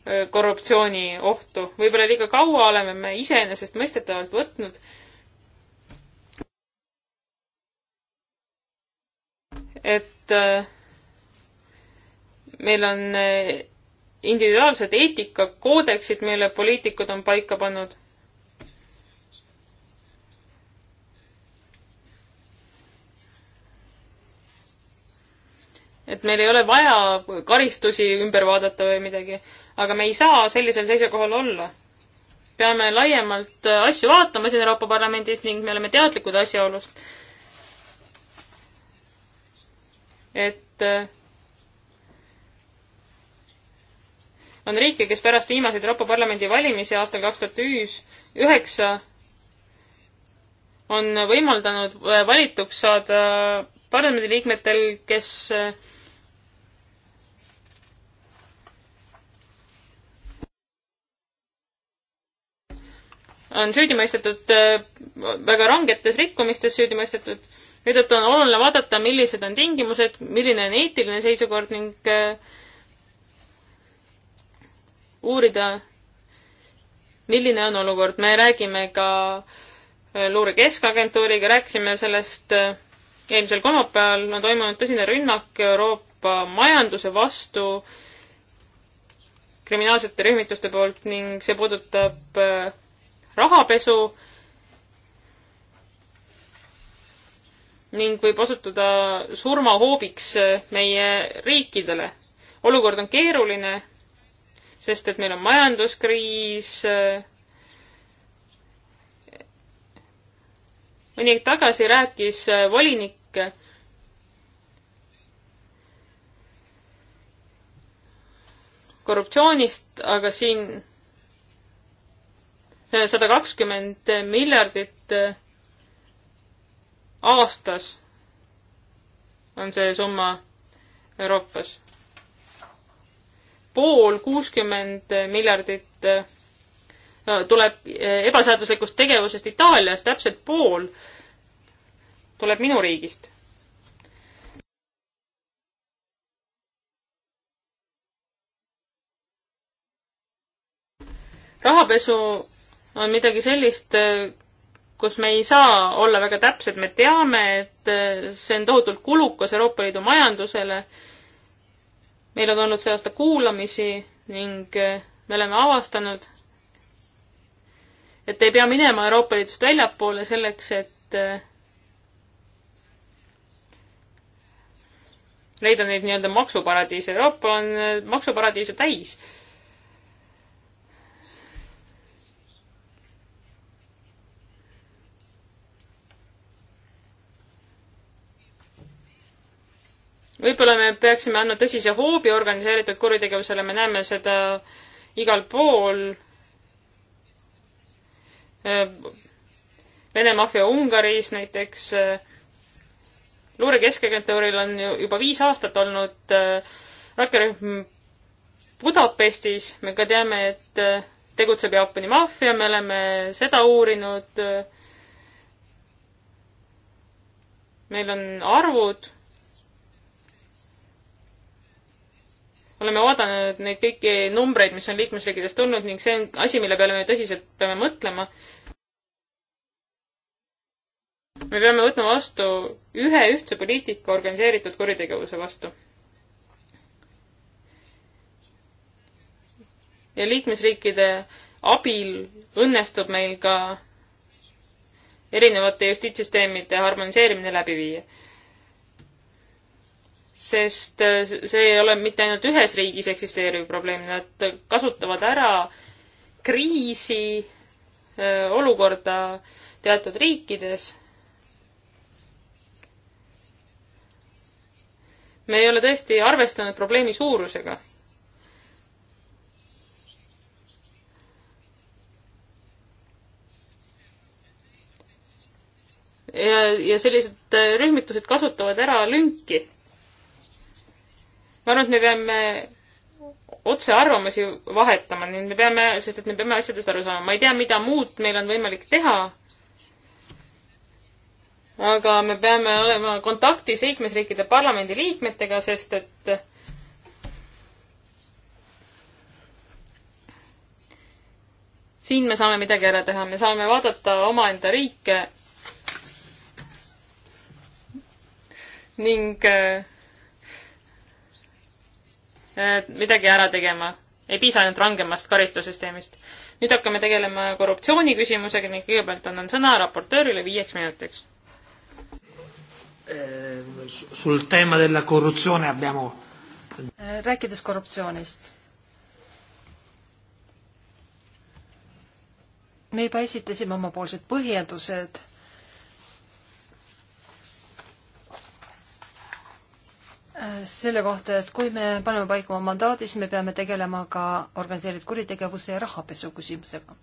Äh, korruptsiooniohtu. võib-olla liiga kaua oleme me iseenesestmõistetavalt võtnud et äh, meil on äh, individuaalsed eetikakoodeksid, mille poliitikud on paika pannud et meil ei ole vaja karistusi ümber vaadata või midagi, aga me ei saa sellisel seisukohal olla. peame laiemalt äh, asju vaatama siin Euroopa Parlamendis ning me oleme teadlikud asjaolust, et äh, on riike, kes pärast viimaseid Euroopa Parlamendi valimisi aastal kaks tuhat üheksa on võimaldanud äh, valituks saada parlamendiliikmetel, kes on süüdi mõistetud äh, väga rangetes rikkumistes süüdi mõistetud. seetõttu on oluline vaadata, millised on tingimused, milline on eetiline seisukord ning äh, uurida, milline on olukord. me räägime ka äh, Luure Keskagentuuriga, rääkisime sellest eelmisel kolmapäeval on toimunud tõsine rünnak Euroopa majanduse vastu kriminaalsete rühmituste poolt ning see puudutab rahapesu ning võib osutuda surmahoobiks meie riikidele. olukord on keeruline, sest et meil on majanduskriis. mõni aeg tagasi rääkis äh, volinik äh, korruptsioonist, aga siin sada kakskümmend miljardit äh, aastas on see summa Euroopas. pool kuuskümmend miljardit äh, tuleb äh, ebaseaduslikust tegevusest Itaalias, täpselt pool tuleb minu riigist. rahapesu on midagi sellist, kus me ei saa olla väga täpsed, me teame, et eh, see on tohutult kulukas Euroopa Liidu majandusele. meil on olnud see aasta kuulamisi ning eh, me oleme avastanud, et ei pea minema Euroopa Liidust väljapoole selleks, et eh, leida neid nii-öelda maksuparadiise. Euroopa on maksuparadiise täis võib-olla me peaksime andma tõsise hoobi organiseeritud kuritegevusele, me näeme seda igal pool. Vene maffia Ungaris näiteks. luure keskagentuuril on juba viis aastat olnud äh, rakkerühm Budapestis, me ka teame, et äh, tegutseb Jaapani maffia, me oleme seda uurinud. meil on arvud oleme oodanud neid kõiki numbreid, mis on liikmesriikidest tulnud ning see on asi, mille peale me tõsiselt peame mõtlema. me peame võtma vastu ühe ühtse poliitika organiseeritud kuritegevuse vastu. ja liikmesriikide abil õnnestub meil ka erinevate justiitssüsteemide harmoniseerimine läbi viia sest äh, see ei ole mitte ainult ühes riigis eksisteeriv probleem, nad kasutavad ära kriisi äh, olukorda teatud riikides. me ei ole tõesti arvestanud probleemi suurusega. ja, ja sellised äh, rühmitused kasutavad ära lünki ma arvan, et me peame otse arvamusi vahetama, nii et me peame, sest et me peame asjadest aru saama. ma ei tea, mida muud meil on võimalik teha. aga me peame olema kontaktis liikmesriikide parlamendi liikmetega, sest et siin me saame midagi ära teha, me saame vaadata omaenda riike ning äh, Äh, midagi ära tegema. ei piisa ainult rangemast karistussüsteemist. nüüd hakkame tegelema korruptsiooni küsimusega ning kõigepealt annan sõna raportöörile viieks minutiks. Äh, sul teema della corruzione abbiamo äh, rääkides korruptsioonist me juba esitasime omapoolsed põhjendused selle kohta, et kui me paneme paika oma mandaadi, siis me peame tegelema ka organiseeritud kuritegevuse ja rahapesu küsimusega.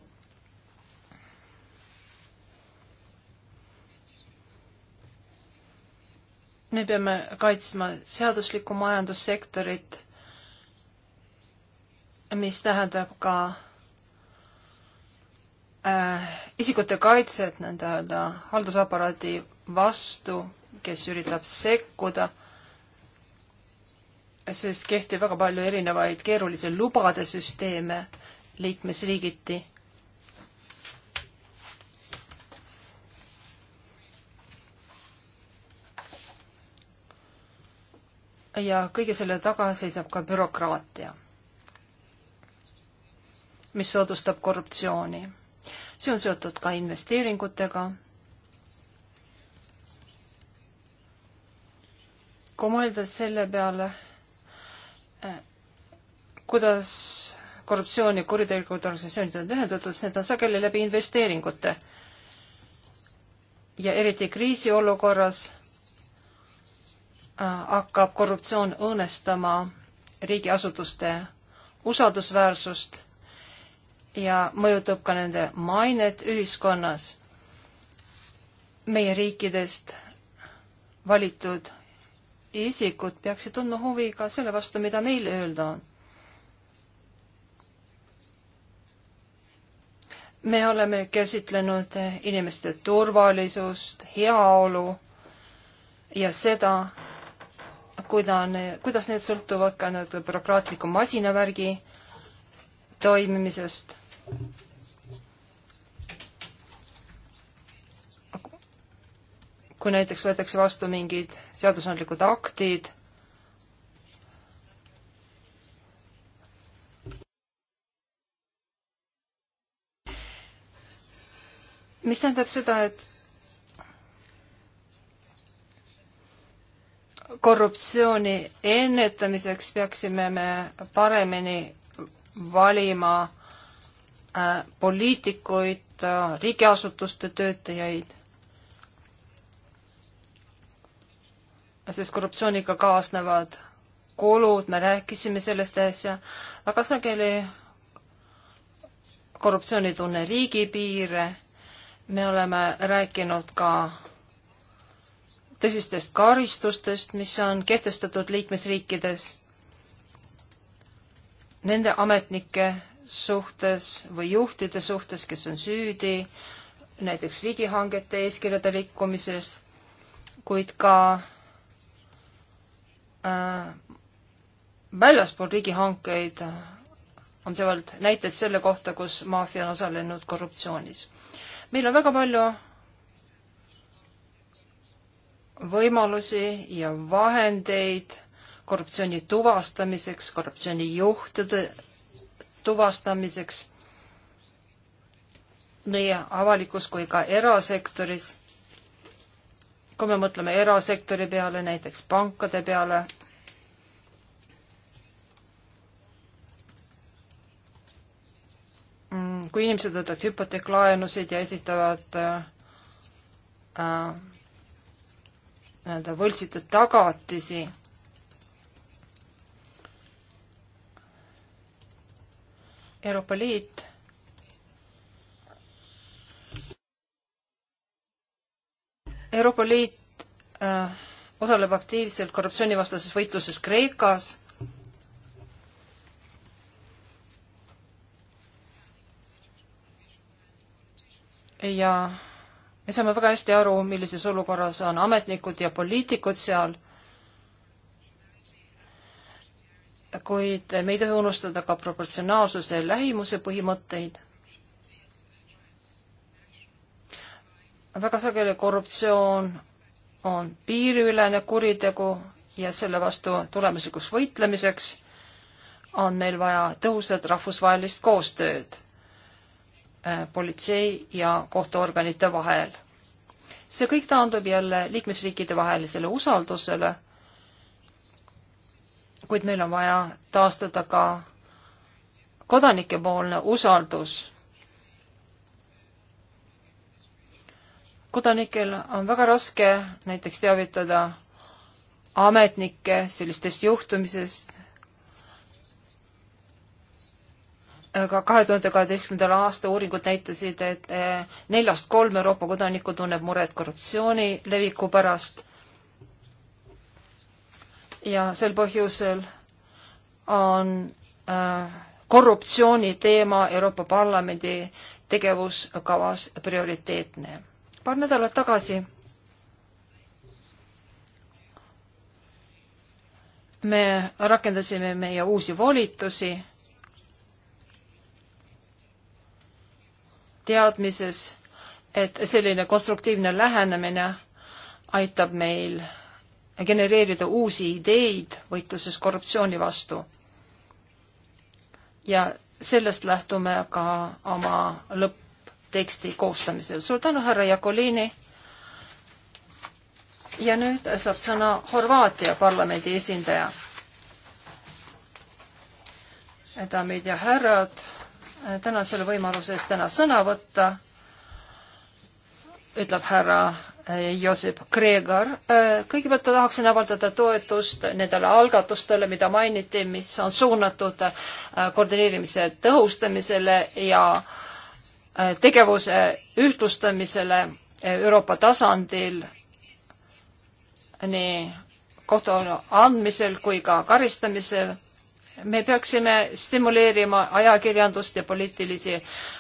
me peame kaitsma seaduslikku majandussektorit, mis tähendab ka äh, isikute kaitset nende nii-öelda haldusaparaadi vastu, kes üritab sekkuda äh, sest kehtib väga palju erinevaid keerulisi lubade süsteeme liikmesriigiti. ja kõige selle taga seisab ka bürokraatia, mis soodustab korruptsiooni. see on seotud ka investeeringutega kui mõelda selle peale, kuidas korruptsioon ja kuritegelikud organisatsioonid on ühendatud, siis need on sageli läbi investeeringute. ja eriti kriisiolukorras äh, hakkab korruptsioon õõnestama riigiasutuste usaldusväärsust ja mõjutab ka nende mainet ühiskonnas. meie riikidest valitud isikud peaksid tundma huvi ka selle vastu, mida meil öelda on. me oleme käsitlenud inimeste turvalisust, heaolu ja seda, kuida-, kuidas need sõltuvad ka nüüd bürokraatliku masinavärgi toimimisest kui näiteks võetakse vastu mingid seadusandlikud aktid, mis tähendab seda, et korruptsiooni ennetamiseks peaksime me paremini valima äh, poliitikuid, äh, riigiasutuste töötajaid sest korruptsiooniga kaasnevad kulud, me rääkisime sellest äsja, väga sageli korruptsioon ei tunne riigipiire, me oleme rääkinud ka tõsistest karistustest, mis on kehtestatud liikmesriikides nende ametnike suhtes või juhtide suhtes, kes on süüdi näiteks riigihangete eeskirjade rikkumises, kuid ka Äh, väljaspool riigihankeid on sealt näiteid selle kohta, kus maffia on osalenud korruptsioonis. meil on väga palju võimalusi ja vahendeid korruptsiooni tuvastamiseks, korruptsioonijuhtude tuvastamiseks nii avalikus kui ka erasektoris kui me mõtleme erasektori peale, näiteks pankade peale, mm, kui inimesed võtavad hüpoteeklaenusid ja esitavad äh, nii-öelda äh, võltsitud tagatisi, Euroopa Liit Euroopa Liit äh, osaleb aktiivselt korruptsioonivastases võitluses Kreekas ja me saame väga hästi aru, millises olukorras on ametnikud ja poliitikud seal, kuid me ei tohi unustada ka proportsionaalsuse lähimuse põhimõtteid. väga sageli korruptsioon on piiriülene kuritegu ja selle vastu tulemuslikuks võitlemiseks on meil vaja tõhusat rahvusvahelist koostööd äh, politsei ja kohtuorganite vahel. see kõik taandub jälle liikmesriikide vahelisele usaldusele, kuid meil on vaja taastada ka kodanikepoolne usaldus kodanikel on väga raske näiteks teavitada ametnikke sellistest juhtumisest. aga kahe tuhande kaheteistkümnendal aasta uuringud näitasid, et eh, neljast kolm Euroopa kodanikku tunneb muret korruptsiooni leviku pärast. ja sel põhjusel on eh, korruptsiooni teema Euroopa Parlamendi tegevuskavas prioriteetne paar nädalat tagasi me rakendasime meie uusi volitusi teadmises, et selline konstruktiivne lähenemine aitab meil genereerida uusi ideid võitluses korruptsiooni vastu. ja sellest lähtume ka oma lõpp, teksti koostamisel. suur tänu, härra Jakolini. ja nüüd saab sõna Horvaatia parlamendi esindaja. daamid ja härrad, tänan selle võimaluse eest täna sõna võtta, ütleb härra eh, Josip Kreegar. Eh, kõigepealt tahaksin avaldada toetust nendele algatustele, mida mainiti, mis on suunatud eh, koordineerimise tõhustamisele ja Äh, tegevuse äh, ühtlustamisele äh, Euroopa tasandil nii kohtu andmisel kui ka karistamisel. me peaksime stimuleerima ajakirjandust ja poliitilisi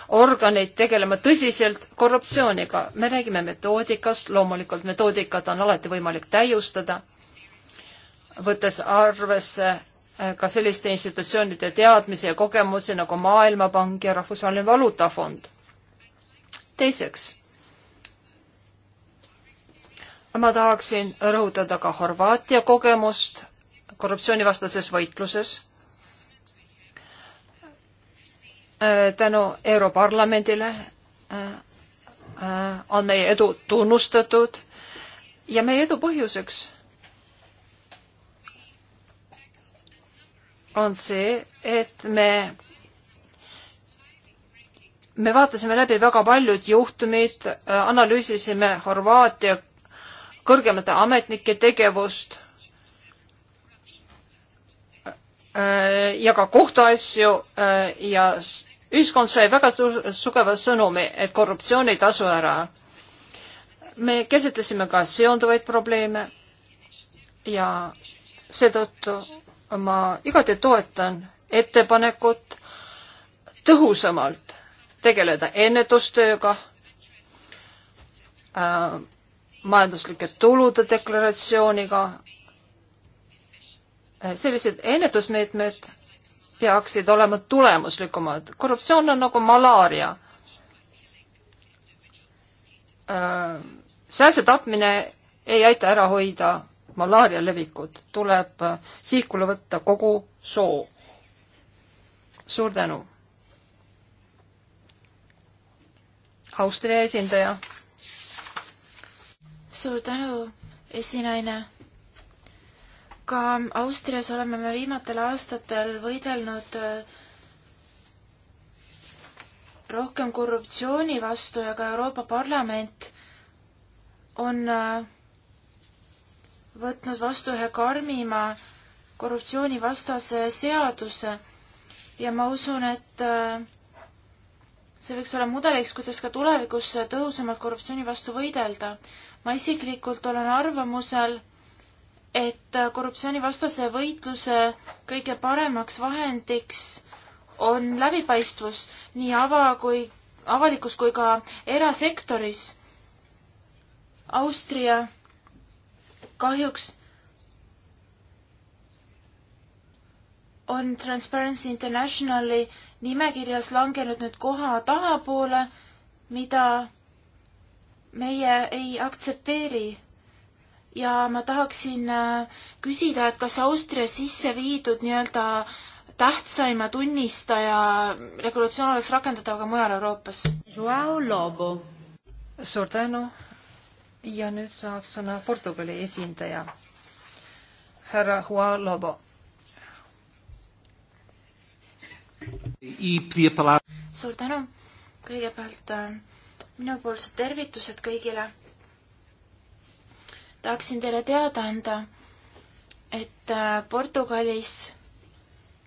organeid tegelema tõsiselt korruptsiooniga. me räägime metoodikast, loomulikult metoodikat on alati võimalik täiustada, võttes arvesse ka selliste institutsioonide teadmisi ja kogemusi nagu Maailmapank ja Rahvusvaheline Valuutafond teiseks, ma tahaksin rõhutada ka Horvaatia kogemust korruptsioonivastases võitluses. Äh, tänu Europarlamendile äh, äh, on meie edu tunnustatud ja meie edu põhjuseks on see, et me me vaatasime läbi väga paljud juhtumid, äh, analüüsisime Horvaatia kõrgemate ametnike tegevust äh, ja ka kohtuasju äh, ja ühiskond sai väga sugeva sõnumi, et korruptsioon ei tasu ära. me käsitlesime ka seonduvaid probleeme ja seetõttu ma igati toetan ettepanekut tõhusamalt tegeleda ennetustööga äh,, majanduslike tulude deklaratsiooniga. Äh, sellised ennetusmeetmed peaksid olema tulemuslikumad. korruptsioon on nagu malaaria äh,. sääse tapmine ei aita ära hoida malaaria levikut, tuleb äh, sihkule võtta kogu soo. suur tänu Austria esindaja. suur tänu, esinaine. ka Austrias oleme me viimatel aastatel võidelnud äh, rohkem korruptsiooni vastu ja ka Euroopa Parlament on äh, võtnud vastu ühe karmima korruptsioonivastase seaduse ja ma usun, et äh, see võiks olla mudeliks, kuidas ka tulevikus tõhusamalt korruptsiooni vastu võidelda. ma isiklikult olen arvamusel, et korruptsioonivastase võitluse kõige paremaks vahendiks on läbipaistvus nii ava kui, avalikus kui ka erasektoris. Austria kahjuks on Transparency Internationali äh, nimekirjas langenud nüüd koha tahapoole, mida meie ei aktsepteeri. ja ma tahaksin äh, küsida, et kas Austria sisse viidud nii-öelda tähtsaima tunnistaja regulatsioon oleks rakendatav ka mujal Euroopas? suur tänu ja nüüd saab sõna Portugali esindaja, härra Joao Lobo suur tänu, kõigepealt äh, minupoolsed tervitused kõigile. tahaksin teile teada anda, et äh, Portugalis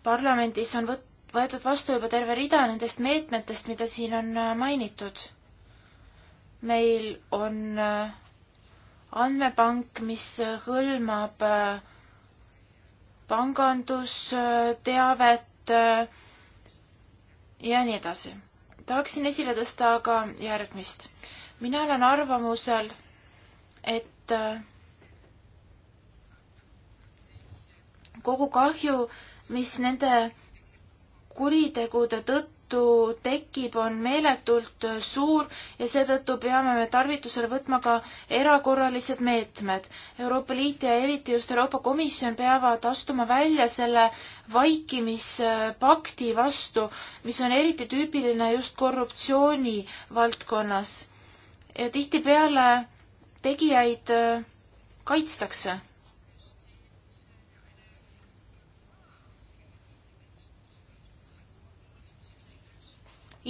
parlamendis on võt-, võetud vastu juba terve rida nendest meetmetest, mida siin on äh, mainitud. meil on andmepank, mis hõlmab pangandusteavet, ja nii edasi. tahaksin esile tõsta aga järgmist. mina olen arvamusel, et äh, kogu kahju, mis nende kuritegude tõttu tõttu tekib, on meeletult suur ja seetõttu peame me tarvitusele võtma ka erakorralised meetmed. Euroopa Liit ja eriti just Euroopa Komisjon peavad astuma välja selle vaikimispakti vastu, mis on eriti tüüpiline just korruptsiooni valdkonnas. ja tihtipeale tegijaid äh, kaitstakse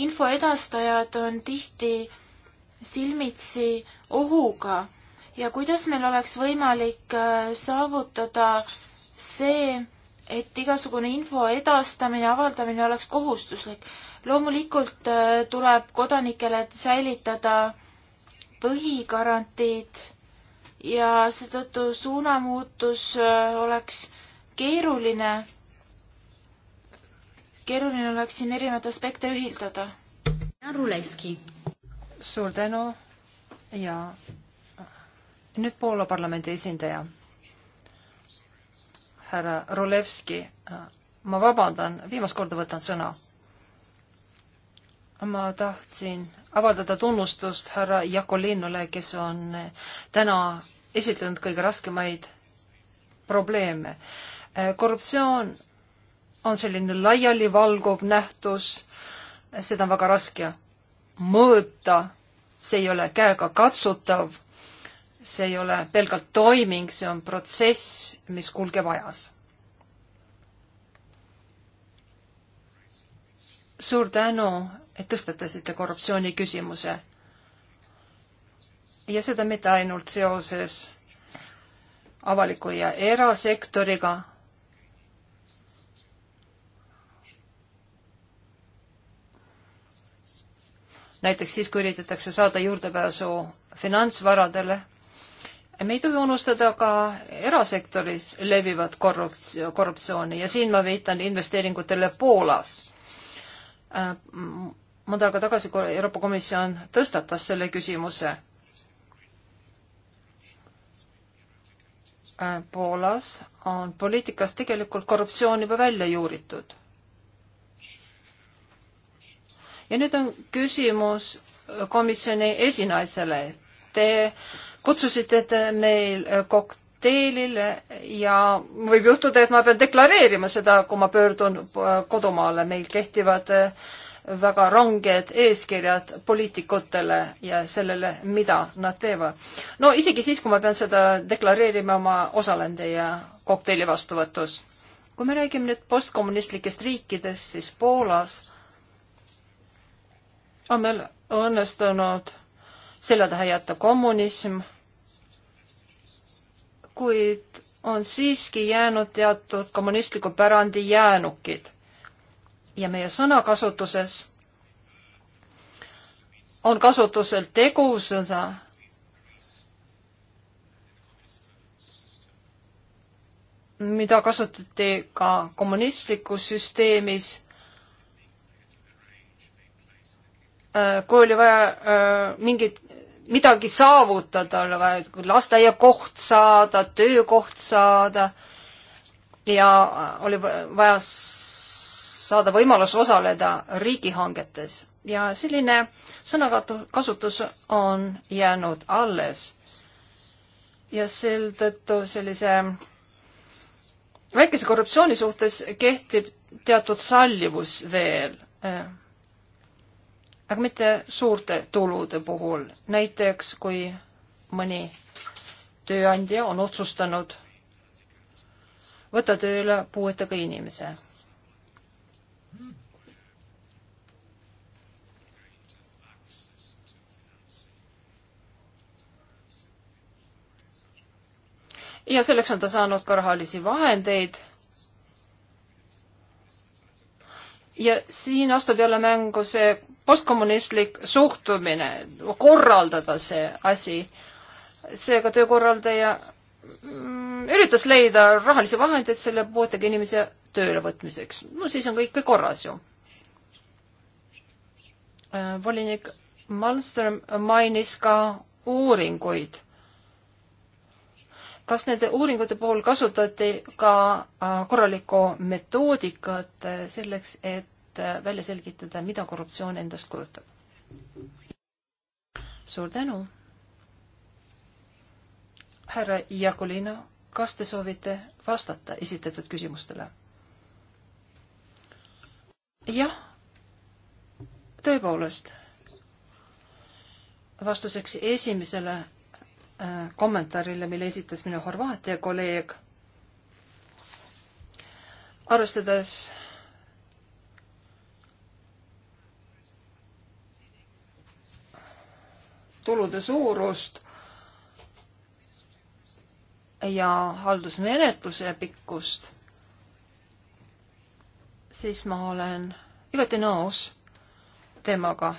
info edastajad on tihti silmitsi ohuga ja kuidas meil oleks võimalik äh, saavutada see, et igasugune info edastamine, avaldamine oleks kohustuslik. loomulikult äh, tuleb kodanikele säilitada põhigarantiid ja seetõttu suunamuutus äh, oleks keeruline keeruline oleks siin erinevaid aspekte ühildada. Ruleski. suur tänu ja nüüd Poola parlamendi esindaja, härra Rolevski, ma vabandan, viimast korda võtan sõna. ma tahtsin avaldada tunnustust härra Jakolinule, kes on täna esitlenud kõige raskemaid probleeme. korruptsioon on selline laialivalguv nähtus, seda on väga raske mõõta, see ei ole käegakatsutav, see ei ole pelgalt toiming, see on protsess, mis kulgeb ajas. suur tänu, et tõstatasite korruptsiooni küsimuse. ja seda mitte ainult seoses avaliku ja erasektoriga, näiteks siis, kui üritatakse saada juurdepääsu finantsvaradele. me ei tohi unustada ka erasektoris levivat korrupts-, korruptsiooni ja siin ma viitan investeeringutele Poolas. Äh, mõnda aega tagasi Euroopa Komisjon tõstatas selle küsimuse. Äh, Poolas on poliitikas tegelikult korruptsioon juba välja juuritud ja nüüd on küsimus komisjoni esinaisele. Te kutsusite meil kokteilile ja võib juhtuda, et ma pean deklareerima seda, kui ma pöördun äh, kodumaale, meil kehtivad äh, väga ranged eeskirjad poliitikutele ja sellele, mida nad teevad. no isegi siis, kui ma pean seda deklareerima, ma osalen teie kokteili vastuvõtus. kui me räägime nüüd postkommunistlikest riikidest, siis Poolas on meil õnnestunud selja taha jätta kommunism, kuid on siiski jäänud teatud kommunistliku pärandi jäänukid. ja meie sõnakasutuses on kasutusel tegusõna, mida kasutati ka kommunistlikus süsteemis Äh, kui oli vaja äh, mingit, midagi saavutada, oli vaja lasteaiakoht saada, töökoht saada ja äh, oli vaja saada võimalus osaleda riigihangetes ja selline sõnakasutus on jäänud alles. ja sel tõttu sellise väikese korruptsiooni suhtes kehtib teatud sallivus veel aga mitte suurte tulude puhul. näiteks kui mõni tööandja on otsustanud võtta tööle puuetega inimese. ja selleks on ta saanud ka rahalisi vahendeid ja siin astub jälle mängu see postkommunistlik suhtumine, korraldada see asi. seega töökorraldaja mm, üritas leida rahalisi vahendeid selle puuetega inimese töölevõtmiseks. no siis on kõik korras ju. Äh, volinik Malmström mainis ka uuringuid kas nende uuringute puhul kasutati ka äh, korralikku metoodikat äh, selleks, et äh, välja selgitada, mida korruptsioon endast kujutab? suur tänu. härra Jakolino, kas te soovite vastata esitatud küsimustele? jah, tõepoolest. vastuseks esimesele Äh, kommentaarile, mille esitas minu Horvaatia kolleeg. arvestades tulude suurust ja haldusmenetluse pikkust, siis ma olen igati nõus temaga,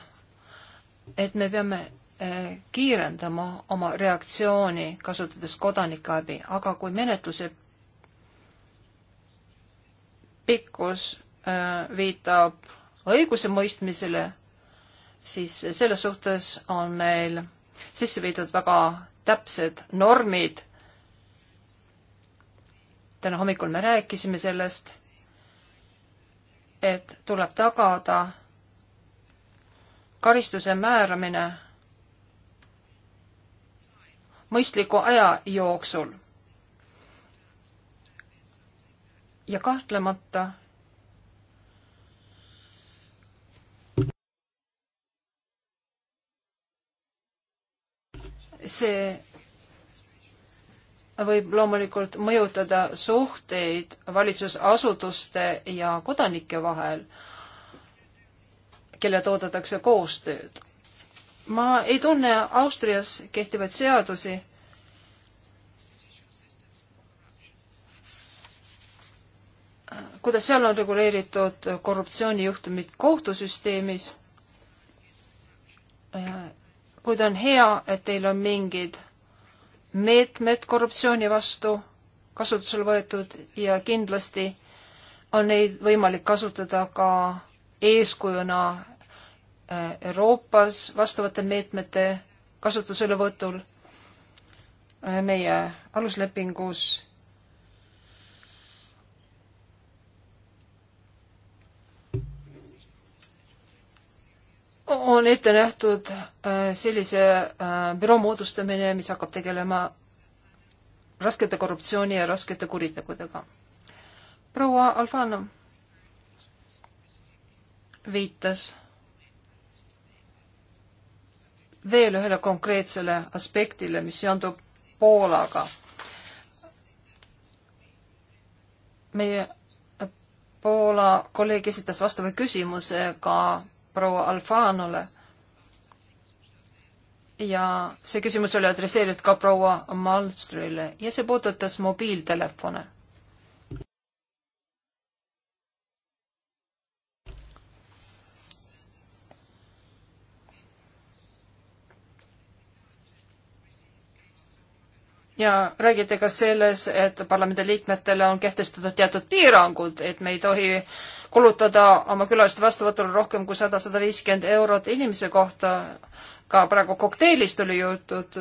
et me peame Eh, kiirendama oma reaktsiooni, kasutades kodanike abi, aga kui menetluse pikkus eh, viitab õigusemõistmisele, siis selles suhtes on meil sisse viidud väga täpsed normid. täna hommikul me rääkisime sellest, et tuleb tagada karistuse määramine mõistliku aja jooksul. ja kahtlemata see võib loomulikult mõjutada suhteid valitsusasutuste ja kodanike vahel, kellelt oodatakse koostööd ma ei tunne Austrias kehtivaid seadusi. kuidas seal on reguleeritud korruptsioonijuhtumid kohtusüsteemis? kuid on hea, et teil on mingid meetmed korruptsiooni vastu kasutusele võetud ja kindlasti on neid võimalik kasutada ka eeskujuna Euroopas vastavate meetmete kasutuselevõtul meie aluslepingus on ette nähtud äh, sellise äh, büroo moodustamine, mis hakkab tegelema raskete korruptsiooni ja raskete kuritegudega. proua Alfano viitas veel ühele konkreetsele aspektile, mis seondub Poolaga. meie Poola kolleeg esitas vastava küsimuse ka proua Alfanole ja see küsimus oli adresseeritud ka proua Malmstrile ja see puudutas mobiiltelefone ja räägite ka selles, et parlamendi liikmetele on kehtestatud teatud piirangud, et me ei tohi kulutada oma külaliste vastuvõtul rohkem kui sada, sada viiskümmend eurot inimese kohta. ka praegu kokteilist oli jutud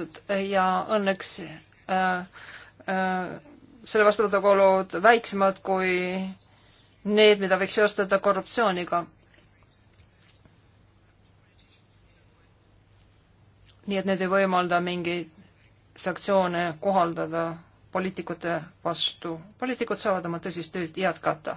ja õnneks äh, äh, selle vastuvõtukulud väiksemad kui need, mida võiks seostada korruptsiooniga nii et need ei võimalda mingeid sanktsioone kohaldada poliitikute vastu. poliitikud saavad oma tõsist tööd jätkata.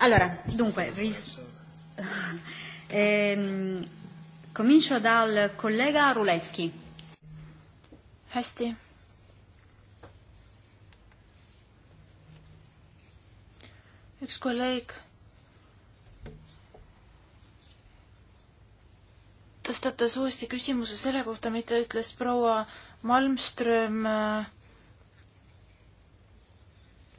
Allora, dunque, ris- [laughs] ehm, Comincio dal kollega Ruleski. hästi. üks kolleeg tõstatas uuesti küsimuse selle kohta, mida ütles proua Malmström äh,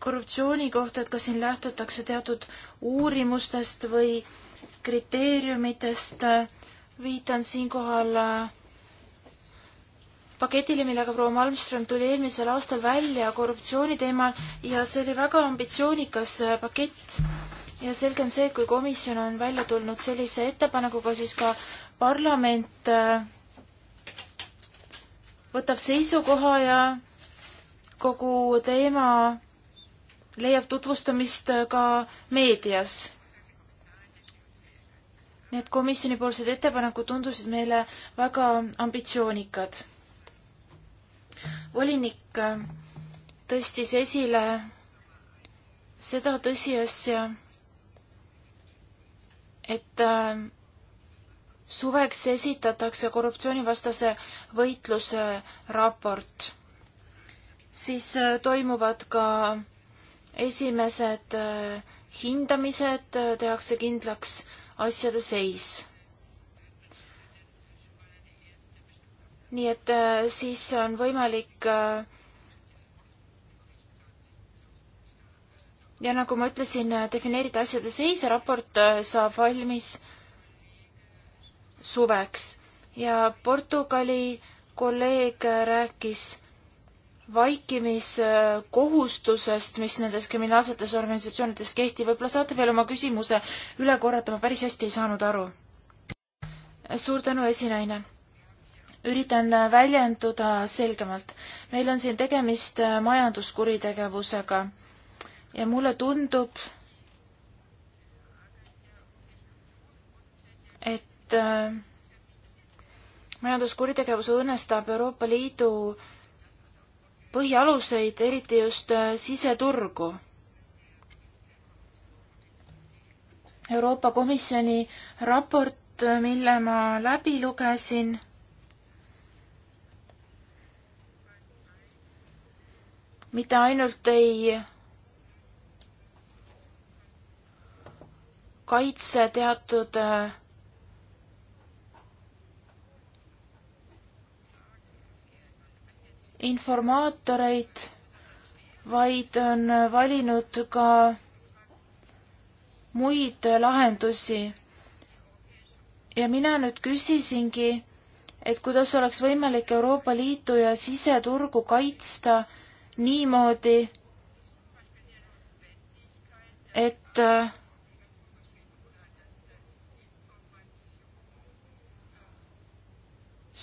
korruptsiooni kohta, et kas siin lähtutakse teatud uurimustest või kriteeriumitest viitan siinkohal äh, paketile, millega proua Malmström tuli eelmisel aastal välja korruptsiooni teemal ja see oli väga ambitsioonikas äh, pakett. ja selge on see, et kui komisjon on välja tulnud sellise ettepanekuga, siis ka parlament äh, võtab seisukoha ja kogu teema leiab tutvustamist ka meedias Need komisjonipoolsed ettepanekud tundusid meile väga ambitsioonikad. volinik äh, tõstis esile seda tõsiasja, et äh, suveks esitatakse korruptsioonivastase võitluse raport. siis äh, toimuvad ka esimesed hindamised, tehakse kindlaks asjade seis. nii et äh, siis on võimalik äh, ja nagu ma ütlesin, äh, defineerida asjade seis ja raport saab valmis suveks ja Portugali kolleeg rääkis vaikimiskohustusest, mis nendes kriminaalsetes organisatsioonides kehtib, võib-olla saate veel oma küsimuse üle korrata, ma päris hästi ei saanud aru. suur tänu, esinaine. üritan väljenduda selgemalt. meil on siin tegemist majanduskuritegevusega ja mulle tundub, et äh, majanduskuritegevus õõnestab Euroopa Liidu äh, põhialuseid, eriti just äh, siseturgu. Euroopa Komisjoni raport, äh, mille ma läbi lugesin, mitte ainult ei kaitse teatud äh, informaatoreid, vaid on valinud ka muid lahendusi. ja mina nüüd küsisingi, et kuidas oleks võimalik Euroopa Liitu ja siseturgu kaitsta niimoodi, et äh,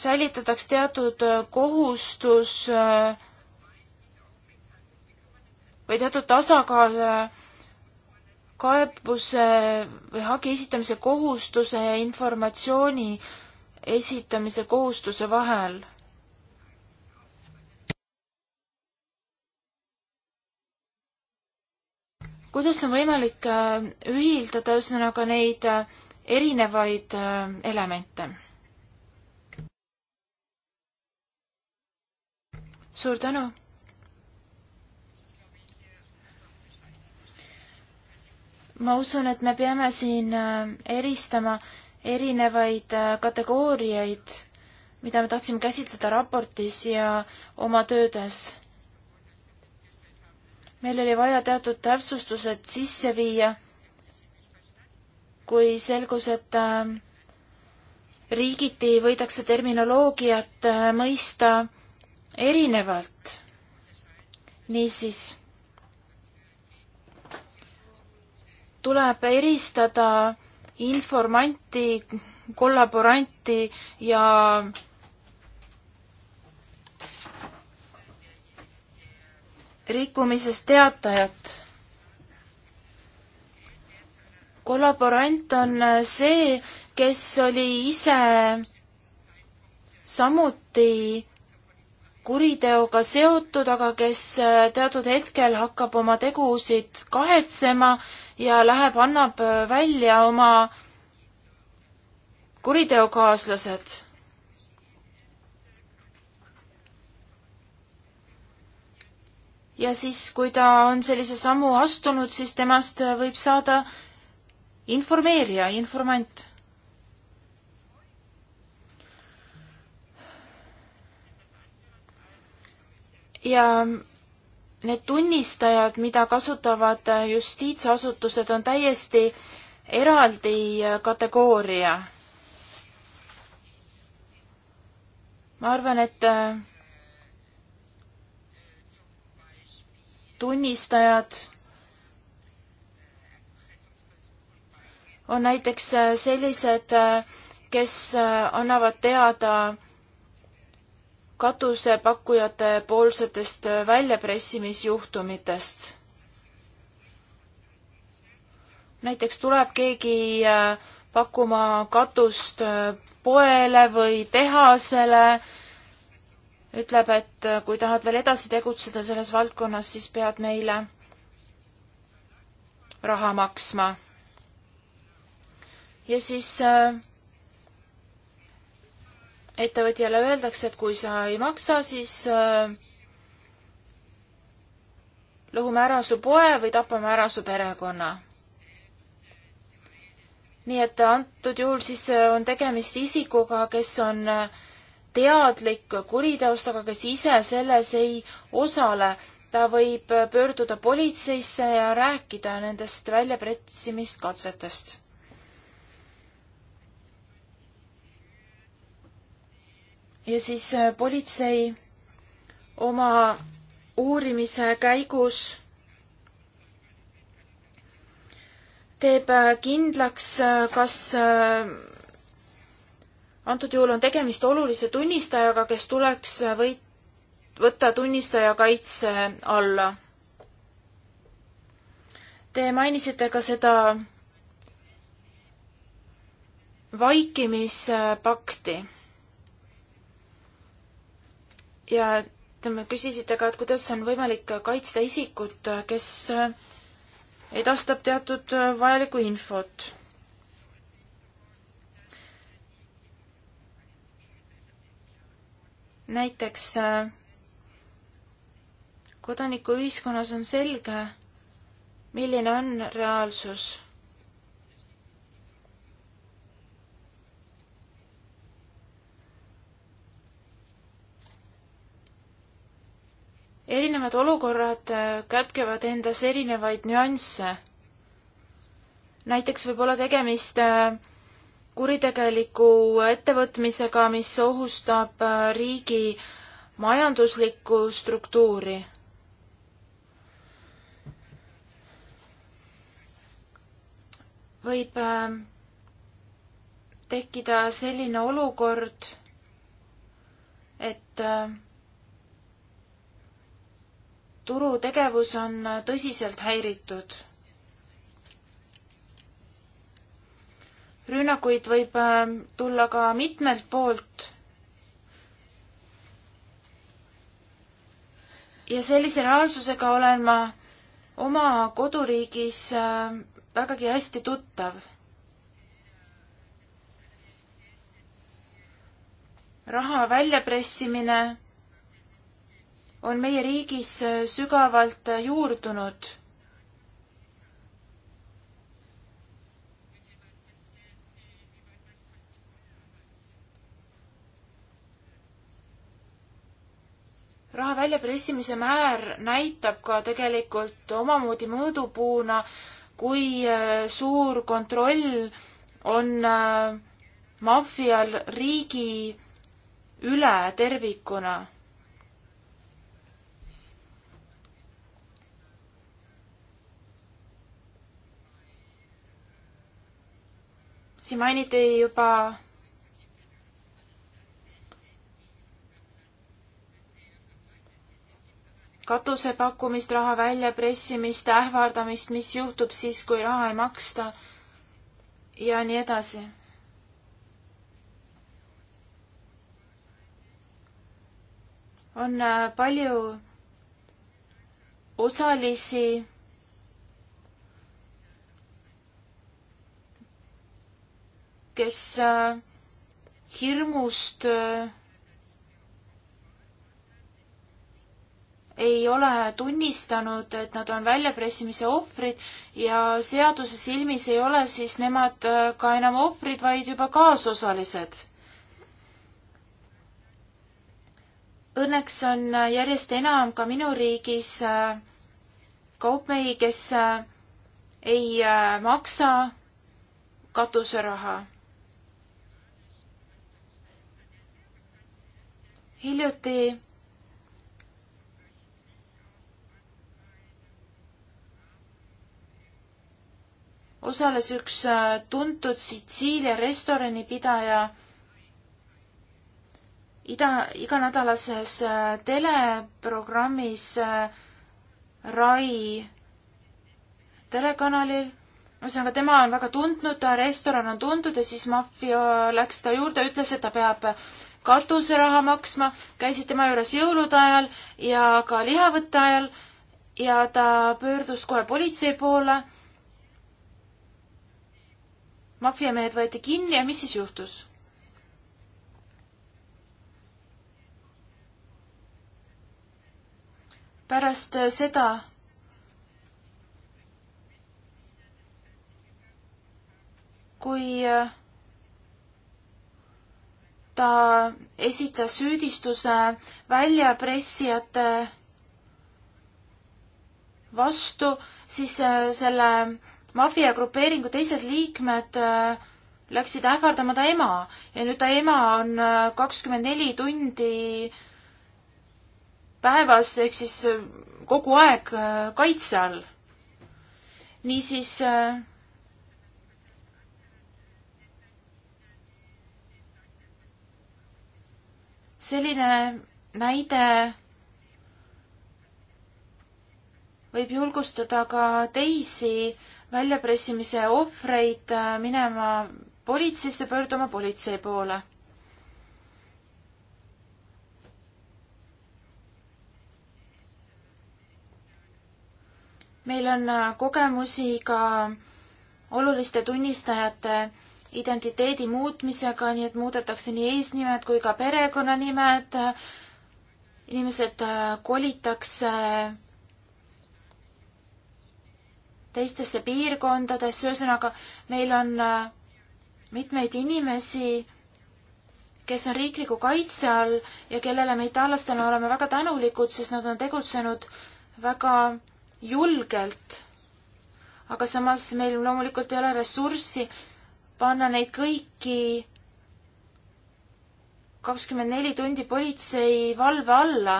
säilitataks teatud äh, kohustus äh, või teatud tasakaal äh, kaebuse või hagi esitamise kohustuse ja informatsiooni esitamise kohustuse vahel. kuidas on võimalik ühildada ühesõnaga neid erinevaid elemente? suur tänu. ma usun, et me peame siin äh, eristama erinevaid äh, kategooriaid, mida me tahtsime käsitleda raportis ja oma töödes. meil oli vaja teatud täpsustused sisse viia, kui selgus, et äh, riigiti võidakse terminoloogiat mõista erinevalt. niisiis tuleb eristada informanti, kollaboranti ja rikkumisest teatajat. kollaborant on see, kes oli ise samuti kuriteoga seotud, aga kes äh, teatud hetkel hakkab oma tegusid kahetsema ja läheb, annab äh, välja oma kuriteokaaslased. ja siis, kui ta on sellise sammu astunud, siis temast äh, võib saada informeerija, informant ja need tunnistajad, mida kasutavad justiitsasutused, on täiesti eraldi kategooria. ma arvan, et äh, tunnistajad on näiteks äh, sellised, äh, kes annavad teada katusepakkujate poolsetest väljapressimisjuhtumitest. näiteks tuleb keegi äh, pakkuma katust äh, poele või tehasele, ütleb, et äh, kui tahad veel edasi tegutseda selles valdkonnas, siis pead meile raha maksma. ja siis äh, ettevõtjale öeldakse, et kui sa ei maksa, siis äh, lõhume ära su poe või tapame ära su perekonna. nii et antud juhul siis äh, on tegemist isikuga, kes on äh, teadlik kuriteost, aga kes ise selles ei osale. ta võib pöörduda politseisse ja rääkida nendest väljapretsimiskatsetest ja siis äh, politsei oma uurimise käigus teeb äh, kindlaks, äh, kas antud juhul on tegemist olulise tunnistajaga, kes tuleks või võtta tunnistaja kaitse alla. Te mainisite ka seda vaikimispakti ja te küsisite ka, et kuidas on võimalik kaitsta isikut, kes edastab teatud vajalikku infot. näiteks kodanikuühiskonnas on selge, milline on reaalsus erinevad olukorrad äh, kätkevad endas erinevaid nüansse. näiteks võib olla tegemist äh, kuritegeliku ettevõtmisega, mis ohustab äh, riigi majanduslikku struktuuri. võib tekkida selline olukord, et äh, turutegevus on tõsiselt häiritud. rünnakuid võib äh, tulla ka mitmelt poolt ja sellise reaalsusega olen ma oma koduriigis äh, vägagi hästi tuttav. raha väljapressimine on meie riigis äh, sügavalt äh, juurdunud. raha väljapressimise määr näitab ka tegelikult omamoodi mõõdupuuna, kui äh, suur kontroll on maffial riigi üle tervikuna siin mainiti juba katuse pakkumist, raha väljapressimist, ähvardamist, mis juhtub siis, kui raha ei maksta ja nii edasi. on äh, palju osalisi kes äh, hirmust äh, ei ole tunnistanud, et nad on väljapressimise ohvrid ja seaduse silmis ei ole siis nemad äh, ka enam ohvrid, vaid juba kaasosalised õnneks on järjest enam ka minu riigis kaupmehi, kes ei maksa katuseraha. hiljuti osales üks äh, tuntud Sitsiilia restoranipidaja ida, iganädalases äh, teleprogrammis äh, Rai telekanalil. ühesõnaga, tema on väga tuntud, ta restoran on tuntud ja siis maffia läks ta juurde, ütles, et ta peab katuseraha maksma, käisid tema juures jõulude ajal ja ka lihavõtte ajal ja ta pöördus kohe politsei poole. maffiamehed võeti kinni ja mis siis juhtus? pärast seda kui äh, ta esitas süüdistuse väljapressijate vastu, siis äh, selle maffiagrupeeringu teised liikmed äh, läksid ähvardama ta ema ja nüüd ta ema on äh, kakskümmend neli tundi päevas ehk siis kogu aeg kaitse all. niisiis äh, selline näide võib julgustada ka teisi väljapressimise ohvreid äh, minema politseisse, pöörduma politsei poole. meil on äh, kogemusi ka oluliste tunnistajate identiteedi muutmisega, nii et muudetakse nii eesnimed kui ka perekonnanimed. inimesed äh, kolitakse teistesse piirkondadesse, ühesõnaga meil on äh, mitmeid inimesi, kes on riikliku kaitse all ja kellele me itaallastena oleme väga tänulikud, sest nad on tegutsenud väga julgelt. aga samas meil loomulikult ei ole ressurssi panna neid kõiki kakskümmend neli tundi politsei valve alla.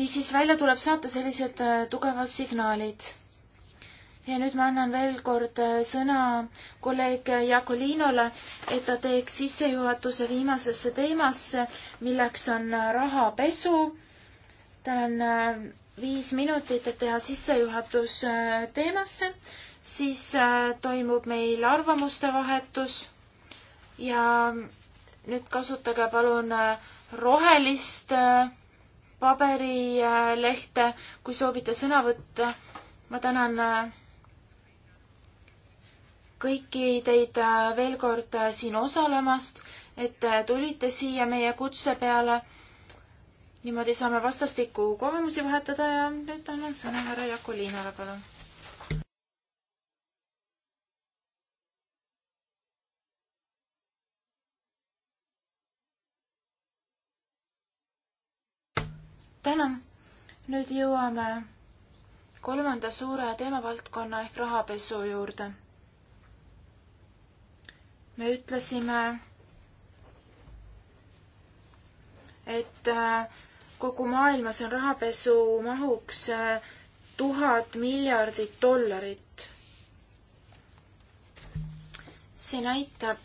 niisiis, välja tuleb saata sellised äh, tugevad signaalid. ja nüüd ma annan veel kord äh, sõna kolleeg Jakolinole, et ta teeks sissejuhatuse viimasesse teemasse, milleks on äh, rahapesu. tal on viis minutit, et teha sissejuhatus äh, teemasse, siis äh, toimub meil arvamuste vahetus ja nüüd kasutage palun äh, rohelist paberilehte, kui soovite sõna võtta. ma tänan kõiki teid veel kord siin osalemast, et tulite siia meie kutse peale niimoodi saame vastastikku kogemusi vahetada ja nüüd annan sõna härra Jakolinale, palun. tänan. nüüd jõuame kolmanda suure teemavaldkonna ehk rahapesu juurde. me ütlesime, et äh, kogu maailmas on rahapesu mahuks äh, tuhat miljardit dollarit. see näitab,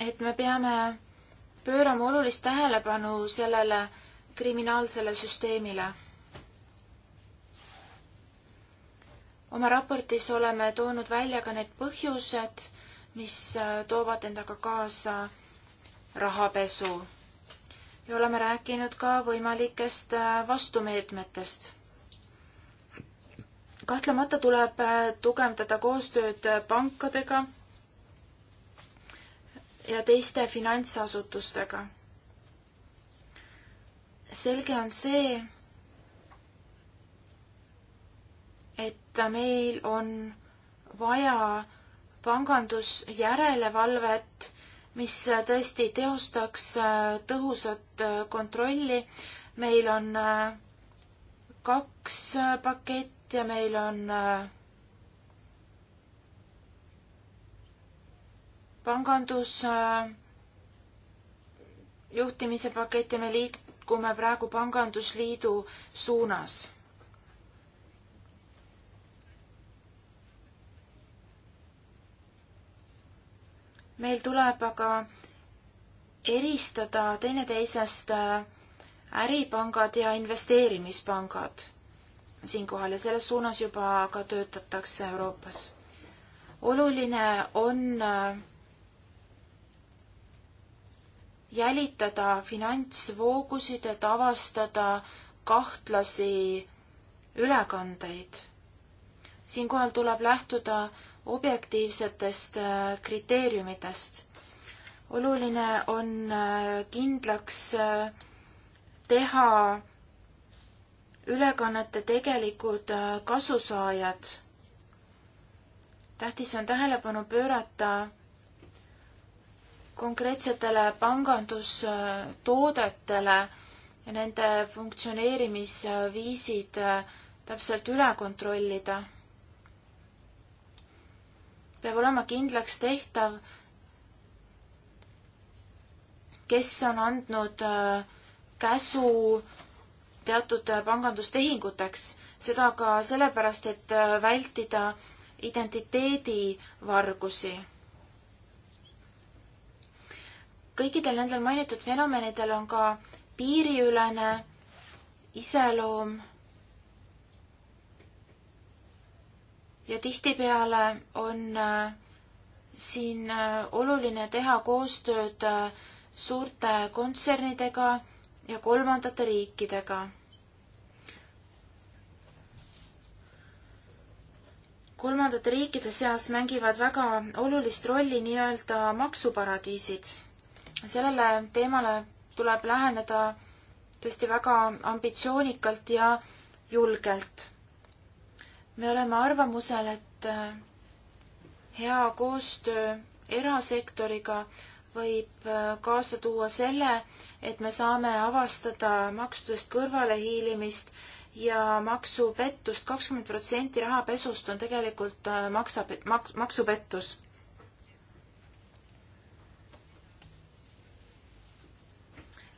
et me peame pöörama olulist tähelepanu sellele kriminaalsele süsteemile. oma raportis oleme toonud välja ka need põhjused, mis äh, toovad endaga kaasa rahapesu ja oleme rääkinud ka võimalikest äh, vastumeetmetest. kahtlemata tuleb äh, tugevdada koostööd äh, pankadega ja teiste finantsasutustega. selge on see, et meil on vaja pangandusjärelevalvet mis äh, tõesti teostaks äh, tõhusat äh, kontrolli. meil on kaks pakett ja meil on pangandus juhtimise pakett ja me liikume praegu pangandusliidu suunas meil tuleb aga eristada teineteisest äh, äripangad ja investeerimispangad siinkohal ja selles suunas juba ka töötatakse Euroopas. oluline on äh, jälitada finantsvoogusid, et avastada kahtlasi ülekandeid. siinkohal tuleb lähtuda objektiivsetest äh, kriteeriumitest. oluline on äh, kindlaks äh, teha ülekannete tegelikud kasusaajad. tähtis on tähelepanu pöörata konkreetsetele pangandustoodetele ja nende funktsioneerimisviisid täpselt üle kontrollida peab olema kindlaks tehtav, kes on andnud äh, käsu teatud äh, pangandustehinguteks, seda ka sellepärast, et äh, vältida identiteedivargusi. kõikidel nendel mainitud fenomenidel on ka piiriülene iseloom ja tihtipeale on äh, siin äh, oluline teha koostööd äh, suurte kontsernidega ja kolmandate riikidega. kolmandate riikide seas mängivad väga olulist rolli nii-öelda maksuparadiisid. sellele teemale tuleb läheneda tõesti väga ambitsioonikalt ja julgelt me oleme arvamusel, et äh, hea koostöö erasektoriga võib äh, kaasa tuua selle, et me saame avastada maksudest kõrvalehiilimist ja maksupettust. kakskümmend protsenti rahapesust on tegelikult äh, maksab, maks, maksupettus.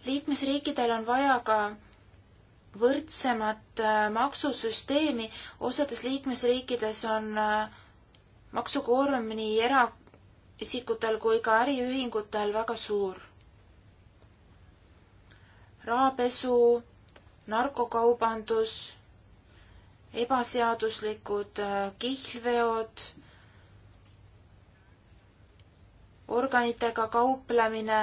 liikmesriikidel on vaja ka võrdsemat äh, maksusüsteemi. osades liikmesriikides on äh, maksukoorem nii eraisikutel kui ka äriühingutel väga suur. rahapesu, narkokaubandus, ebaseaduslikud äh, kihlveod, organitega kauplemine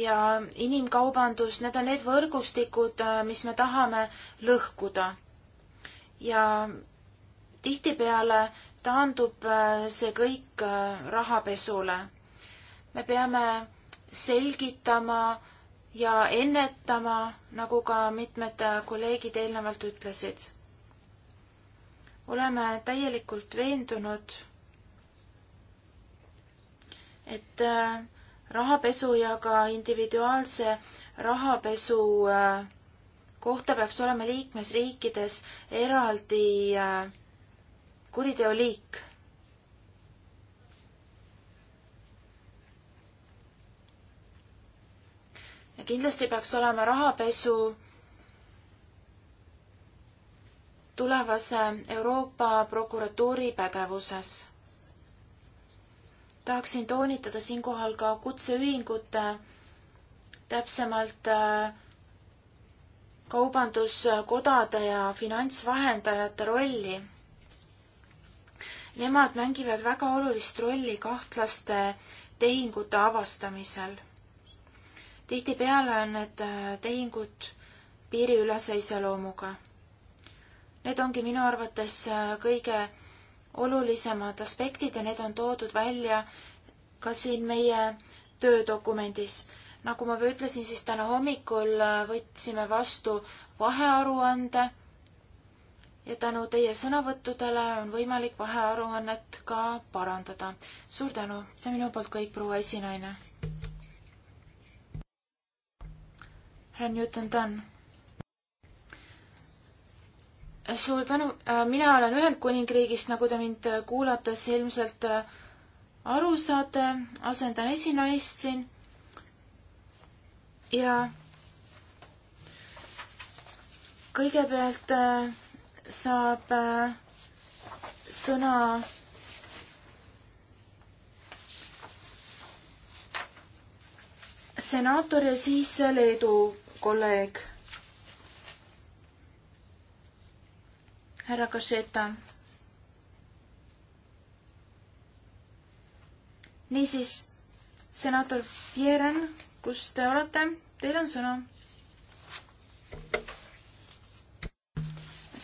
ja inimkaubandus, need on need võrgustikud, äh, mis me tahame lõhkuda. ja tihtipeale taandub äh, see kõik äh, rahapesule. me peame selgitama ja ennetama, nagu ka mitmed kolleegid eelnevalt ütlesid. oleme täielikult veendunud, et äh, rahapesu ja ka individuaalse rahapesu äh, kohta peaks olema liikmesriikides eraldi äh, kuriteoliik. ja kindlasti peaks olema rahapesu tulevase Euroopa prokuratuuri pädevuses tahaksin toonitada siinkohal ka kutseühingute, täpsemalt äh, kaubanduskodade ja finantsvahendajate rolli. Nemad mängivad väga olulist rolli kahtlaste tehingute avastamisel. tihtipeale on need äh, tehingud piiriülese iseloomuga. Need ongi minu arvates äh, kõige olulisemad aspektid ja need on toodud välja ka siin meie töödokumendis. nagu ma juba ütlesin, siis täna hommikul võtsime vastu vahearuande ja tänu teie sõnavõttudele on võimalik vahearuannet ka parandada. suur tänu, see on minu poolt kõik, proua esinaine. härra Newton-Dunn suur tänu, äh, mina olen Ühendkuningriigist, nagu te mind kuulates ilmselt äh, aru saate, asendan esinaist siin. ja kõigepealt äh, saab sõna senaator ja siis Leedu kolleeg härra Košeta. niisiis, senaator Pieren, kus te olete, teil on sõna.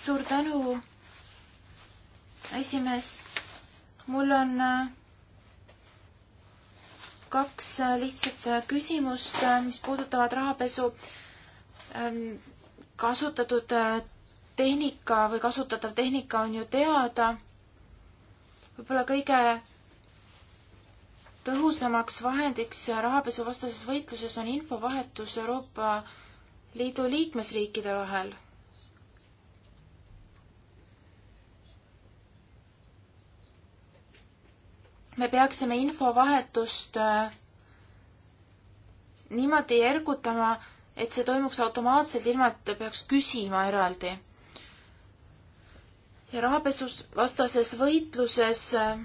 suur tänu, esimees. mul on äh, kaks äh, lihtsat äh, küsimust, mis puudutavad rahapesu ähm, kasutatud tehnika või kasutatav tehnika on ju teada. võib-olla kõige tõhusamaks vahendiks rahapesuvastases võitluses on infovahetus Euroopa Liidu liikmesriikide vahel. me peaksime infovahetust äh, niimoodi ergutama, et see toimuks automaatselt, ilma et peaks küsima eraldi ja rahapesus vastases võitluses äh,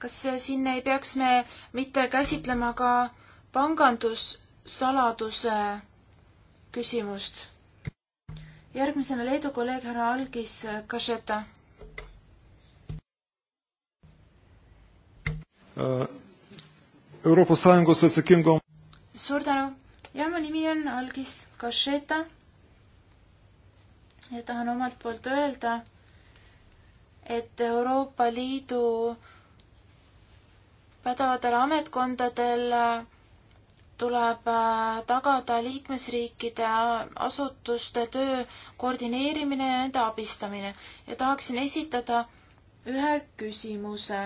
kas siin ei peaks me mitte käsitlema ka pangandussaladuse küsimust? järgmisena Leedu kolleeg härra Algis Kašeta uh,. Äh, Europos Sąjungos atsakingom suur tänu ja mu nimi on Algis Kašeta. ja tahan omalt poolt öelda, et Euroopa Liidu pädevatel ametkondadel tuleb äh, tagada liikmesriikide asutuste töö koordineerimine ja nende abistamine ja tahaksin esitada ühe küsimuse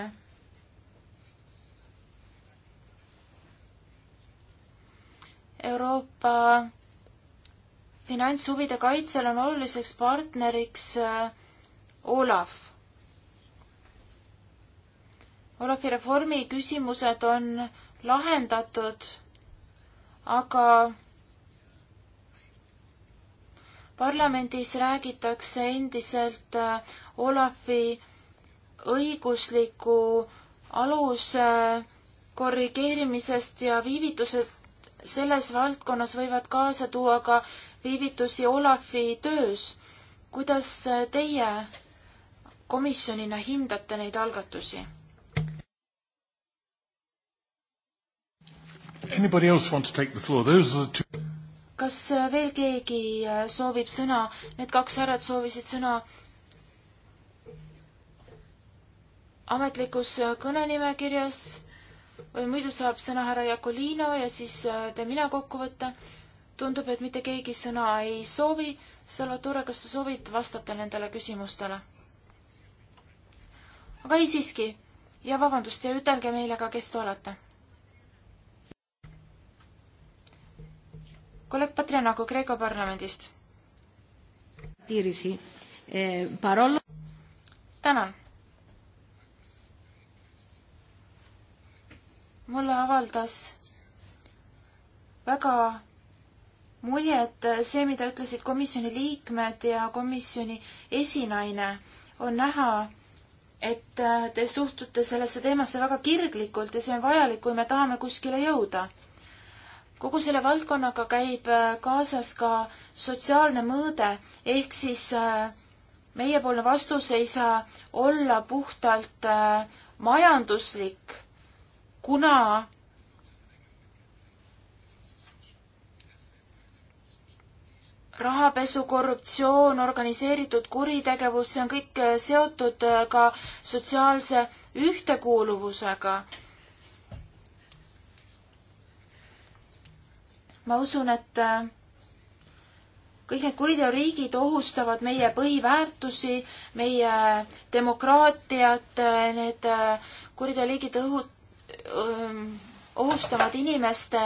Euroopa finantshuvide kaitsel on oluliseks partneriks Olav. Äh, Olavi reformi küsimused on lahendatud, aga parlamendis räägitakse endiselt äh, Olavi õigusliku aluse korrigeerimisest ja viivitusest selles valdkonnas võivad kaasa tuua ka viivitusi Olafi töös. kuidas teie komisjonina hindate neid algatusi? kas veel keegi äh, soovib sõna? Need kaks härrat soovisid sõna ametlikus äh, kõnenimekirjas muidu saab sõna härra Jakolino ja siis äh, teen mina kokkuvõtte. tundub, et mitte keegi sõna ei soovi. Salvatore, kas sa soovid vastata nendele küsimustele? aga ei siiski. ja vabandust ja ütelge meile ka, kes te olete. kolleeg Patrianaku Kreeka parlamendist. Eh, tänan mulle avaldas väga muljet see, mida ütlesid komisjoni liikmed ja komisjoni esinaine, on näha, et te suhtute sellesse teemasse väga kirglikult ja see on vajalik, kui me tahame kuskile jõuda. kogu selle valdkonnaga käib kaasas ka sotsiaalne mõõde, ehk siis äh, meiepoolne vastus ei saa olla puhtalt äh, majanduslik kuna rahapesu, korruptsioon, organiseeritud kuritegevus, see on kõik seotud ka sotsiaalse ühtekuuluvusega. ma usun, et kõik need kuriteoriigid ohustavad meie põhiväärtusi, meie demokraatiat, need kuriteoliigid õhu-, Ähm, ohustavad inimeste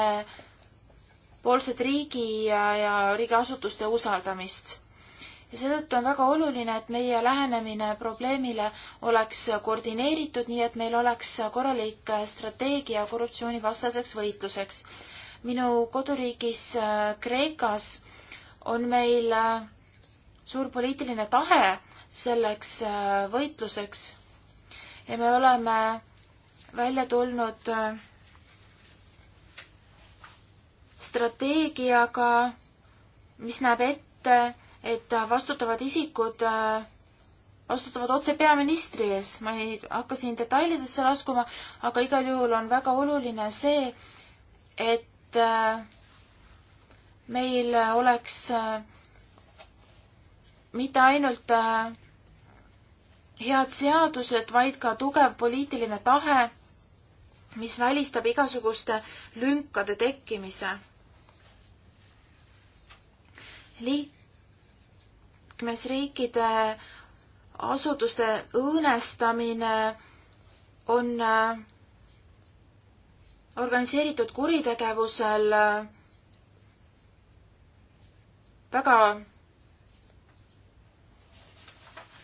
poolset riigi ja, ja riigiasutuste usaldamist. ja seetõttu on väga oluline, et meie lähenemine probleemile oleks koordineeritud, nii et meil oleks korralik strateegia korruptsioonivastaseks võitluseks. minu koduriigis äh, Kreekas on meil äh, suur poliitiline tahe selleks äh, võitluseks ja me oleme välja tulnud äh, strateegiaga, mis näeb ette, et vastutavad isikud äh, vastutavad otse peaministri ees. ma ei hakka siin detailidesse laskuma, aga igal juhul on väga oluline see, et äh, meil oleks mitte ainult head seadused, vaid ka tugev poliitiline tahe mis välistab igasuguste lünkade tekkimise. liikmesriikide asutuste õõnestamine on äh, organiseeritud kuritegevusel äh, väga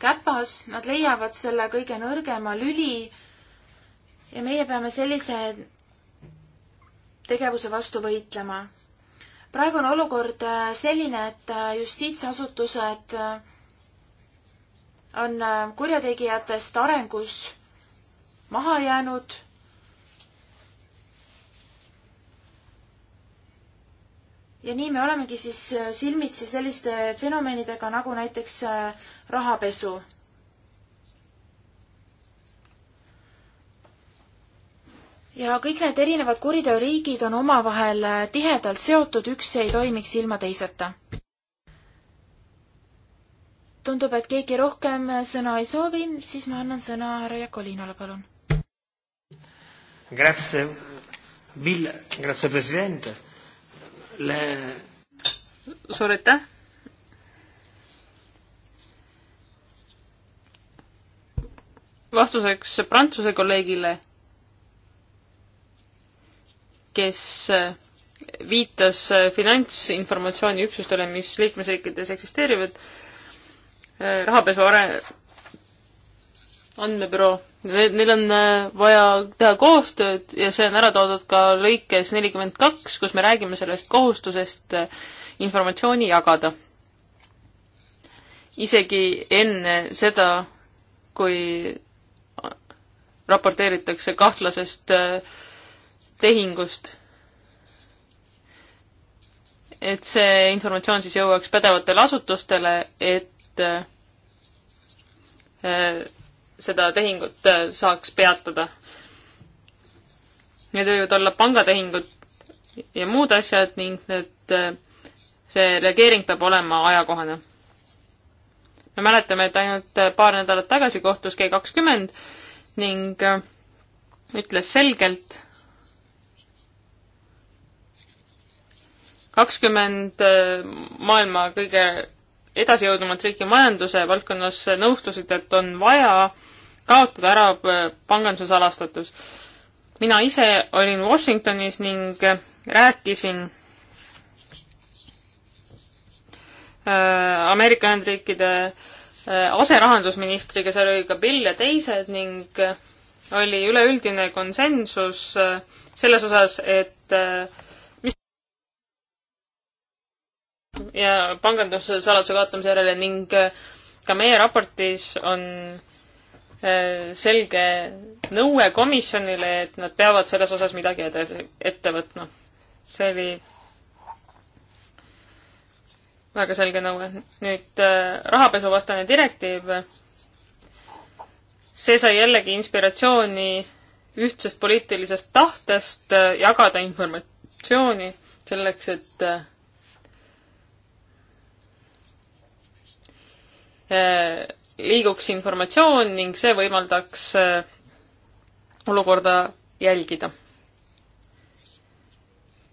käpas, nad leiavad selle kõige nõrgema lüli ja meie peame sellise tegevuse vastu võitlema. praegu on olukord äh, selline, et äh, justiitsasutused äh, on kurjategijatest arengus maha jäänud. ja nii me olemegi siis silmitsi selliste fenomenidega nagu näiteks rahapesu ja kõik need erinevad kuriteoliigid on omavahel äh, tihedalt seotud, üks ei toimiks ilma teiseta. tundub, et keegi rohkem äh, sõna ei soovi, siis ma annan sõna härra Jakolinole, palun. Grazie, Bill, grazie, president Le.... suur aitäh vastuseks Prantsuse kolleegile kes viitas finantsinformatsiooni üksustele, mis liikmesriikides eksisteerivad, rahapesu are-, andmebüroo, neil on äh, vaja teha koostööd ja see on ära toodud ka lõikes nelikümmend kaks, kus me räägime sellest kohustusest äh, informatsiooni jagada. isegi enne seda, kui raporteeritakse kahtlasest äh, tehingust. et see informatsioon siis jõuaks pädevatele asutustele, et äh, seda tehingut äh, saaks peatada. Need võivad olla pangatehingud ja muud asjad ning need, äh, see reageering peab olema ajakohane. me mäletame, et ainult paar nädalat tagasi kohtus G kakskümmend ning ütles selgelt, kakskümmend eh, maailma kõige edasijõudumat riiki majanduse valdkonnas nõustusid, et on vaja kaotada ära eh, pangandusalastatus. mina ise olin Washingtonis ning rääkisin eh, Ameerika Ühendriikide aserahandusministriga, seal oli ka Bill ja teised ning oli üleüldine konsensus selles osas, et ja pangandussaladuse kaotamise järele ning äh, ka meie raportis on äh, selge nõue komisjonile, et nad peavad selles osas midagi edasi, ette võtma. see oli väga selge nõue. nüüd äh, rahapesuvastane direktiiv, see sai jällegi inspiratsiooni ühtsest poliitilisest tahtest jagada informatsiooni selleks, et liiguks informatsioon ning see võimaldaks äh, olukorda jälgida.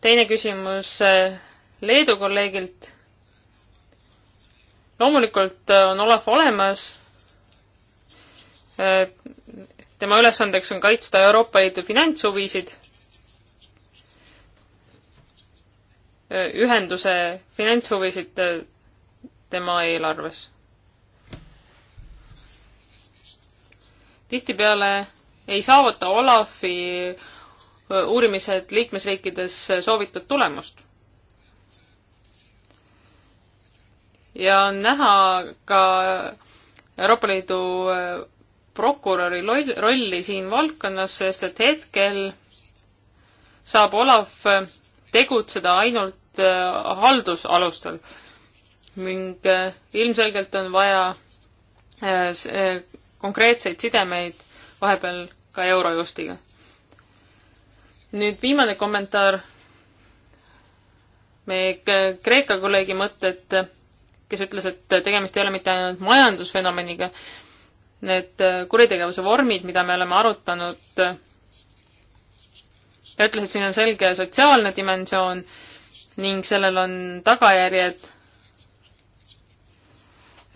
teine küsimus äh, Leedu kolleegilt. loomulikult äh, on Olav olemas. tema ülesandeks on kaitsta Euroopa Liidu finantshuvisid, ühenduse finantshuvisid tema eelarves tihtipeale ei saavuta Olafi uurimised liikmesriikides soovitud tulemust. ja on näha ka Euroopa Liidu prokuröri rolli siin valdkonnas, sest et hetkel saab Olav tegutseda ainult haldusalustel ning ilmselgelt on vaja konkreetseid sidemeid vahepeal ka Eurojustiga. nüüd viimane kommentaar. meie Kreeka kolleegi mõtted, kes ütles, et tegemist ei ole mitte ainult majandusfenomeniga, need kuritegevuse vormid, mida me oleme arutanud, ta ütles, et siin on selge sotsiaalne dimensioon ning sellel on tagajärjed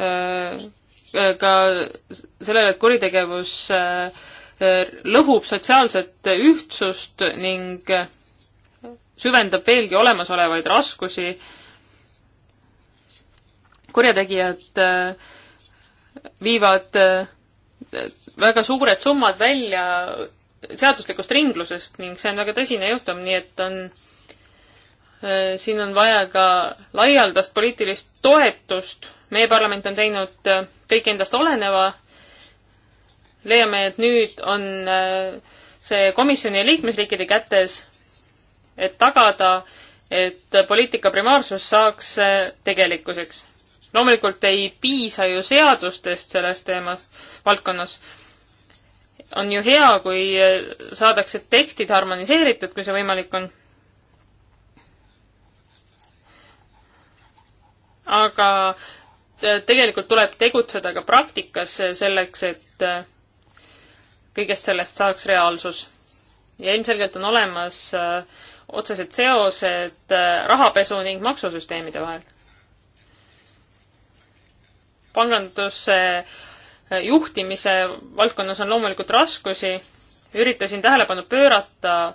öö, Äh, ka sellele, et kuritegevus äh, äh, lõhub sotsiaalset ühtsust ning süvendab veelgi olemasolevaid raskusi. kurjategijad viivad väga suured summad välja seaduslikust ringlusest ning see on väga tõsine juhtum, nii et on Eh, siin on vaja ka laialdast poliitilist toetust. meie parlament on teinud eh, kõik endast oleneva. leiame, et nüüd on eh, see komisjoni ja liikmesriikide kätes, et tagada, et poliitika primaarsus saaks tegelikkuseks. loomulikult ei piisa ju seadustest selles teemas, valdkonnas on ju hea, kui saadakse tekstid harmoniseeritud, kui see võimalik on aga äh, tegelikult tuleb tegutseda ka praktikas äh, selleks, et äh, kõigest sellest saaks reaalsus. ja ilmselgelt on olemas otsesed seosed rahapesu ning maksusüsteemide vahel. panganduse juhtimise valdkonnas on loomulikult raskusi, üritasin tähelepanu pöörata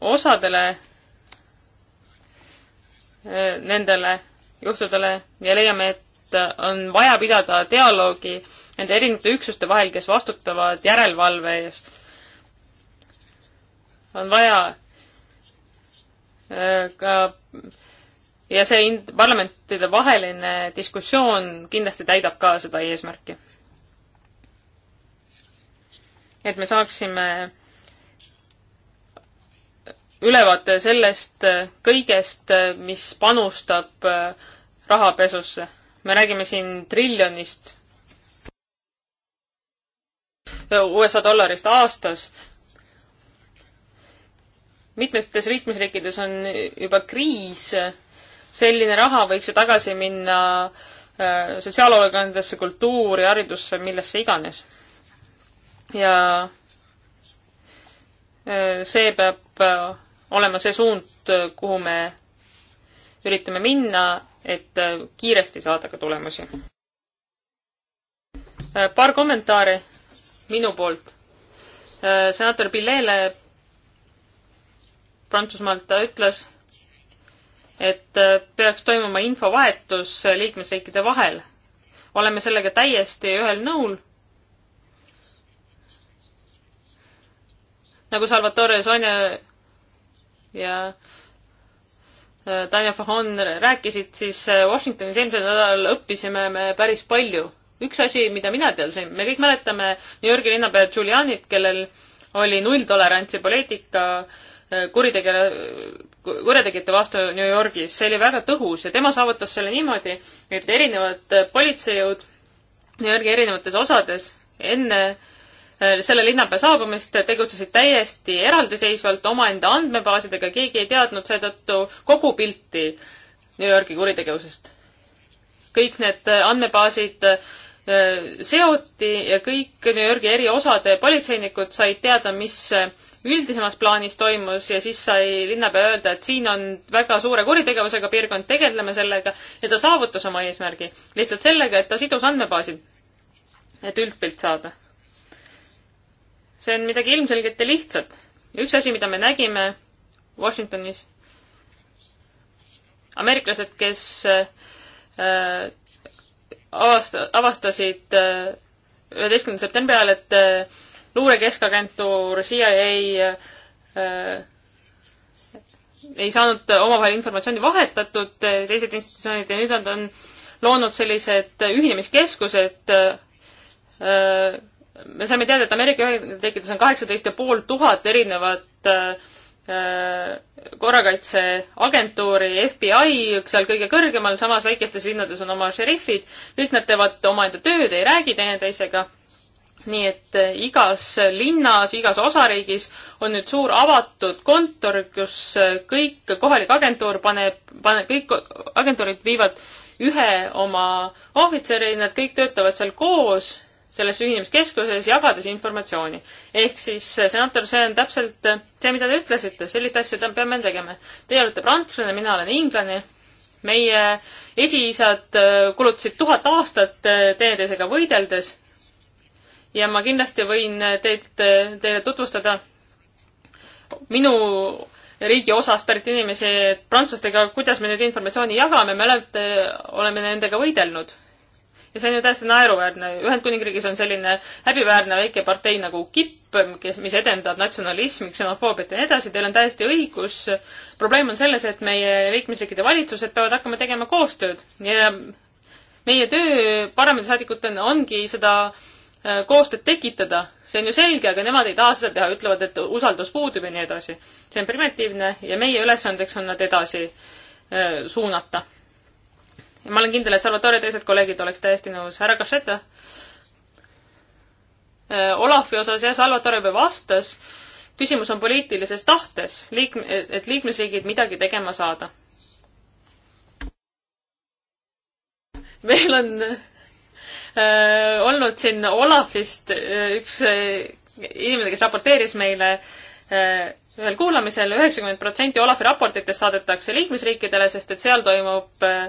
osadele nendele juhtudele ja leiame, et on vaja pidada dialoogi nende erinevate üksuste vahel, kes vastutavad järelevalve eest. on vaja äh, ka ja see in-, parlamentide vaheline diskussioon kindlasti täidab ka seda eesmärki. et me saaksime ülevaate sellest äh, kõigest, äh, mis panustab äh, rahapesusse. me räägime siin triljonist USA dollarist aastas. mitmetes liikmesriikides on juba kriis, selline raha võiks ju tagasi minna sotsiaalhoolekandesse, kultuuri, haridusse, millesse iganes. ja see peab olema see suund, kuhu me üritame minna, et kiiresti saada ka tulemusi. paar kommentaari minu poolt. senaator Pillele Prantsusmaalt ta ütles, et peaks toimuma infovahetus liikmesriikide vahel. oleme sellega täiesti ühel nõul. nagu Salvatore Sonja ja äh, Tanja Fahon rääkisid, siis äh, Washingtonis eelmisel nädalal õppisime me päris palju. üks asi, mida mina teadsin, me kõik mäletame New Yorgi linnapea Giulianit, kellel oli nulltolerantsi poliitika äh, kuritegele-, kurjategijate vastu New Yorgis, see oli väga tõhus ja tema saavutas selle niimoodi, et erinevad politseijõud New Yorgi erinevates osades enne äh, Äh, selle linnapea saabumist tegutsesid täiesti eraldiseisvalt omaenda andmebaasidega, keegi ei teadnud seetõttu kogu pilti New Yorgi kuritegevusest. kõik need äh, andmebaasid äh, seoti ja kõik New Yorgi eri osade politseinikud said teada, mis üldisemas plaanis toimus ja siis sai linnapea öelda, et siin on väga suure kuritegevusega piirkond, tegeleme sellega ja ta saavutas oma eesmärgi lihtsalt sellega, et ta sidus andmebaasid, et üldpilt saada see on midagi ilmselgelt ja lihtsat. üks asi, mida me nägime Washingtonis, ameeriklased, kes äh, avasta-, avastasid äh, üheteistkümnenda äh, septembri ajal, et äh, luurekeskagentuur CIA äh, ei saanud omavahel informatsiooni vahetatud, äh, teised institutsioonid ja nüüd nad on loonud sellised ühinemiskeskused äh,, äh me saime teada, et Ameerika Ühendriikides on kaheksateist ja pool tuhat erinevat äh, äh, korrakaitseagentuuri, FBI seal kõige kõrgemal, samas väikestes linnades on oma šerifid, kõik nad teevad omaenda tööd, ei räägi teineteisega. nii et äh, igas linnas, igas osariigis on nüüd suur avatud kontor, kus kõik kohalik agentuur paneb, pane-, kõik agentuurid viivad ühe oma ohvitseri, nad kõik töötavad seal koos selles ühinemiskeskuses jagades informatsiooni. ehk siis eh, senator, see on täpselt eh, see, mida te ütlesite, sellist asja peame tegema. Teie olete prantslane, mina olen inglane. meie esiisad eh, kulutasid tuhat aastat teineteisega võideldes. ja ma kindlasti võin teid, teile tutvustada minu riigi osast pärit inimesi prantslastega, kuidas me nüüd informatsiooni jagame, me olete, oleme nendega võidelnud ja see on ju täiesti naeruväärne. Ühendkuningriigis on selline häbiväärne väike partei nagu KIP, kes, mis edendab natsionalismi, ksenofoobiat ja nii edasi. Teil on täiesti õigus. probleem on selles, et meie liikmesriikide valitsused peavad hakkama tegema koostööd ja meie töö parlamendisaadikutena ongi seda äh, koostööd tekitada, see on ju selge, aga nemad ei taha seda teha, ütlevad, et usaldus puudub ja nii edasi. see on primitiivne ja meie ülesandeks on nad edasi äh, suunata ja ma olen kindel, et Salvatore ja teised kolleegid oleks täiesti nõus. härra Kašeta? Äh, Olafi osas jah, Salvatore juba vastas, küsimus on poliitilises tahtes, liik-, et liikmesriigid midagi tegema saada. meil on äh, olnud siin Olafist äh, üks äh, inimene, kes raporteeris meile äh, ühel kuulamisel, üheksakümmend protsenti Olafi raportitest saadetakse liikmesriikidele, sest et seal toimub äh,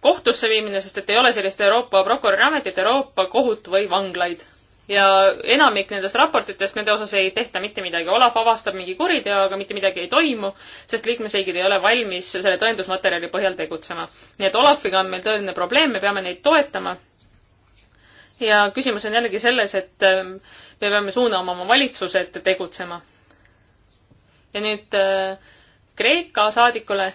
kohtusse viimine, sest et ei ole sellist Euroopa prokuröri ametit, Euroopa kohut või vanglaid. ja enamik nendest raportitest, nende osas ei tehta mitte midagi. Olav avastab mingi kuriteo, aga mitte midagi ei toimu, sest liikmesriigid ei ole valmis selle tõendusmaterjali põhjal tegutsema. nii et Olaviga on meil tõeline probleem, me peame neid toetama. ja küsimus on jällegi selles, et ähm, me peame suunama oma valitsused tegutsema. ja nüüd äh, Kreeka saadikule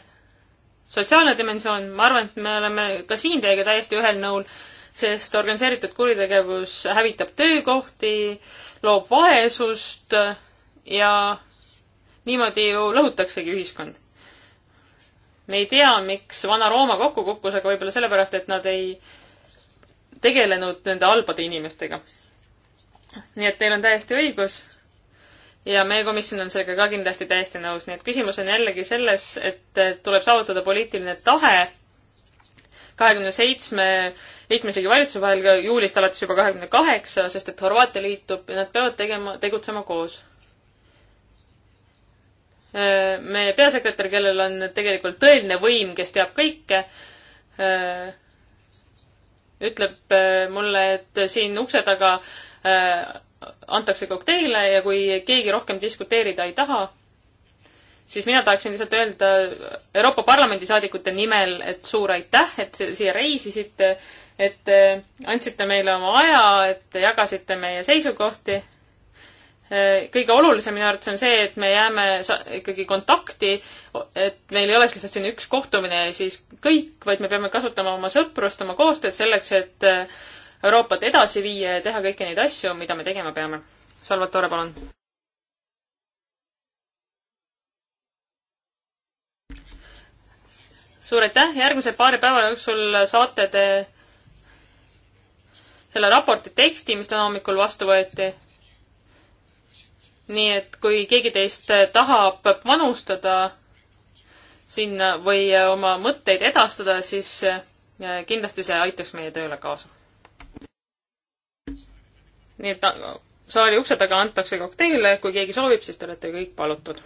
sotsiaalne dimensioon, ma arvan, et me oleme ka siin teiega täiesti ühel nõul, sest organiseeritud kuritegevus hävitab töökohti, loob vaesust ja niimoodi ju lõhutaksegi ühiskond. me ei tea, miks Vana-Rooma kokku kukkus, aga võib-olla sellepärast, et nad ei tegelenud nende halbade inimestega. nii et teil on täiesti õigus ja meie komisjon on sellega ka kindlasti täiesti nõus, nii et küsimus on jällegi selles, et tuleb saavutada poliitiline tahe kahekümne seitsme liikmesriigi valitsuse vahel juulist alates juba kahekümne kaheksa, sest et Horvaatia liitub ja nad peavad tegema, tegutsema koos. meie peasekretär, kellel on tegelikult tõeline võim, kes teab kõike, ütleb mulle, et siin ukse taga antakse kokteile ja kui keegi rohkem diskuteerida ei taha, siis mina tahaksin lihtsalt öelda Euroopa Parlamendi saadikute nimel, et suur aitäh, et siia reisisite, et eh, andsite meile oma aja, et jagasite meie seisukohti. Eh, kõige olulisem minu arvates on see, et me jääme ikkagi kontakti, et meil ei oleks lihtsalt siin üks kohtumine ja siis kõik, vaid me peame kasutama oma sõprust, oma koostööd selleks, et eh, Euroopat edasi viia ja teha kõiki neid asju, mida me tegema peame. Salvatore, palun. suur aitäh, järgmise paari päeva jooksul saate te selle raporti teksti, mis täna hommikul vastu võeti. nii et kui keegi teist tahab panustada sinna või oma mõtteid edastada, siis kindlasti see aitaks meie tööle kaasa nii et saali ukse taga antakse kokteile, kui keegi soovib, siis te olete kõik palutud